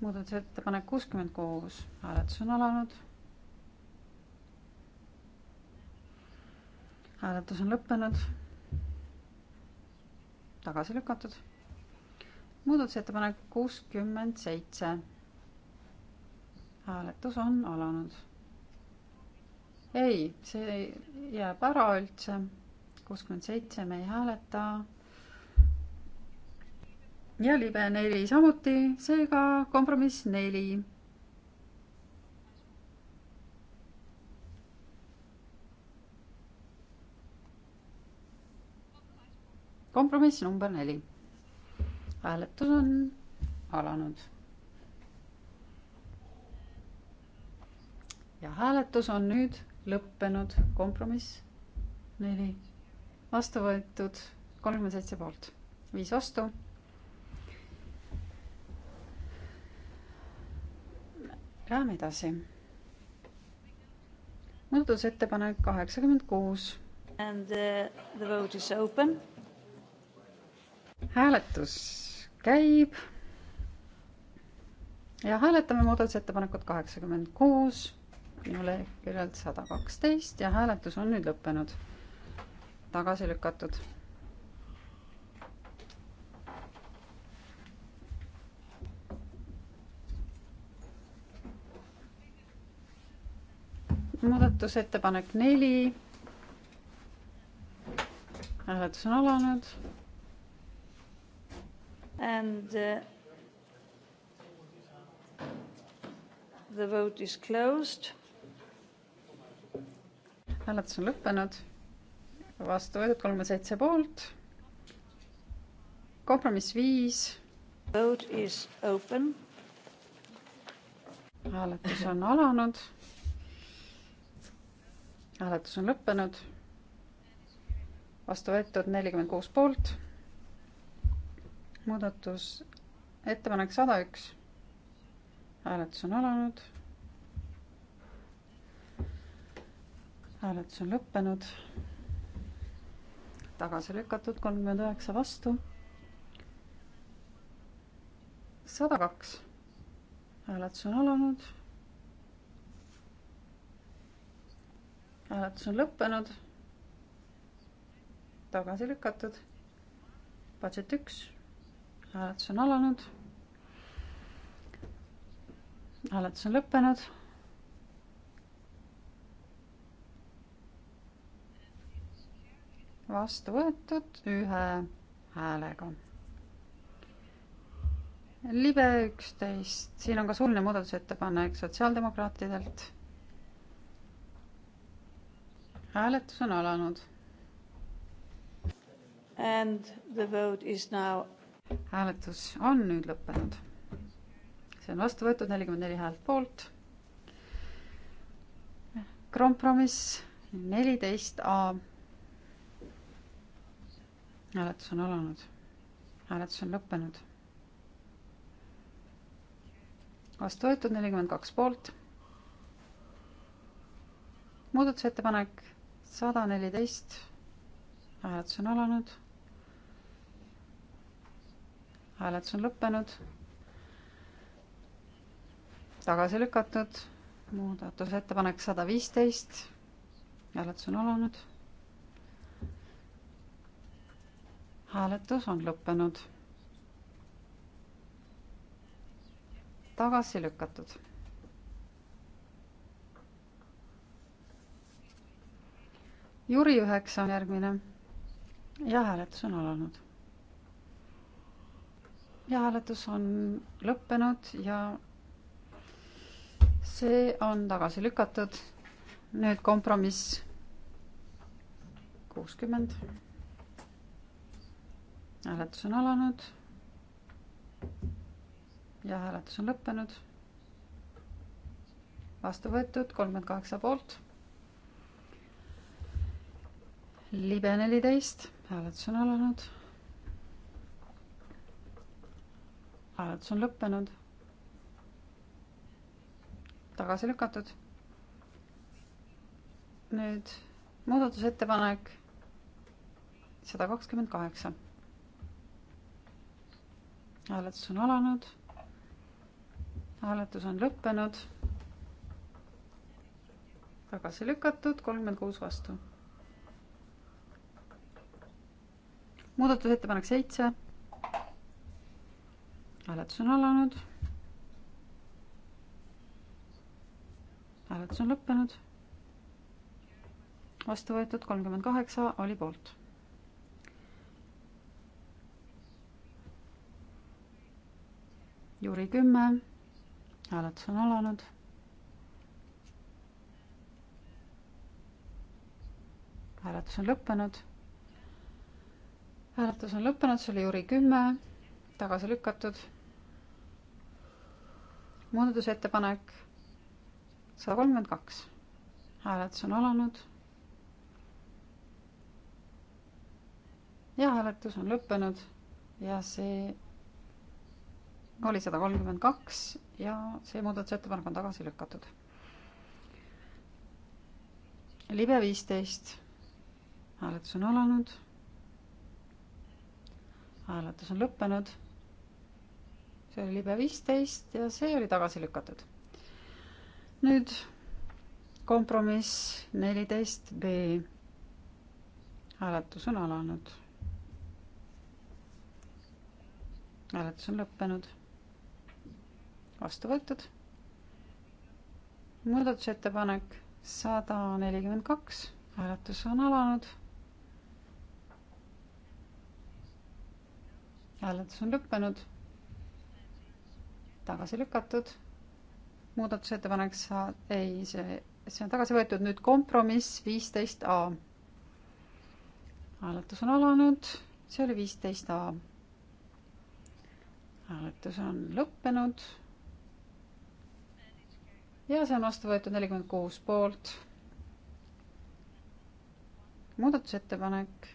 muudatusettepanek kuuskümmend kuus, hääletus on alanud. hääletus on lõppenud. tagasi lükatud. muudatusettepanek kuuskümmend seitse. hääletus on alanud. ei, see jääb ära üldse. kuuskümmend seitse, me ei hääleta ja libe neli samuti, seega kompromiss neli. kompromiss number neli. hääletus on alanud. ja hääletus on nüüd lõppenud, kompromiss neli, vastu võetud kolmkümmend seitse poolt, viis vastu Läheme edasi. muudatusettepanek kaheksakümmend kuus. And the, uh, the vote is open. hääletus käib. ja hääletame muudatusettepanekut kaheksakümmend kuus minu leheküljelt sada kaksteist ja hääletus on nüüd lõppenud. tagasi lükatud muudatusettepanek neli. hääletus on alanud. And uh, the vote is closed. hääletus on lõppenud. vastu võetud kolmkümmend seitse poolt. kompromiss viis. Vote is open. hääletus on alanud hääletus on lõppenud. vastu võetud nelikümmend kuus poolt. muudatus, ettepanek sada üks. hääletus on alanud. hääletus on lõppenud. tagasi lükatud kolmkümmend üheksa vastu. sada kaks. hääletus on alanud hääletus on lõppenud. tagasi lükatud. budget üks, hääletus on alanud. hääletus on lõppenud vastu võetud ühe häälega. libe üksteist, siin on ka suuline muudatusettepanek sotsiaaldemokraatidelt hääletus on alanud. And the vote is now. hääletus on nüüd lõppenud. see on vastu võetud nelikümmend neli häält poolt. kompromiss neliteist A. hääletus on alanud. hääletus on lõppenud. vastu võetud nelikümmend kaks poolt. muudatusettepanek sada neliteist, hääletus on alanud. hääletus on lõppenud. tagasi lükatud, muudatusettepanek sada viisteist, hääletus on alanud. hääletus on lõppenud tagasi lükatud Juri üheksa on järgmine. ja hääletus on alanud. ja hääletus on lõppenud ja see on tagasi lükatud. nüüd kompromiss kuuskümmend. hääletus on alanud. ja hääletus on lõppenud. vastu võetud kolmkümmend kaheksa poolt libe neliteist, hääletus on alanud. hääletus on lõppenud. tagasi lükatud. nüüd muudatusettepanek sada kakskümmend kaheksa. hääletus on alanud. hääletus on lõppenud. tagasi lükatud, kolmkümmend kuus vastu muudatusettepanek seitse. hääletus on alanud. hääletus on lõppenud. vastu võetud kolmkümmend kaheksa oli poolt. juuri kümme, hääletus on alanud hääletus on lõppenud hääletus on lõppenud, see oli Jüri kümme, tagasi lükatud. muudatusettepanek sada kolmkümmend kaks, hääletus on alanud. ja hääletus on lõppenud ja see oli sada kolmkümmend kaks ja see muudatusettepanek on tagasi lükatud. libe viisteist, hääletus on alanud hääletus on lõppenud. see oli libe viisteist ja see oli tagasi lükatud. nüüd kompromiss neliteist B. hääletus on alanud. hääletus on lõppenud. vastu võetud. muudatusettepanek sada nelikümmend kaks, hääletus on alanud hääletus on lõppenud. tagasi lükatud. muudatusettepanek sa-, ei, see, see on tagasi võetud, nüüd kompromiss viisteist A. hääletus on alanud, see oli viisteist A. hääletus on lõppenud. ja see on vastu võetud nelikümmend kuus poolt. muudatusettepanek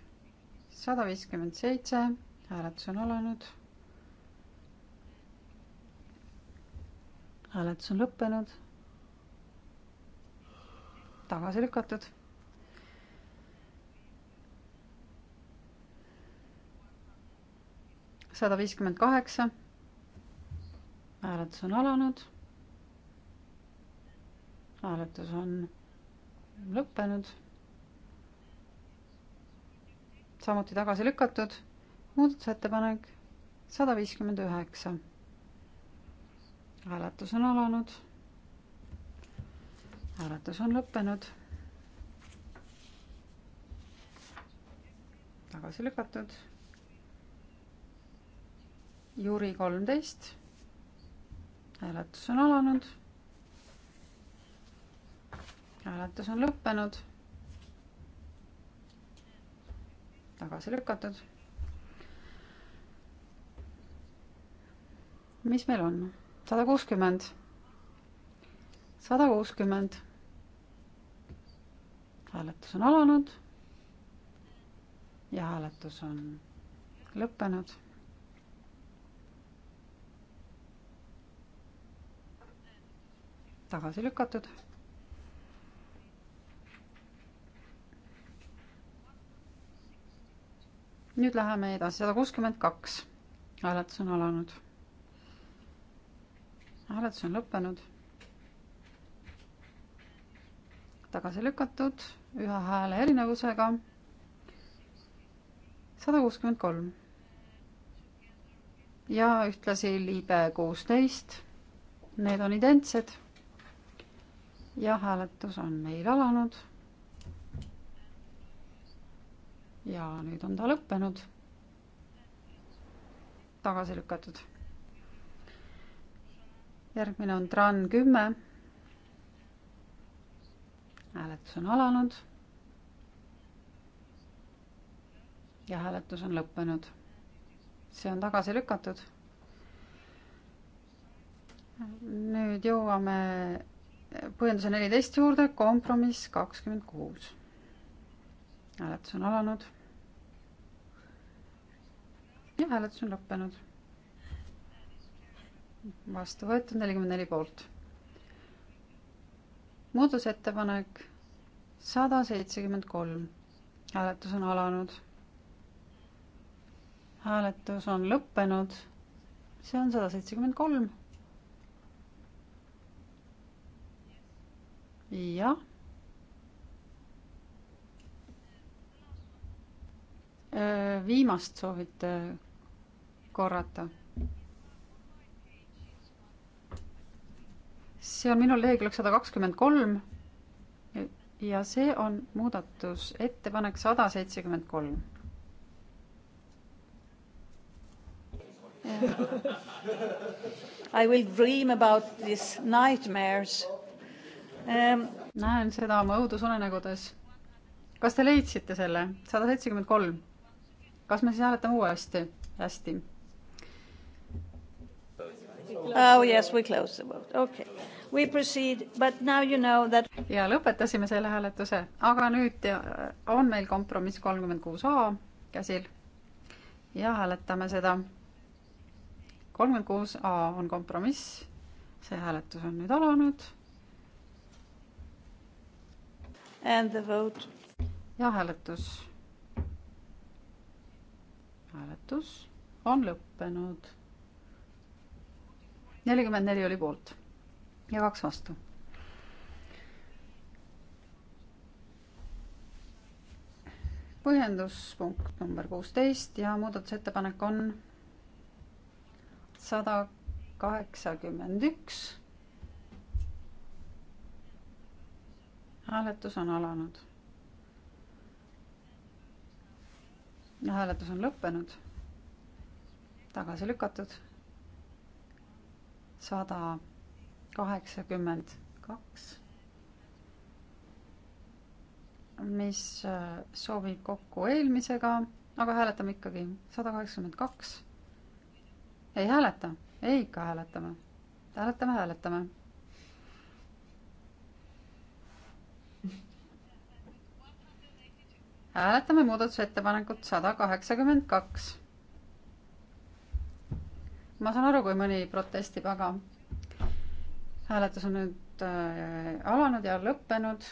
sada viiskümmend seitse hääletus on alanud. hääletus on lõppenud. tagasi lükatud. sada viiskümmend kaheksa. hääletus on alanud. hääletus on lõppenud samuti tagasi lükatud muudatusettepanek sada viiskümmend üheksa. hääletus on alanud. hääletus on lõppenud. tagasi lükatud. Juri kolmteist. hääletus on alanud. hääletus on lõppenud. tagasi lükatud mis meil on? sada kuuskümmend. sada kuuskümmend. hääletus on alanud. ja hääletus on lõppenud tagasi lükatud. nüüd läheme edasi, sada kuuskümmend kaks hääletus on alanud hääletus on lõppenud. tagasi lükatud ühe hääle erinevusega. sada kuuskümmend kolm. ja ühtlasi liibe kuusteist. Need on identsed. ja hääletus on meil alanud. ja nüüd on ta lõppenud tagasi lükatud järgmine on TRAN kümme. hääletus on alanud. ja hääletus on lõppenud. see on tagasi lükatud. nüüd jõuame põhjenduse neliteist juurde, kompromiss kakskümmend kuus. hääletus on alanud. ja hääletus on lõppenud vastu võetud, nelikümmend neli poolt. muudusettepanek sada seitsekümmend kolm. hääletus on alanud. hääletus on lõppenud. see on sada seitsekümmend kolm. jah. viimast soovite korrata see on minu lehekülg sada kakskümmend kolm ja see on muudatusettepanek sada seitsekümmend kolm. I will dream about these nightmares um.... näen seda oma õudusunenägudes. kas te leidsite selle? sada seitsekümmend kolm. kas me siis hääletame uuesti? hästi. Oh yes, we close the vote, okei okay That... ja lõpetasime selle hääletuse, aga nüüd on meil kompromiss kolmkümmend kuus A käsil ja hääletame seda. kolmkümmend kuus A on kompromiss, see hääletus on nüüd alanud. And the vote. ja hääletus. hääletus on lõppenud. nelikümmend neli oli poolt ja kaks vastu. põhjenduspunkt number kuusteist ja muudatusettepanek on sada kaheksakümmend üks. hääletus on alanud. hääletus on lõppenud, tagasi lükatud sada kaheksakümmend kaks, mis äh, sobib kokku eelmisega, aga hääletame ikkagi. sada kaheksakümmend kaks. ei hääleta, ei ikka hääletame. hääletame, hääletame. hääletame muudatusettepanekut sada kaheksakümmend kaks. ma saan aru, kui mõni protestib, aga hääletus on nüüd äh, alanud ja lõppenud.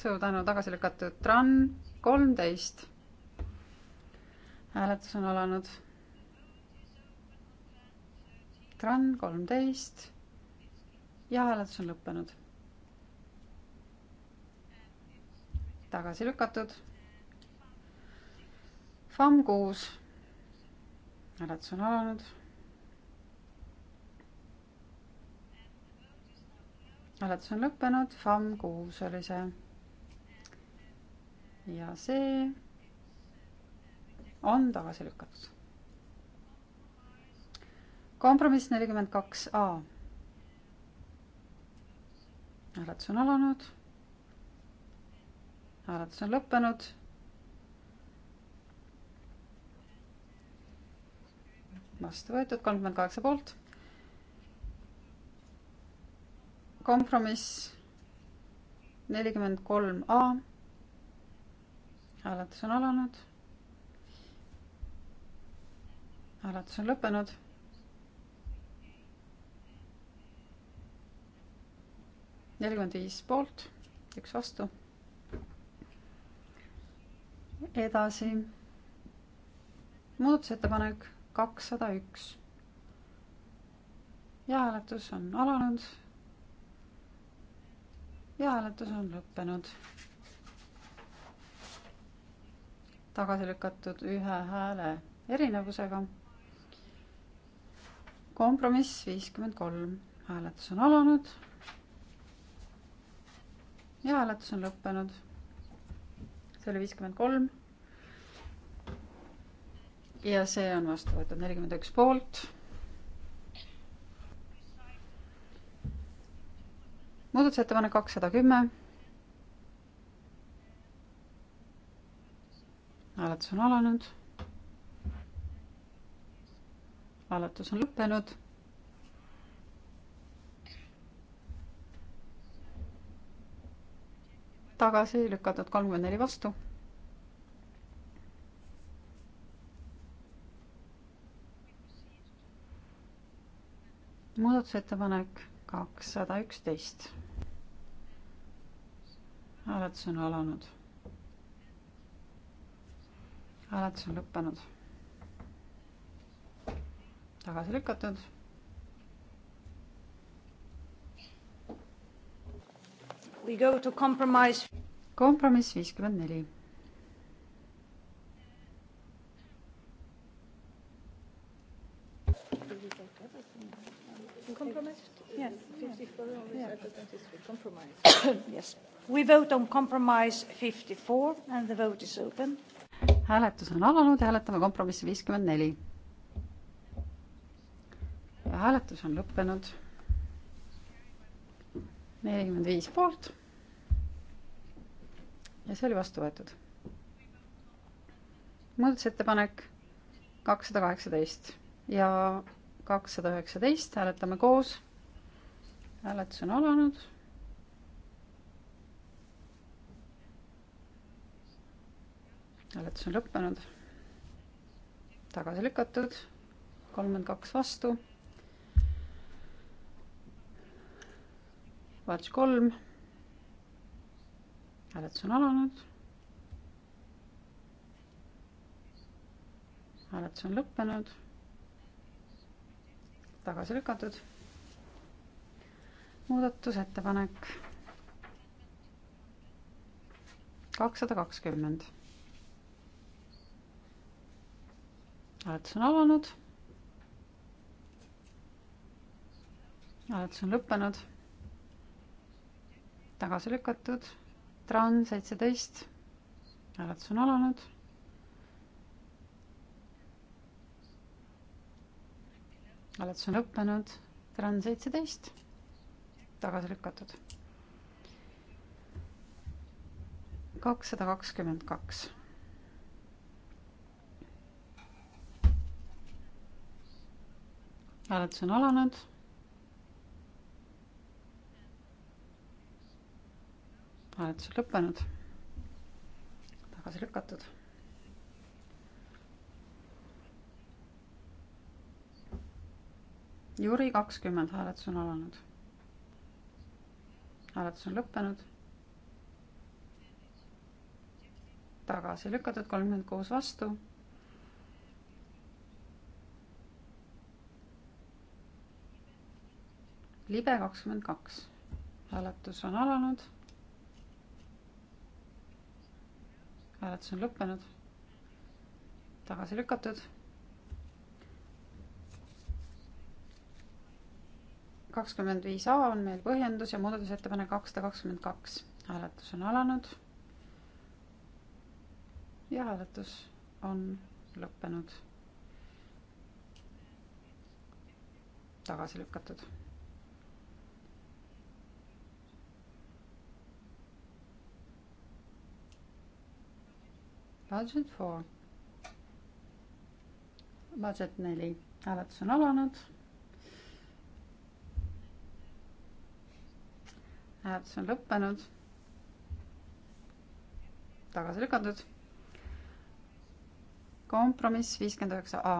suur tänu, tagasi lükatud Tran kolmteist. hääletus on alanud. Tran kolmteist ja hääletus on lõppenud. tagasi lükatud. FAM kuus. hääletus on alanud hääletus on lõppenud, FAM kuus oli see. ja see on tagasi lükatud. kompromiss nelikümmend kaks A. hääletus on alanud. hääletus on lõppenud. vastu võetud kolmkümmend kaheksa poolt kompromiss nelikümmend kolm A. hääletus on alanud. hääletus on lõppenud. nelikümmend viis poolt, üks vastu. edasi muudatusettepanek kakssada üks. ja hääletus on alanud ja hääletus on lõppenud. tagasi lükatud ühe hääle erinevusega. kompromiss viiskümmend kolm, hääletus on alanud. ja hääletus on lõppenud. see oli viiskümmend kolm. ja see on vastu võetud nelikümmend üks poolt muudatusettepanek kakssada kümme. hääletus on alanud. hääletus on lõppenud. tagasi lükatud kolmkümmend neli vastu muudatusettepanek kakssada üksteist. hääletus on alanud. hääletus on lõppenud. tagasi lükatud. We go to compromise. kompromiss viiskümmend neli Yes, 54 yeah. Article 23, compromise. yes. We vote on compromise 54 and the vote is open. hääletus on alanud, hääletame kompromissi viiskümmend neli. ja hääletus on lõppenud. nelikümmend viis poolt. ja see oli vastu võetud. muudatusettepanek kakssada kaheksateist ja kakssada üheksateist, hääletame koos hääletus on alanud. hääletus on lõppenud. tagasi lükatud, kolmkümmend kaks vastu. Vatš kolm. hääletus on alanud hääletus on lõppenud, tagasi lükatud muudatusettepanek kakssada kakskümmend. hääletus on alanud. hääletus on lõppenud. tagasi lükatud. Tran seitseteist. hääletus on alanud. hääletus on lõppenud. Tran seitseteist tagasi lükatud. kakssada kakskümmend kaks. hääletus on alanud. hääletus on lõppenud. tagasi lükatud Juri kakskümmend hääletus on alanud hääletus on lõppenud. tagasi lükatud, kolmkümmend kuus vastu. libe kakskümmend kaks, hääletus on alanud. hääletus on lõppenud, tagasi lükatud kakskümmend viis A on meil põhjendus ja muudatusettepanek kakssada kakskümmend kaks. hääletus on alanud. ja hääletus on lõppenud. tagasi lükatud. Budget four. Budget neli, hääletus on alanud hääletus on lõppenud. tagasi lükatud. kompromiss viiskümmend üheksa A.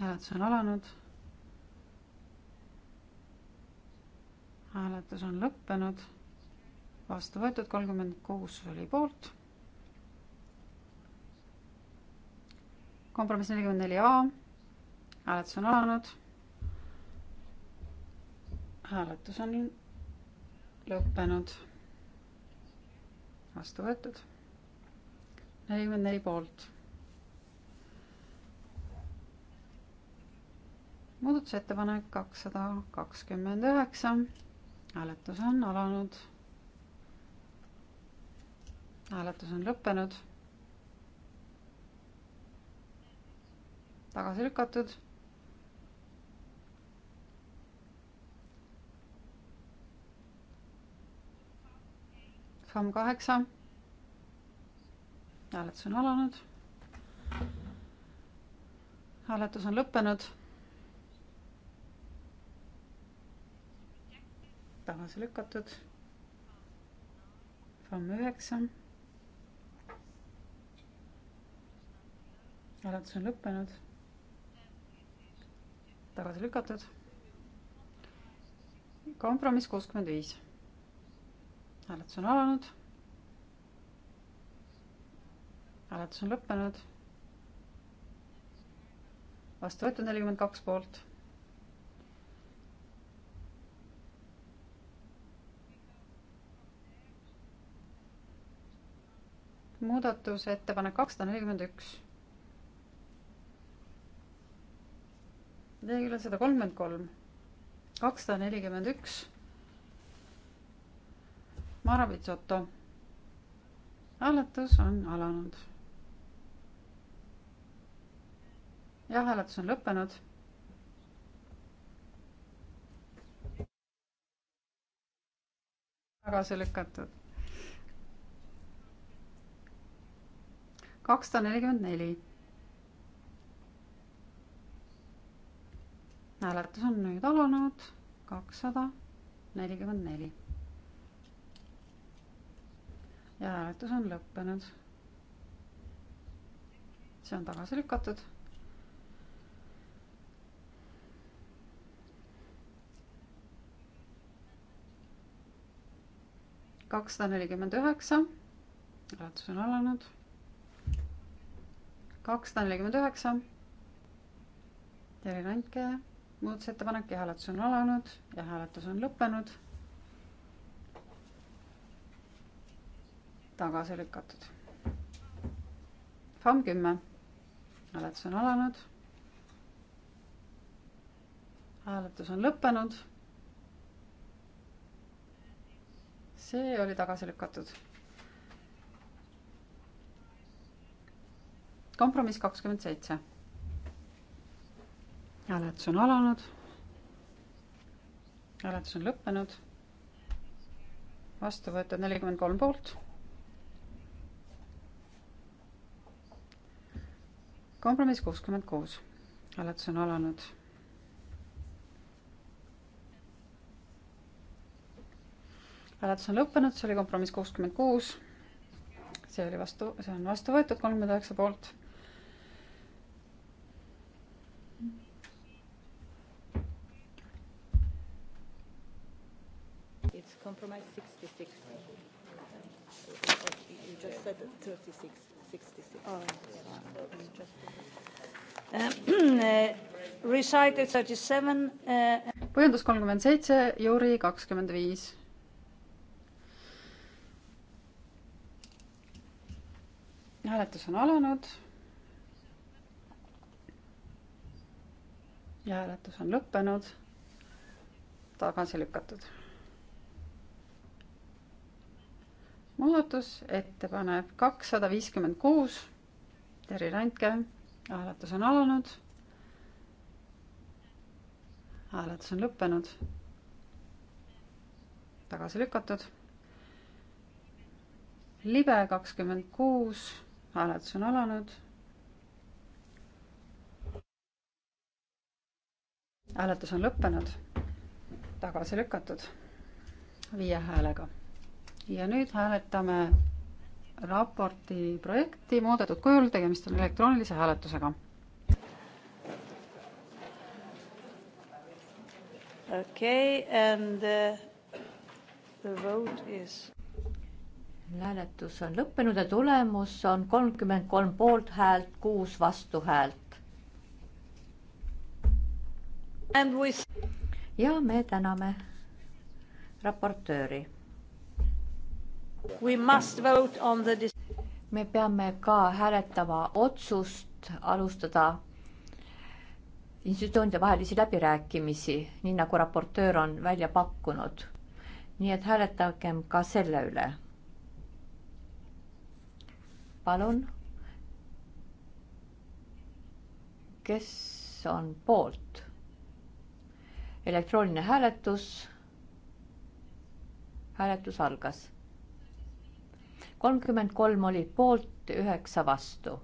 hääletus on alanud. hääletus on lõppenud. vastu võetud kolmkümmend kuus oli poolt. kompromiss nelikümmend neli A. hääletus on alanud. hääletus on lõppenud. vastu võetud. nelikümmend neli poolt. muudatusettepanek kakssada kakskümmend üheksa. hääletus on alanud. hääletus on lõppenud. tagasi lükatud FAM kaheksa. hääletus on alanud. hääletus on lõppenud. tagasi lükatud. FAM üheksa. hääletus on lõppenud. tagasi lükatud. kompromiss kuuskümmend viis hääletus on alanud. hääletus on lõppenud. vastu võetud nelikümmend kaks poolt. muudatusettepanek kakssada nelikümmend üks. leheküljel sada kolmkümmend kolm, kakssada nelikümmend üks Mara Pitsoto. hääletus on alanud. jah, hääletus on lõppenud. tagasi lükatud. kakssada nelikümmend neli. hääletus on nüüd alanud, kakssada nelikümmend neli ja hääletus on lõppenud. see on tagasi lükatud. kakssada nelikümmend üheksa, hääletus on alanud. kakssada nelikümmend üheksa. Jüri Randke muudatusettepanek ja hääletus on alanud ja hääletus on lõppenud tagasi lükatud. FAM kümme, hääletus on alanud. hääletus on lõppenud. see oli tagasi lükatud kompromiss kakskümmend seitse. hääletus on alanud. hääletus on lõppenud. vastu võetud nelikümmend kolm poolt kompromiss kuuskümmend kuus. hääletus on alanud. hääletus on lõppenud, see oli kompromiss kuuskümmend kuus. see oli vastu, see on vastu võetud kolmkümmend üheksa poolt. It's compromise sixty six. You just said thirty six. 66. Oh, yeah. Uh, uh, recited 37 uh.... põhjendus kolmkümmend seitse, Jüri kakskümmend viis. hääletus on alanud. ja hääletus on lõppenud. tagasi lükatud muudatusettepanek kakssada viiskümmend kuus, Terri Randke, hääletus on alanud. hääletus on lõppenud. tagasi lükatud. libe kakskümmend kuus, hääletus on alanud. hääletus on lõppenud, tagasi lükatud viie häälega ja nüüd hääletame raporti projekti muudetud kujul, tegemist on elektroonilise hääletusega. okei okay,, and the, uh, the vote is. hääletus on lõppenud ja tulemus on kolmkümmend kolm poolthäält, kuus vastuhäält. ja me täname raportööri me peame ka hääletama otsust alustada institutsioonide vahelisi läbirääkimisi, nii nagu raportöör on välja pakkunud. nii et hääletagem ka selle üle. palun. kes on poolt? elektrooniline hääletus. hääletus algas kolmkümmend kolm olid poolt, üheksa vastu.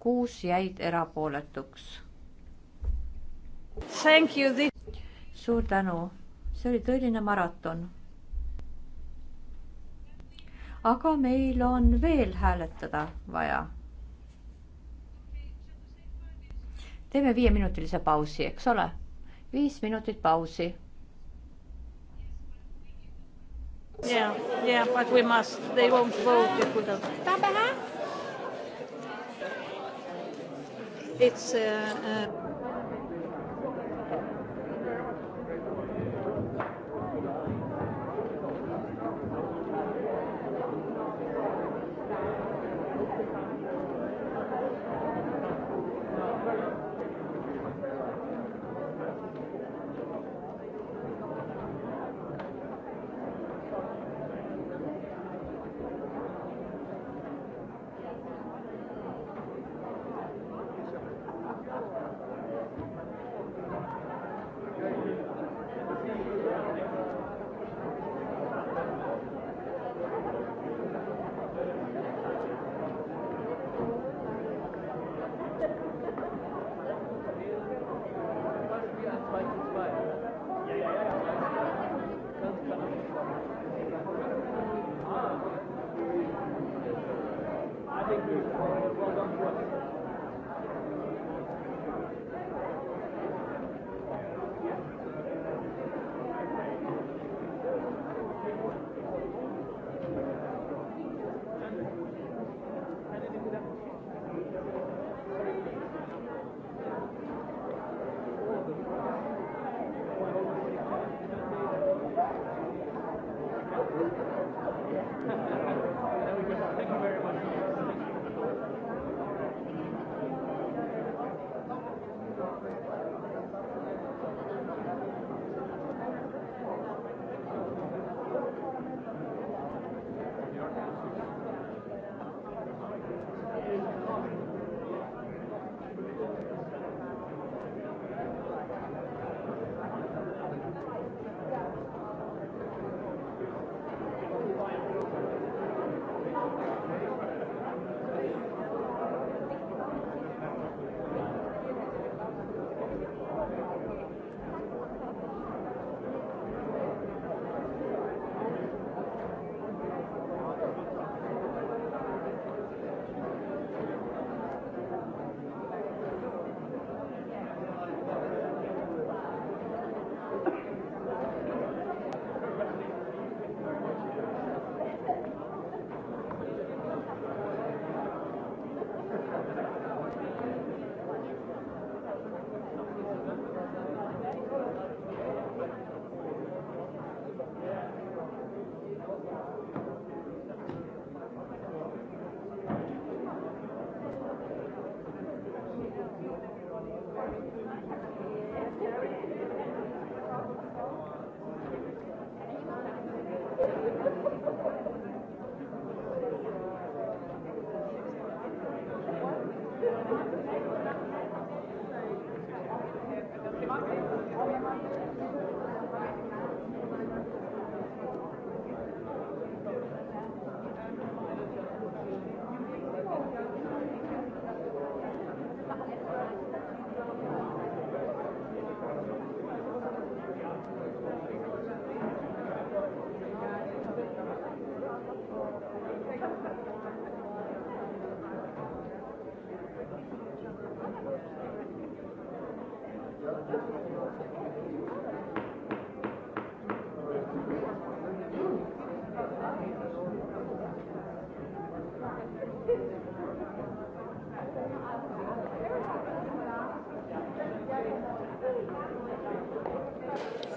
kuus jäid erapooletuks. suur tänu, see oli tõeline maraton. aga meil on veel hääletada vaja. teeme viieminutilise pausi, eks ole? viis minutit pausi Yeah, yeah, but we must. They won't vote if we don't. Tabaha? It's. Uh, uh,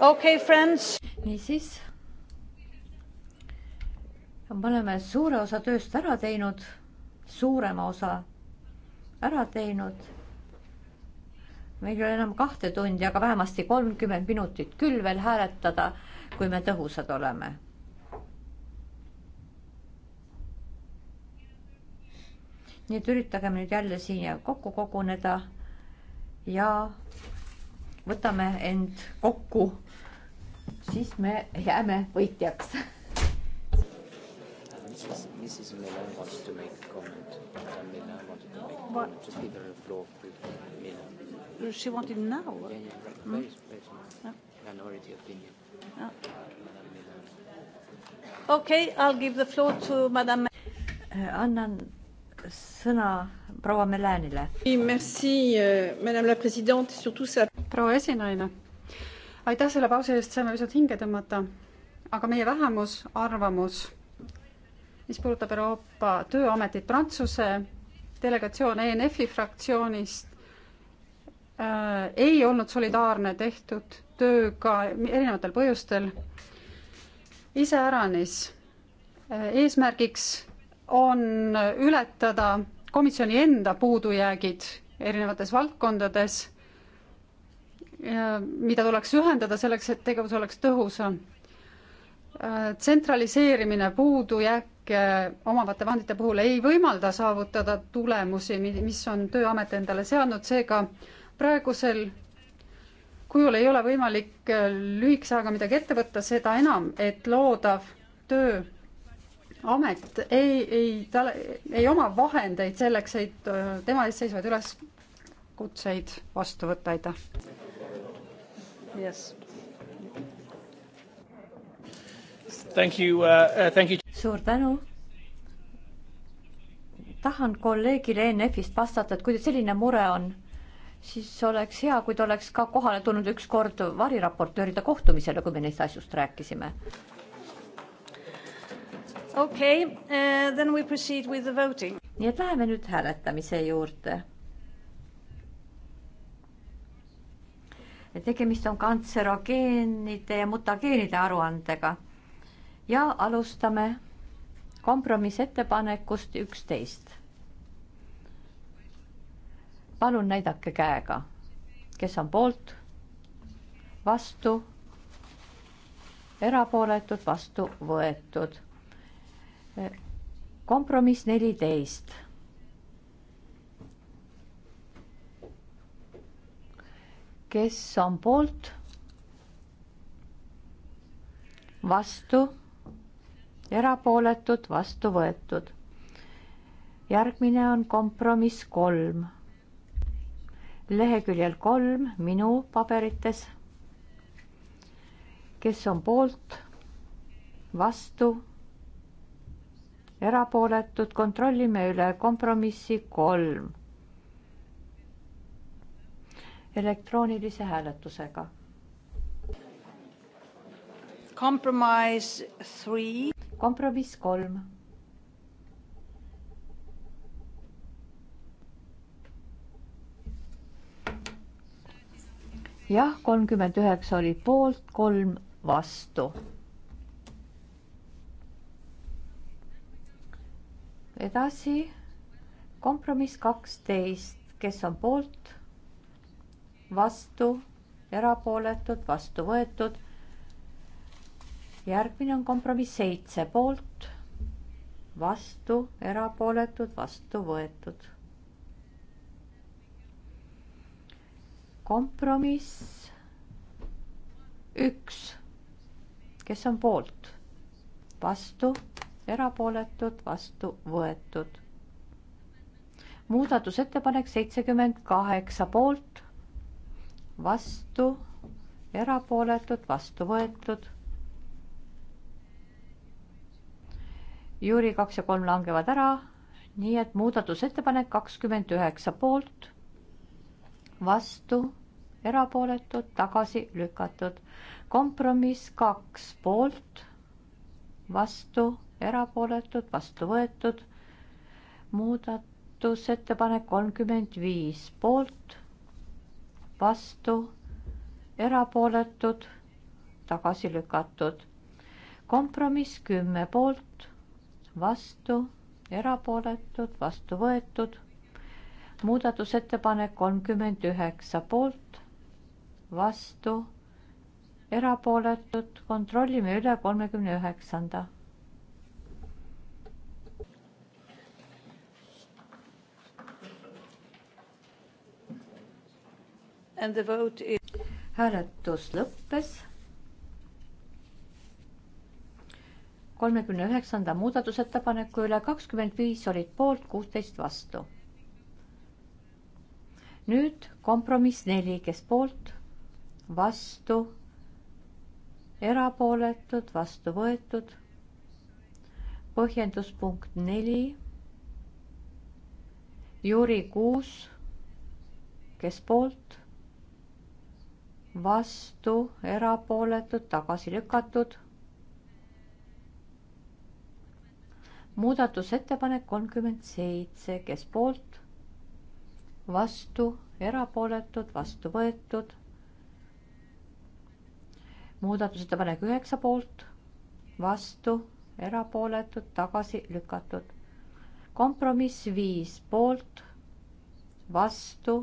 okei okay,, friends. niisiis. me oleme suure osa tööst ära teinud, suurema osa ära teinud meil ei ole enam kahte tundi, aga vähemasti kolmkümmend minutit küll veel hääletada, kui me tõhusad oleme. nii et üritagem nüüd jälle siia kokku koguneda ja võtame end kokku, siis me jääme võitjaks. Mrs. Mrs. Miller wants to make a comment. Madame Miller wanted to make a comment. Give her the floor, please. Miller she wanted now. Yeah, yeah, right. Hmm? Very, very small. Yeah. Minority opinion. Yeah. Okay, I'll give the floor to Madame. Eh, annan sõna proua Melanile. Merci, euh, Madame la Présidente, surtout sa. proua esinaine, aitäh selle pausi eest, saime pisut hinge tõmmata. aga meie vähemus, arvamus, mis puudutab Euroopa Tööametit, Prantsuse delegatsioon ENF-i fraktsioonist Äh, ei olnud solidaarne tehtud tööga erinevatel põhjustel. iseäranis äh, eesmärgiks on ületada komisjoni enda puudujäägid erinevates valdkondades, äh, mida tuleks ühendada selleks, et tegevus oleks tõhusam. tsentraliseerimine puudujääke omavate vahendite puhul ei võimalda saavutada tulemusi, mis on Tööamet endale seadnud, seega praegusel kujul ei ole võimalik äh, lühikese ajaga midagi ette võtta, seda enam, et loodav tööamet ei, ei, tal ei oma vahendeid selleks, et äh, tema ees seisvaid üleskutseid vastu võtta, aitäh. Yes. Thank you uh,, uh thank you. suur tänu tahan kolleegile ENF-ist vastata, et kui selline mure on, siis oleks hea, kui ta oleks ka kohale tulnud ükskord variraportööride kohtumisele, kui me neist asjust rääkisime. okei okay, uh,, then we proceed with the voting. nii et läheme nüüd hääletamise juurde. tegemist on kantserogeenide ja mutageenide aruandega ja alustame kompromissettepanekust üksteist palun näidake käega, kes on poolt, vastu, erapooletud, vastu võetud. kompromiss neliteist. kes on poolt, vastu, erapooletud, vastu võetud. järgmine on kompromiss kolm leheküljel kolm minu paberites. kes on poolt, vastu, erapooletud, kontrollime üle kompromissi kolm elektroonilise hääletusega. kompromiss kolm jah, kolmkümmend üheksa oli poolt, kolm vastu. edasi kompromiss kaksteist, kes on poolt, vastu, erapooletud, vastu võetud. järgmine on kompromiss seitse poolt, vastu, erapooletud, vastu võetud kompromiss üks, kes on poolt, vastu, erapooletud, vastu võetud. muudatusettepanek seitsekümmend kaheksa poolt, vastu, erapooletud, vastu võetud. Jüri kaks ja kolm langevad ära, nii et muudatusettepanek kakskümmend üheksa poolt, vastu erapooletud, tagasi lükatud. kompromiss kaks poolt, vastu, erapooletud, vastu võetud. muudatusettepanek kolmkümmend viis poolt, vastu, erapooletud, tagasi lükatud. kompromiss kümme poolt, vastu, erapooletud, vastu võetud muudatusettepanek kolmkümmend üheksa poolt, vastu, erapooletud, kontrollime üle kolmekümne üheksanda. hääletus lõppes. kolmekümne üheksanda muudatusettepaneku üle kakskümmend viis olid poolt, kuusteist vastu nüüd kompromiss neli, kes poolt, vastu, erapooletud, vastu võetud. põhjendus punkt neli. Jüri Kuus, kes poolt, vastu, erapooletud, tagasi lükatud. muudatusettepanek kolmkümmend seitse, kes poolt, vastu, erapooletud, vastu võetud muudatusettepanek üheksa poolt, vastu, erapooletud, tagasi lükatud. kompromiss viis poolt, vastu,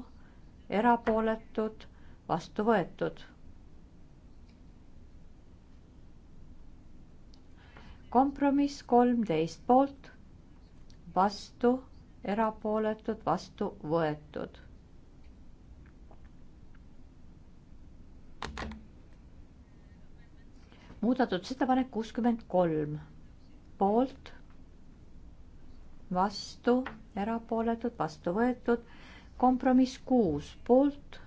erapooletud, vastu võetud. kompromiss kolmteist poolt, vastu, erapooletud, vastu võetud muudatusettepanek kuuskümmend kolm, poolt, vastu, erapooletud, vastu võetud, kompromiss kuus, poolt,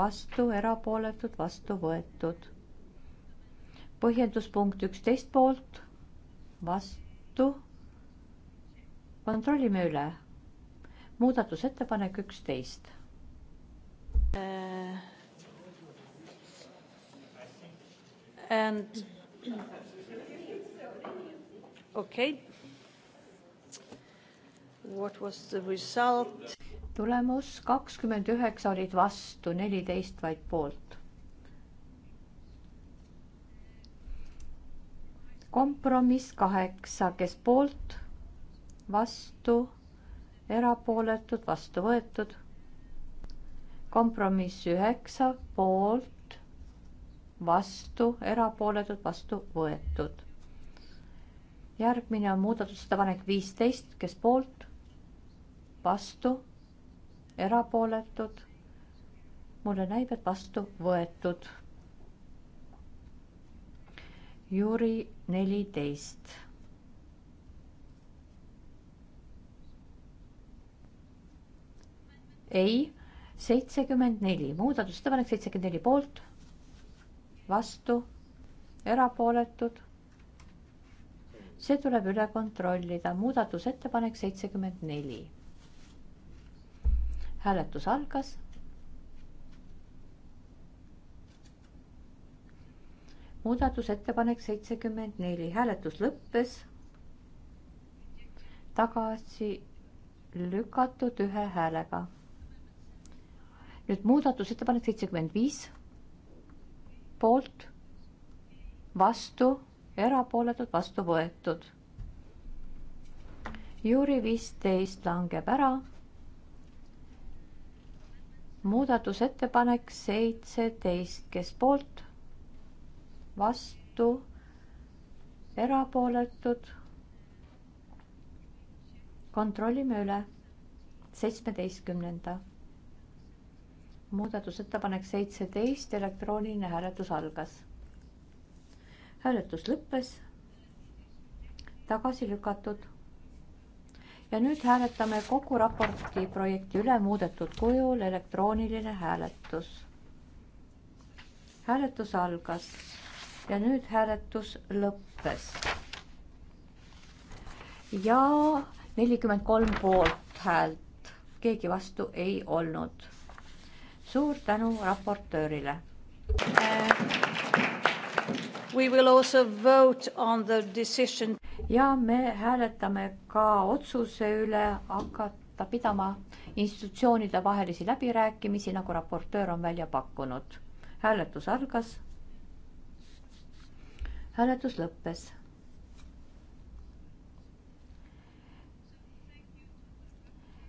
vastu, erapooletud, vastu võetud. põhjenduspunkt üksteist poolt, vastu, kontrollime üle, muudatusettepanek üksteist äh And okay. What was the result? tulemus kakskümmend üheksa olid vastu, neliteist vaid poolt. kompromiss kaheksa, kes poolt, vastu, erapooletud, vastu võetud. kompromiss üheksa, poolt, vastu, erapooletud, vastu võetud. järgmine on muudatusettepanek viisteist, kes poolt, vastu, erapooletud. mulle näib, et vastu võetud. Jüri neliteist. ei, seitsekümmend neli, muudatusettepanek seitsekümmend neli poolt vastu, erapooletud. see tuleb üle kontrollida, muudatusettepanek seitsekümmend neli. hääletus algas. muudatusettepanek seitsekümmend neli, hääletus lõppes. tagasi lükatud ühe häälega. nüüd muudatusettepanek seitsekümmend viis poolt, vastu, erapooletud, vastu võetud. Juri viisteist langeb ära. muudatusettepanek seitseteist, kes poolt, vastu, erapooletud. kontrollime üle seitsmeteistkümnenda muudatusettepanek seitseteist, elektrooniline hääletus algas. hääletus lõppes, tagasi lükatud. ja nüüd hääletame kogu raporti projekti üle muudetud kujul, elektrooniline hääletus. hääletus algas ja nüüd hääletus lõppes. ja nelikümmend kolm poolt häält, keegi vastu ei olnud suur tänu raportöörile. Uh, we will also vote on the decision. ja me hääletame ka otsuse üle hakata pidama institutsioonide vahelisi läbirääkimisi, nagu raportöör on välja pakkunud. hääletus algas. hääletus lõppes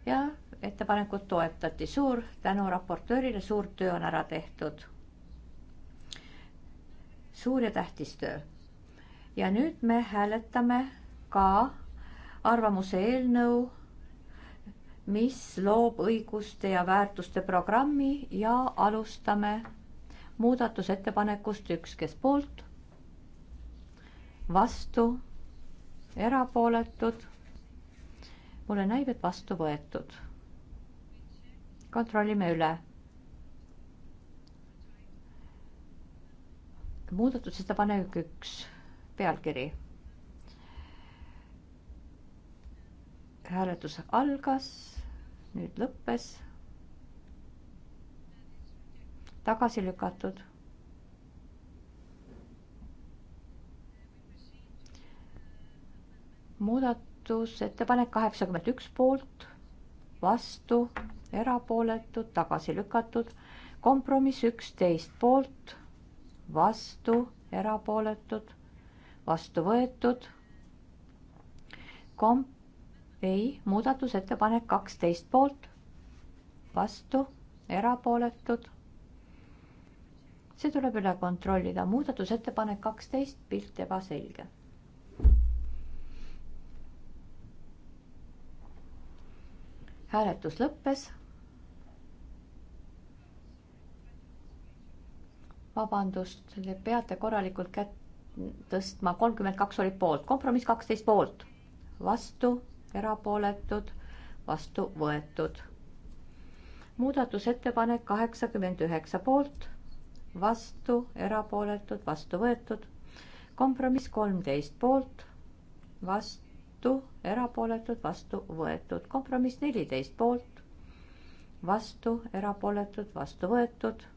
ja ettepanekut toetati. suur tänu raportöörile, suur töö on ära tehtud. suur ja tähtis töö. ja nüüd me hääletame ka arvamuse eelnõu, mis loob õiguste ja väärtuste programmi ja alustame muudatusettepanekust üks, kes poolt, vastu, erapooletud mulle näib, et vastu võetud kontrollime üle. muudatusettepanek üks, pealkiri. hääletus algas, nüüd lõppes. tagasi lükatud. muudatusettepanek kaheksakümmend üks poolt, vastu erapooletud, tagasi lükatud. kompromiss üksteist poolt, vastu, erapooletud, vastu võetud. komp-, ei, muudatusettepanek kaksteist poolt, vastu, erapooletud. see tuleb üle kontrollida, muudatusettepanek kaksteist, pilt ebaselge hääletus lõppes. vabandust, te peate korralikult kätt tõstma, kolmkümmend kaks oli poolt, kompromiss kaksteist poolt, vastu, erapooletud, vastu võetud. muudatusettepanek kaheksakümmend üheksa poolt, vastu, erapooletud, vastu võetud. kompromiss kolmteist poolt, vastu, erapooletud, vastu võetud. kompromiss neliteist poolt, vastu, erapooletud, vastu võetud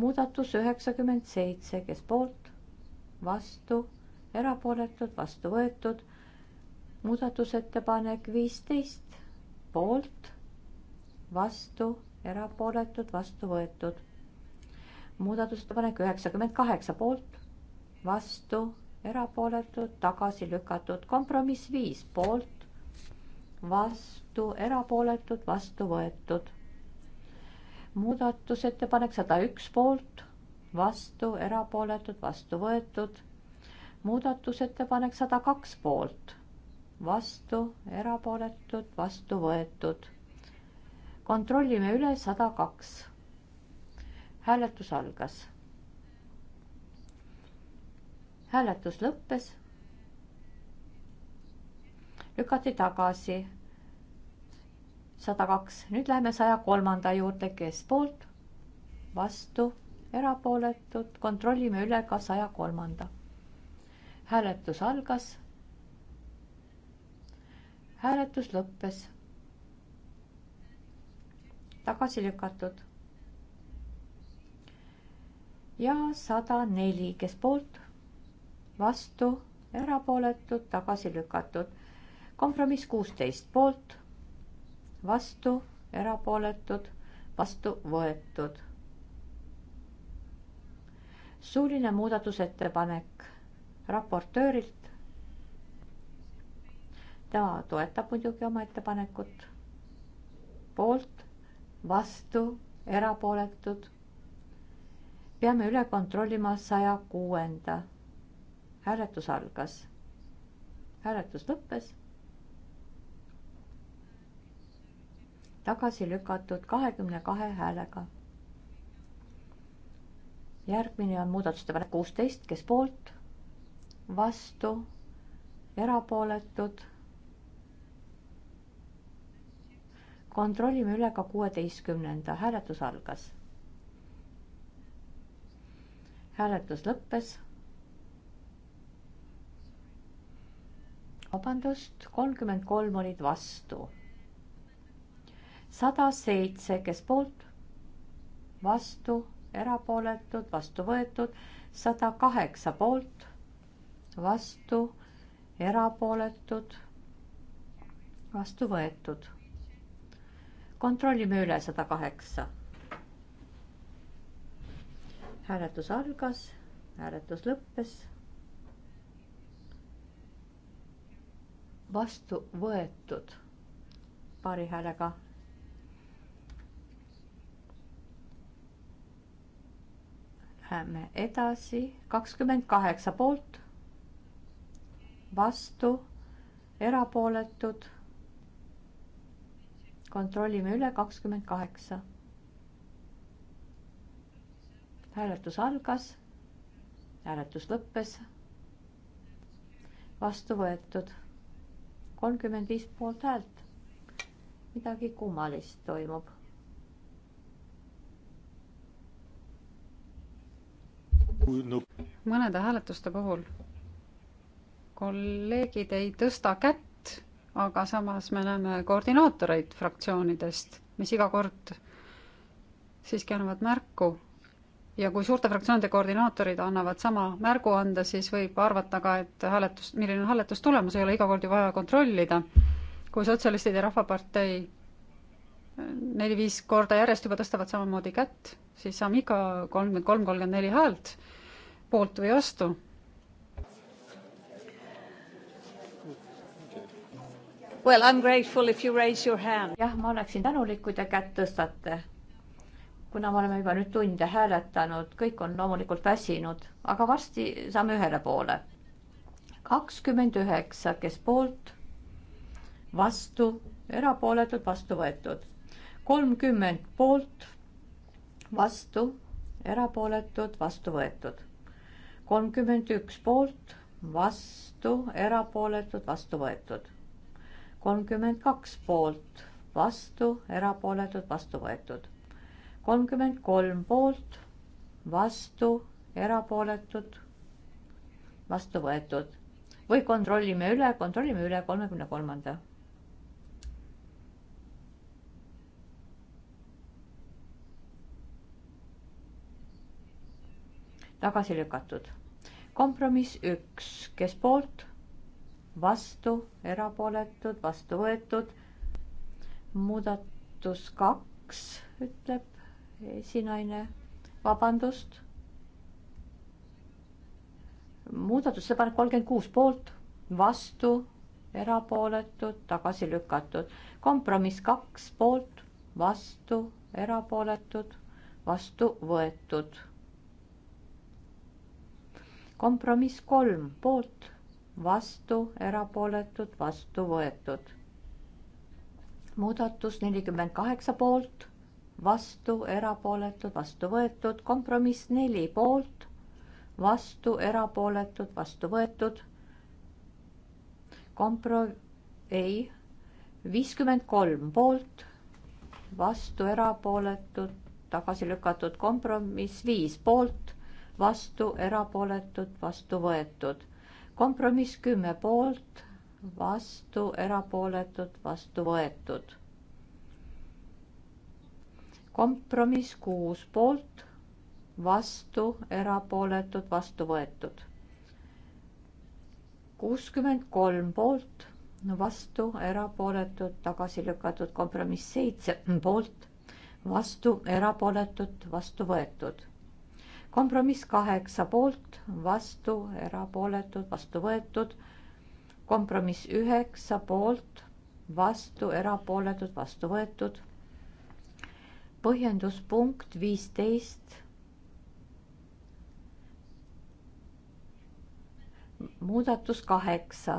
muudatus üheksakümmend seitse, kes poolt, vastu, erapooletud, vastu võetud. muudatusettepanek viisteist, poolt, vastu, erapooletud, vastu võetud. muudatusettepanek üheksakümmend kaheksa, poolt, vastu, erapooletud, tagasi lükatud, kompromiss viis, poolt, vastu, erapooletud, vastu võetud muudatusettepanek sada üks poolt, vastu, erapooletud, vastu võetud. muudatusettepanek sada kaks poolt, vastu, erapooletud, vastu võetud. kontrollime üle sada kaks. hääletus algas. hääletus lõppes. lükati tagasi sada kaks, nüüd läheme saja kolmanda juurde, kes poolt, vastu, erapooletud, kontrollime üle ka saja kolmanda. hääletus algas. hääletus lõppes. tagasi lükatud. ja sada neli, kes poolt, vastu, erapooletud, tagasi lükatud. kompromiss kuusteist poolt vastu, erapooletud, vastu võetud. suuline muudatusettepanek raportöörilt. tema toetab muidugi oma ettepanekut. poolt, vastu, erapooletud. peame üle kontrollima saja kuuenda. hääletus algas hääletus lõppes tagasi lükatud kahekümne kahe häälega. järgmine on muudatusettepanek kuusteist, kes poolt, vastu, erapooletud. kontrollime üle ka kuueteistkümnenda, hääletus algas. hääletus lõppes vabandust, kolmkümmend kolm olid vastu sada seitse, kes poolt, vastu, erapooletud, vastu võetud, sada kaheksa poolt, vastu, erapooletud, vastu võetud. kontrollime üle sada kaheksa. hääletus algas, hääletus lõppes. vastu võetud paari häälega Läheme edasi, kakskümmend kaheksa poolt, vastu, erapooletud. kontrollime üle, kakskümmend kaheksa. hääletus algas, hääletus lõppes. vastu võetud kolmkümmend viis poolthäält. midagi kummalist toimub mõnede hääletuste puhul kolleegid ei tõsta kätt, aga samas me näeme koordinaatoreid fraktsioonidest, mis iga kord siiski annavad märku. ja kui suurte fraktsioonide koordinaatorid annavad sama märguande, siis võib arvata ka, et hääletus, milline on hääletustulemus, ei ole iga kord ju vaja kontrollida. kui Sotsialistid ja Rahvapartei neli-viis korda järjest juba tõstavad samamoodi kätt, siis saame ikka kolmkümmend kolm, kolmkümmend neli häält poolt või vastu? Well, I am grateful if you raise your hand. jah, ma oleksin tänulik, kui te kätt tõstate. kuna me oleme juba nüüd tunde hääletanud, kõik on loomulikult väsinud, aga varsti saame ühele poole. kakskümmend üheksa, kes poolt, vastu, erapooletud, vastu võetud. kolmkümmend poolt, vastu, erapooletud, vastu võetud kolmkümmend üks poolt, vastu, erapooletud, vastu võetud. kolmkümmend kaks poolt, vastu, erapooletud, vastu võetud. kolmkümmend kolm poolt, vastu, erapooletud, vastu võetud. või kontrollime üle, kontrollime üle kolmekümne kolmanda tagasi lükatud kompromiss üks, kes poolt, vastu, erapooletud, vastu võetud. muudatus kaks, ütleb esinaine. vabandust. muudatusettepanek kolmkümmend kuus poolt, vastu, erapooletud, tagasi lükatud. kompromiss kaks poolt, vastu, erapooletud, vastu võetud kompromiss kolm poolt, vastu, erapooletud, vastu võetud. muudatus nelikümmend kaheksa poolt, vastu, erapooletud, vastu võetud, kompromiss neli poolt, vastu, erapooletud, vastu võetud. kompro-, ei, viiskümmend kolm poolt, vastu, erapooletud, tagasi lükatud, kompromiss viis poolt vastu, erapooletud, vastu võetud. kompromiss kümme poolt, vastu, erapooletud, vastu võetud. kompromiss kuus poolt, vastu, erapooletud, vastu võetud. kuuskümmend kolm poolt, vastu, erapooletud, tagasi lükatud, kompromiss seitse poolt, vastu, erapooletud, vastu võetud kompromiss kaheksa poolt, vastu, erapooletud, vastu võetud. kompromiss üheksa poolt, vastu, erapooletud, vastu võetud. põhjenduspunkt viisteist. muudatus kaheksa,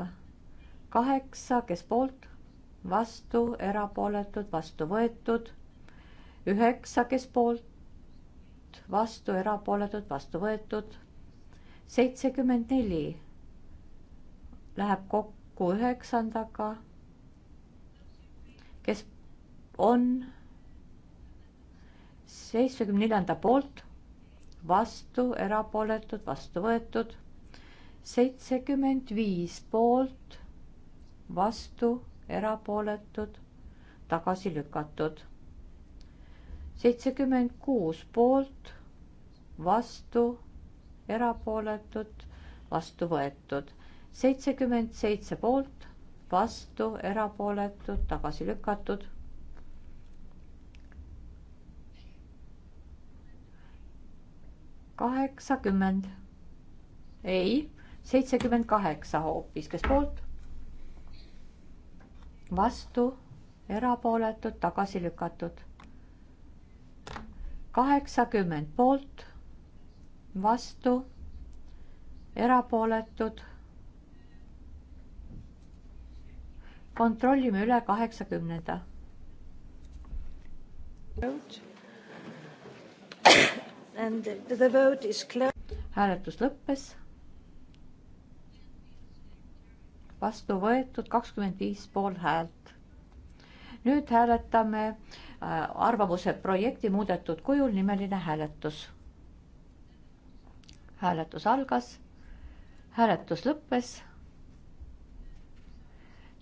kaheksa, kes poolt, vastu, erapooletud, vastu võetud. üheksa, kes poolt, poolt, vastu, erapooletud, vastu võetud. seitsekümmend neli läheb kokku üheksandaga, kes on seitsmekümne neljanda poolt, vastu, erapooletud, vastu võetud. seitsekümmend viis poolt, vastu, erapooletud, tagasi lükatud seitsekümmend kuus poolt, vastu, erapooletud, vastu võetud. seitsekümmend seitse poolt, vastu, erapooletud, tagasi lükatud. kaheksakümmend, ei, seitsekümmend kaheksa hoopis, kes poolt? vastu, erapooletud, tagasi lükatud kaheksakümmend poolt, vastu, erapooletud. kontrollime üle kaheksakümnenda. hääletus lõppes. vastu võetud kakskümmend viis poolhäält nüüd hääletame äh, arvamuse projekti muudetud kujul nimeline hääletus. hääletus algas, hääletus lõppes.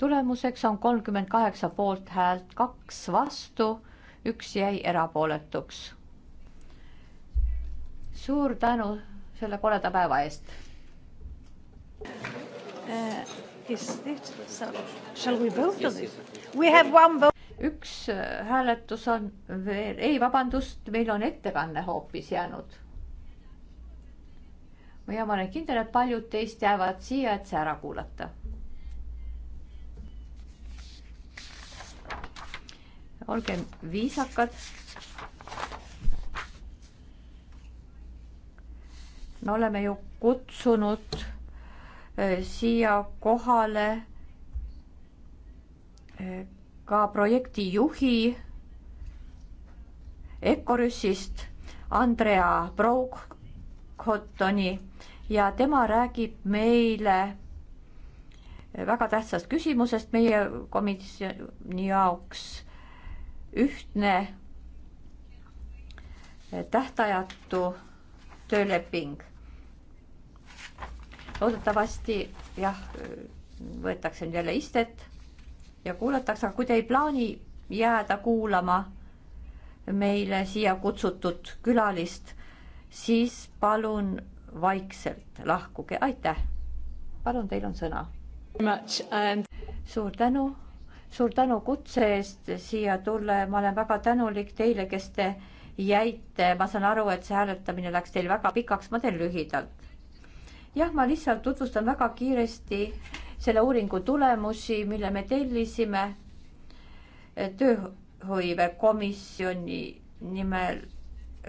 tulemuseks on kolmkümmend kaheksa poolthäält, kaks vastu, üks jäi erapooletuks. suur tänu selle koleda päeva eest. Uh, is it? So, shall we vote on it? We have one vote üks äh, hääletus on veel, ei, vabandust, meil on ettekanne hoopis jäänud. ja ma olen kindel, et paljud teist jäävad siia, et see ära kuulata. olgem viisakad. me oleme ju kutsunud äh, siia kohale äh, ka projektijuhi Ecorüssist Andrea Broughcottoni ja tema räägib meile väga tähtsast küsimusest meie komisjoni jaoks ühtne tähtajatu tööleping. loodetavasti jah, võetakse nüüd jälle istet ja kuulatakse, aga kui te ei plaani jääda kuulama meile siia kutsutud külalist, siis palun vaikselt lahkuge, aitäh. palun, teil on sõna. suur tänu, suur tänu kutse eest siia tulla ja ma olen väga tänulik teile, kes te jäite, ma saan aru, et see hääletamine läks teil väga pikaks, ma teen lühidalt. jah, ma lihtsalt tutvustan väga kiiresti selle uuringu tulemusi, mille me tellisime eh, tööhõivekomisjoni nimel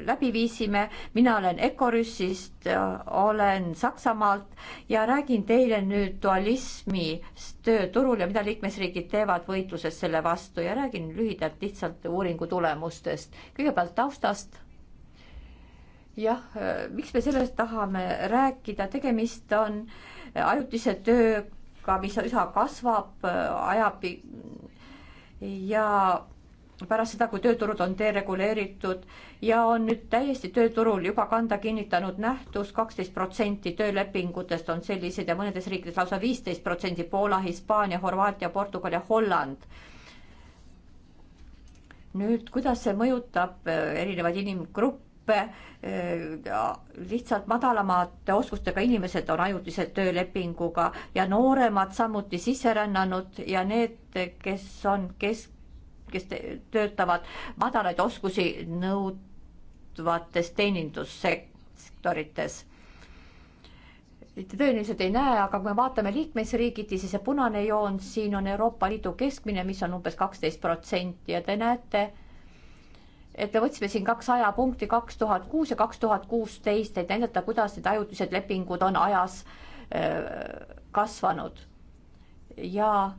läbi viisime. mina olen Ecorüssist, olen Saksamaalt ja räägin teile nüüd dualismist tööturul ja mida liikmesriigid teevad võitluses selle vastu ja räägin lühidalt lihtsalt uuringu tulemustest. kõigepealt taustast. jah, eh, miks me sellest tahame rääkida, tegemist on ajutise töö ka, mis üha kasvab äh, ajapi ja pärast seda, kui tööturud on dereguleeritud ja on nüüd täiesti tööturul juba kanda kinnitanud nähtus, kaksteist protsenti töölepingutest on sellised ja mõnedes riikides lausa viisteist protsenti, Poola, Hispaania, Horvaatia, Portugal ja Holland. nüüd, kuidas see mõjutab äh, erinevaid inimgruppe? Äh, lihtsalt madalamate oskustega inimesed on ajutise töölepinguga ja nooremad samuti sisserännanud ja need, kes on kesk, kes töötavad madalaid oskusi nõudvates teenindussektorites tõenäoliselt ei näe, aga kui me vaatame liikmesriigiti, siis see punane joon siin on Euroopa Liidu keskmine, mis on umbes kaksteist protsenti ja te näete, et me võtsime siin kaks ajapunkti, kaks tuhat kuus ja kaks tuhat kuusteist, et näidata, kuidas need ajutised lepingud on ajas äh, kasvanud. ja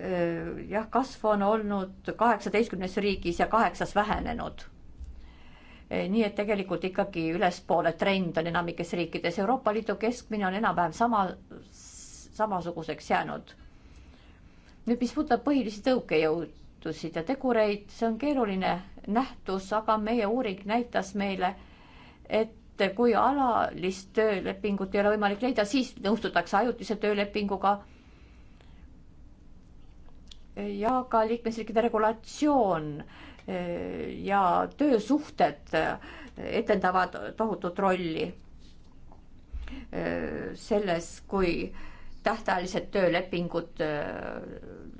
äh, jah, kasv on olnud kaheksateistkümnes riigis ja kaheksas vähenenud. Äh, nii et tegelikult ikkagi ülespoole trend on enamikes riikides, Euroopa Liidu keskmine on enam-vähem sama, samasuguseks jäänud. nüüd, mis puudutab põhilisi tõukejõud juhtusid ja tegureid, see on keeruline nähtus, aga meie uuring näitas meile, et kui alalist töölepingut ei ole võimalik leida, siis nõustutakse ajutise töölepinguga. ja ka liikmesriikide regulatsioon eh, ja töösuhted eh, etendavad tohutut rolli eh, selles, kui tähtajalised töölepingud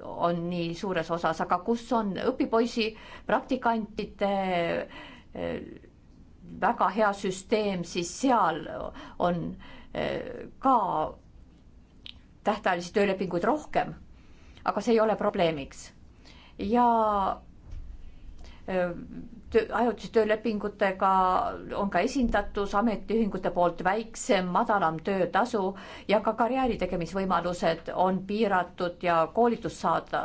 on nii suures osas, aga kus on õpipoisi praktikantide eh, väga hea süsteem, siis seal on eh, ka tähtajalisi töölepinguid rohkem. aga see ei ole probleemiks. ja eh, ajutise töölepingutega on ka esindatus ametiühingute poolt väiksem, madalam töötasu ja ka karjääri tegemisvõimalused on piiratud ja koolitust saada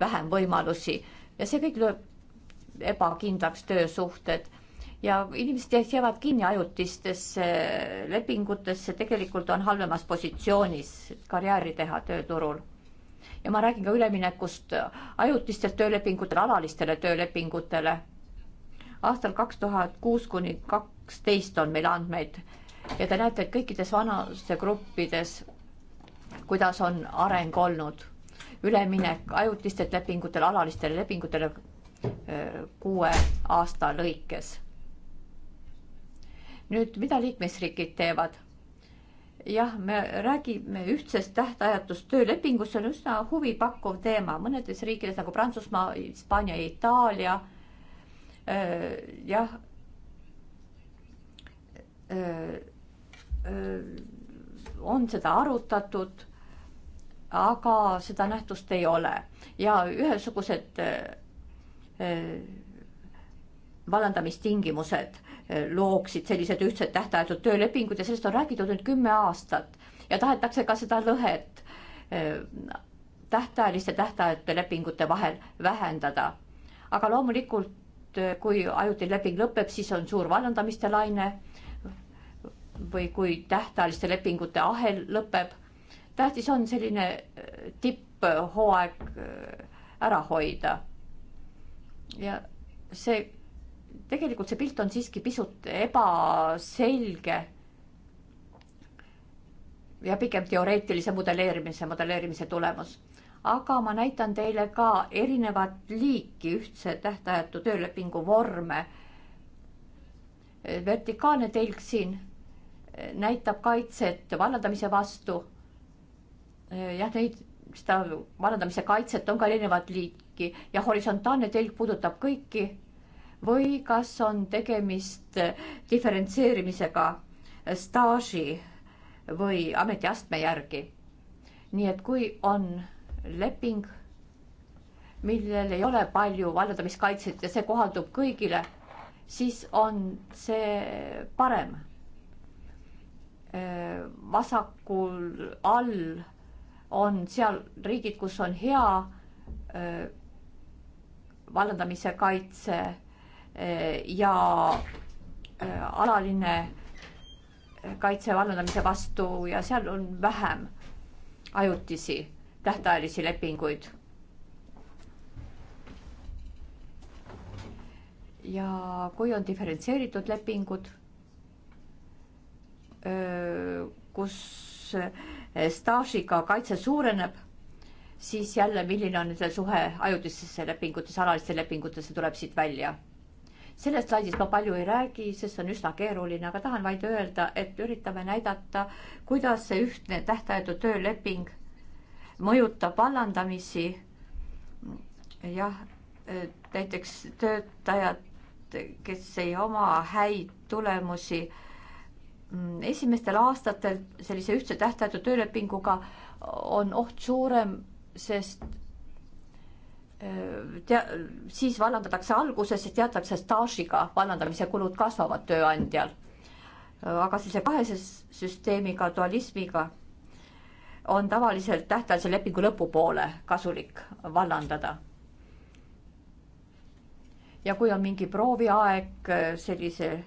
vähem võimalusi ja see kõik lööb ebakindlaks töösuhted ja inimesed jäävad kinni ajutistesse lepingutesse, tegelikult on halvemas positsioonis karjääri teha tööturul ja ma räägin ka üleminekust ajutistelt töölepingutele alalistele töölepingutele aastal kaks tuhat kuus kuni kaksteist on meil andmeid ja te näete, et kõikides vanusegruppides, kuidas on areng olnud, üleminek ajutistelt lepingutele, alalistele lepingutele kuue aasta lõikes. nüüd, mida liikmesriigid teevad? jah, me räägime ühtsest tähtajatust töölepingust, see on üsna huvipakkuv teema, mõnedes riikides nagu Prantsusmaa, Hispaania ja Itaalia jah, on seda arutatud, aga seda nähtust ei ole ja ühesugused e, vallandamistingimused looksid sellised ühtsed tähtajatud töölepingud ja sellest on räägitud nüüd kümme aastat ja tahetakse ka seda lõhet e, tähtajaliste tähtajate lepingute vahel vähendada. aga loomulikult et kui ajutine leping lõpeb, siis on suur vallandamiste laine või kui tähtajaliste lepingute ahel lõpeb. tähtis on selline äh, tipphooaeg äh, ära hoida. ja see, tegelikult see pilt on siiski pisut ebaselge. ja pigem teoreetilise modelleerimise, modelleerimise tulemus aga ma näitan teile ka erinevat liiki ühtse tähtajatu töölepingu vorme. vertikaalne telg siin näitab kaitset vallandamise vastu. jah, neid, seda vallandamise kaitset on ka erinevat liiki ja horisontaalne telg puudutab kõiki või kas on tegemist diferentseerimisega staaži või ametiastme järgi. nii et kui on leping, millel ei ole palju vallutamiskaitset ja see kohaldub kõigile, siis on see parem. vasakul all on seal riigid, kus on hea vallandamise kaitse ja alaline kaitse vallandamise vastu ja seal on vähem ajutisi tähtajalisi lepinguid. ja kui on diferentseeritud lepingud, kus staažiga kaitse suureneb, siis jälle, milline on nende suhe ajutistesse lepingutesse, alalistesse lepingutesse, tuleb siit välja sellest slaidist ma palju ei räägi, sest see on üsna keeruline, aga tahan vaid öelda, et üritame näidata, kuidas see ühtne tähtajatu tööleping mõjutab vallandamisi. jah, e, näiteks töötajad, kes ei oma häid tulemusi mm, esimestel aastatel sellise ühtse tähtajatu töölepinguga on oht suurem, sest e, tea-, siis vallandatakse alguses ja teatakse staažiga vallandamise kulud kasvavad tööandjal. aga siis see kahese süsteemiga, dualismiga on tavaliselt tähtajalise lepingu lõpupoole kasulik vallandada. ja kui on mingi prooviaeg äh, sellise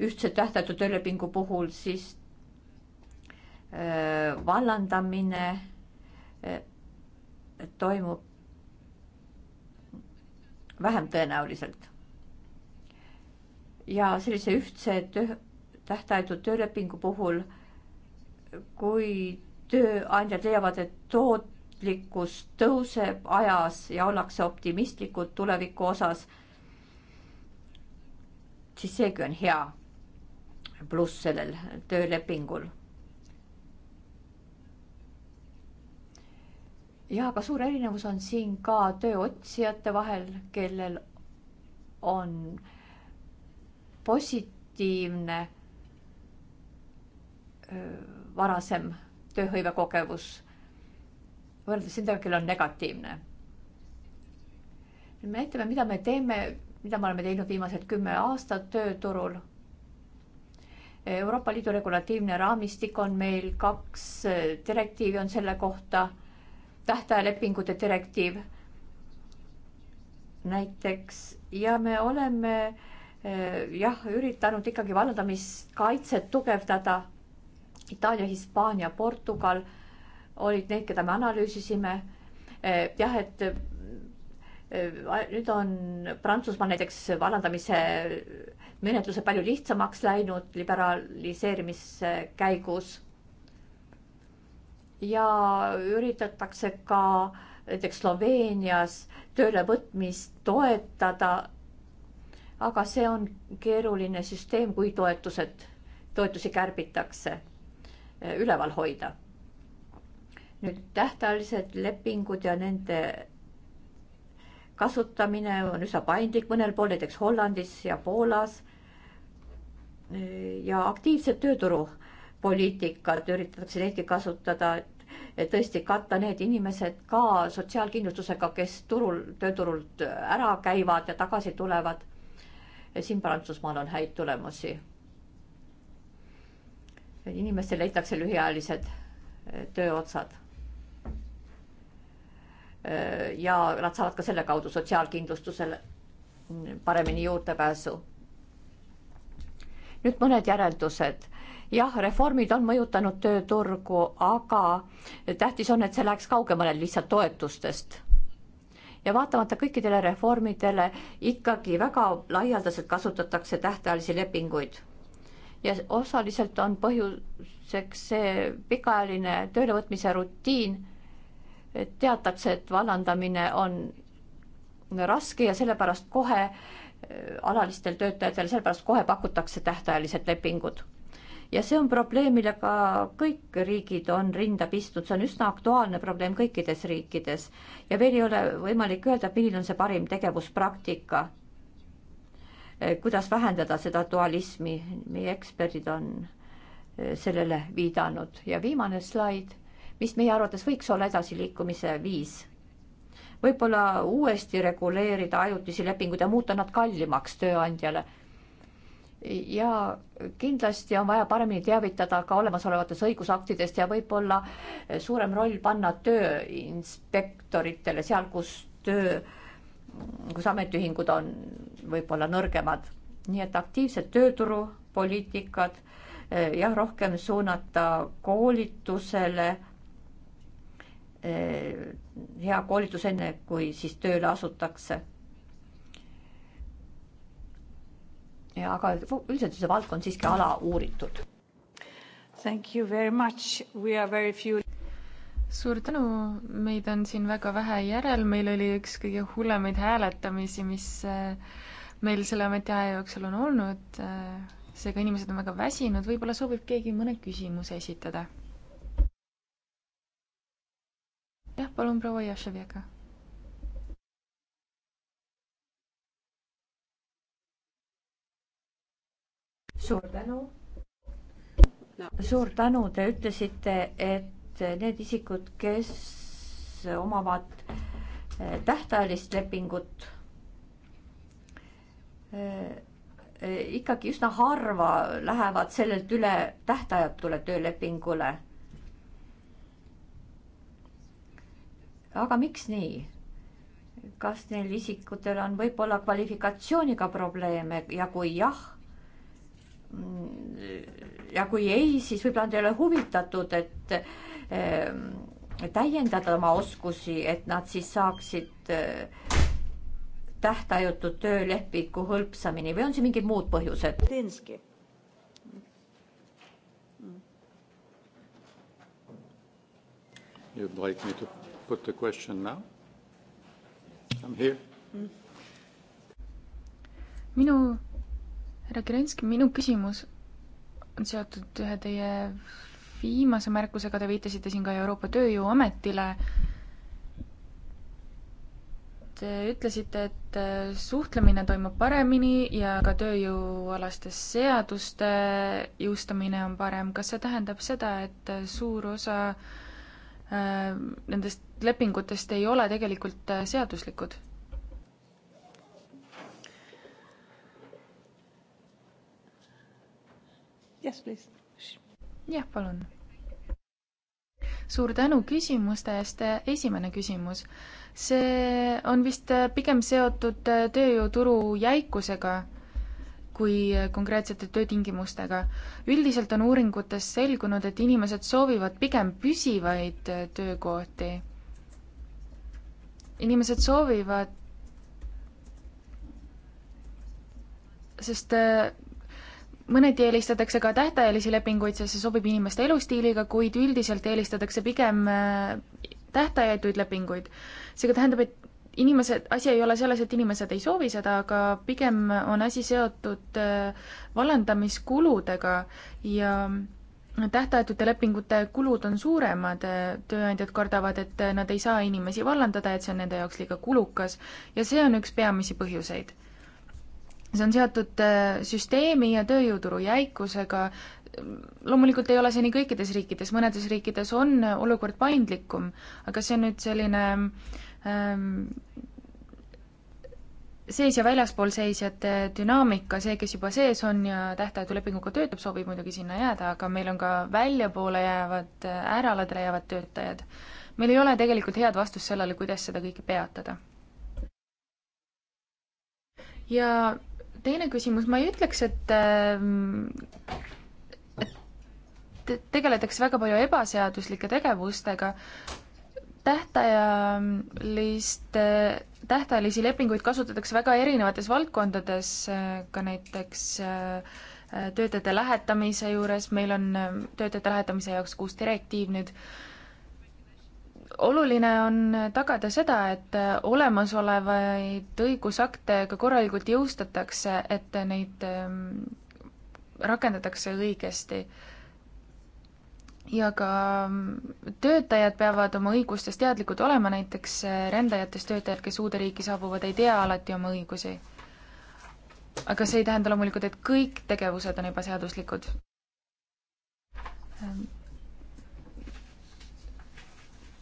ühtse tähtajatu töölepingu puhul, siis äh, vallandamine äh, toimub vähem tõenäoliselt. ja sellise ühtse töö, tähtajatu töölepingu puhul, kui tööandjad leiavad, et tootlikkus tõuseb ajas ja ollakse optimistlikud tuleviku osas, siis seegi on hea pluss sellel töölepingul. ja aga suur erinevus on siin ka tööotsijate vahel, kellel on positiivne öö, varasem tööhõivekogemus võrreldes nendega, kellel on negatiivne. näitame, mida me teeme, mida me oleme teinud viimased kümme aastat tööturul. Euroopa Liidu regulatiivne raamistik on meil, kaks direktiivi on selle kohta, tähtajalepingute direktiiv näiteks ja me oleme eh, jah, üritanud ikkagi vallandamiskaitset tugevdada Itaalia, Hispaania, Portugal olid need, keda me analüüsisime. Eh, jah, et eh, nüüd on Prantsusmaal näiteks vallandamise menetluse palju lihtsamaks läinud liberaliseerimise käigus. ja üritatakse ka näiteks Sloveenias töölevõtmist toetada. aga see on keeruline süsteem, kui toetused, toetusi kärbitakse Eh, üleval hoida. nüüd tähtajalised lepingud ja nende kasutamine on üsna paindlik mõnel pool, näiteks Hollandis ja Poolas. Eh, ja aktiivset tööturupoliitikat üritatakse neidki kasutada, et tõesti katta need inimesed ka sotsiaalkindlustusega, kes turul, tööturult ära käivad ja tagasi tulevad. Eh, siin Prantsusmaal on häid tulemusi inimestel leitakse lühiajalised eh, tööotsad. Eh, ja nad saavad ka selle kaudu sotsiaalkindlustusele paremini juurdepääsu. nüüd mõned järeldused. jah, reformid on mõjutanud tööturgu, aga tähtis on, et see läheks kaugemale lihtsalt toetustest ja vaatamata kõikidele reformidele ikkagi väga laialdaselt kasutatakse tähtajalisi lepinguid ja osaliselt on põhjuseks see pikaajaline töölevõtmise rutiin, et teatakse, et vallandamine on raske ja sellepärast kohe äh, alalistel töötajatel, sellepärast kohe pakutakse tähtajalised lepingud. ja see on probleem, millega kõik riigid on rinda pistnud, see on üsna aktuaalne probleem kõikides riikides ja veel ei ole võimalik öelda, milline on see parim tegevuspraktika Eh, kuidas vähendada seda dualismi, meie eksperdid on eh, sellele viidanud ja viimane slaid, mis meie arvates võiks olla edasiliikumise viis. võib-olla uuesti reguleerida ajutisi lepinguid ja muuta nad kallimaks tööandjale. ja kindlasti on vaja paremini teavitada ka olemasolevatest õigusaktidest ja võib-olla eh, suurem roll panna tööinspektoritele seal, kus töö kus ametiühingud on võib-olla nõrgemad. nii et aktiivsed tööturupoliitikad eh, jah, rohkem suunata koolitusele. Eh, hea koolitus enne, kui siis tööle asutakse. ja aga üldiselt see valdkond siiski alauuritud. Thank you very much, we are very few suur tänu, meid on siin väga vähe järel, meil oli üks kõige hullemaid hääletamisi, mis äh, meil selle ametiaja jooksul on olnud, äh, seega inimesed on väga väsinud, võib-olla soovib keegi mõne küsimuse esitada? jah, palun, proua Jaševjaga. suur tänu no.. suur tänu, te ütlesite, et Eh, need isikud, kes omavad eh, tähtajalist lepingut, eh, ikkagi üsna harva lähevad sellelt üle tähtajatule töölepingule. aga miks nii? kas neil isikutel on võib-olla kvalifikatsiooniga probleeme ja kui jah, mm, ja kui ei, siis võib-olla nad ei ole huvitatud, et Ehm, täiendada oma oskusi, et nad siis saaksid eh, tähtajutut töölepingu hõlpsamini või on siin mingid muud põhjused? You'd like me to put the question now? I'm here mm.. minu, härra Kerenski, minu küsimus on seotud ühe teie viimase märkusega te viitasite siin ka Euroopa Tööjõuametile. Te ütlesite, et äh, suhtlemine toimub paremini ja ka tööjõualaste seaduste jõustamine on parem. kas see tähendab seda, et äh, suur osa äh, nendest lepingutest ei ole tegelikult seaduslikud? Yes, please jah, palun. suur tänu küsimuste eest, esimene küsimus. see on vist pigem seotud tööjõuturu jäikusega kui konkreetsete töötingimustega. üldiselt on uuringutes selgunud, et inimesed soovivad pigem püsivaid töökohti. inimesed soovivad, sest mõneti eelistatakse ka tähtajalisi lepinguid, sest see sobib inimeste elustiiliga, kuid üldiselt eelistatakse pigem äh, tähtajatuid lepinguid. seega tähendab, et inimesed, asi ei ole selles, et inimesed ei soovi seda, aga pigem on asi seotud äh, vallandamiskuludega ja tähtajatute lepingute kulud on suuremad, tööandjad kardavad, et nad ei saa inimesi vallandada, et see on nende jaoks liiga kulukas ja see on üks peamisi põhjuseid see on seotud äh, süsteemi ja tööjõuturu jäikusega, loomulikult ei ole see nii kõikides riikides, mõnedes riikides on äh, olukord paindlikum, aga see on nüüd selline ähm, sees- ja väljaspoolseisjate dünaamika, see, kes juba sees on ja tähtajatu lepinguga töötab, soovib muidugi sinna jääda, aga meil on ka väljapoole jäävad, äh, äärealadele jäävad töötajad. meil ei ole tegelikult head vastust sellele, kuidas seda kõike peatada. ja teine küsimus, ma ei ütleks, et ähm, et tegeletakse väga palju ebaseaduslike tegevustega, tähtajalist, tähtajalisi lepinguid kasutatakse väga erinevates valdkondades, äh, ka näiteks äh, töötajate lähetamise juures, meil on äh, töötajate lähetamise jaoks uus direktiiv nüüd oluline on tagada seda, et olemasolevaid õigusakte ka korralikult jõustatakse, et neid ähm, rakendatakse õigesti. ja ka ähm, töötajad peavad oma õigustest teadlikud olema, näiteks äh, rändajatest töötajad, kes uude riiki saabuvad, ei tea alati oma õigusi. aga see ei tähenda loomulikult, et kõik tegevused on ebaseaduslikud ähm,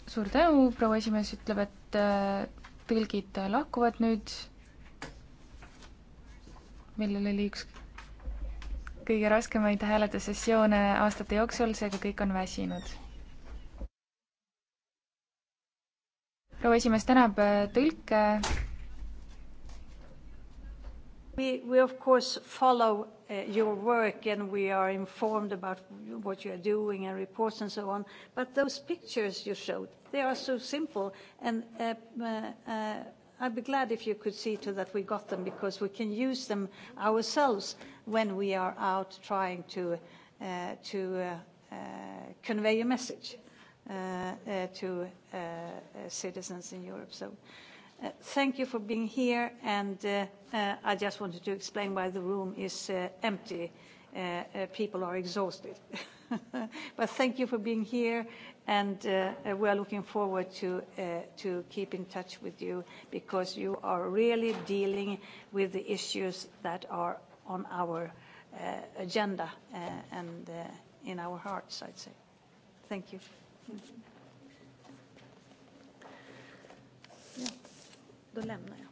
suur tänu, proua esimees ütleb, et äh, tõlgid lahkuvad nüüd. meil oli üks kõige raskemaid hääletussessioone aastate jooksul, seega kõik on väsinud. proua esimees tänab äh, tõlke. We, we of course follow uh, your work, and we are informed about what you are doing and reports and so on. But those pictures you showed, they are so simple, and uh, uh, uh I'd be glad if you could see to that we got them, because we can use them ourselves when we are out trying to uh, to uh, convey a message to citizens in Europe. So Uh, thank you for being here, and uh, uh, I just wanted to explain why the room is uh, empty. Uh, uh, people are exhausted. but thank you for being here, and uh, uh we are looking forward to, uh, to keep in touch with you because you are really dealing with the issues that are on our uh, agenda uh, and uh, in our hearts, I'd say. Thank you. Yeah lämnar er. jag.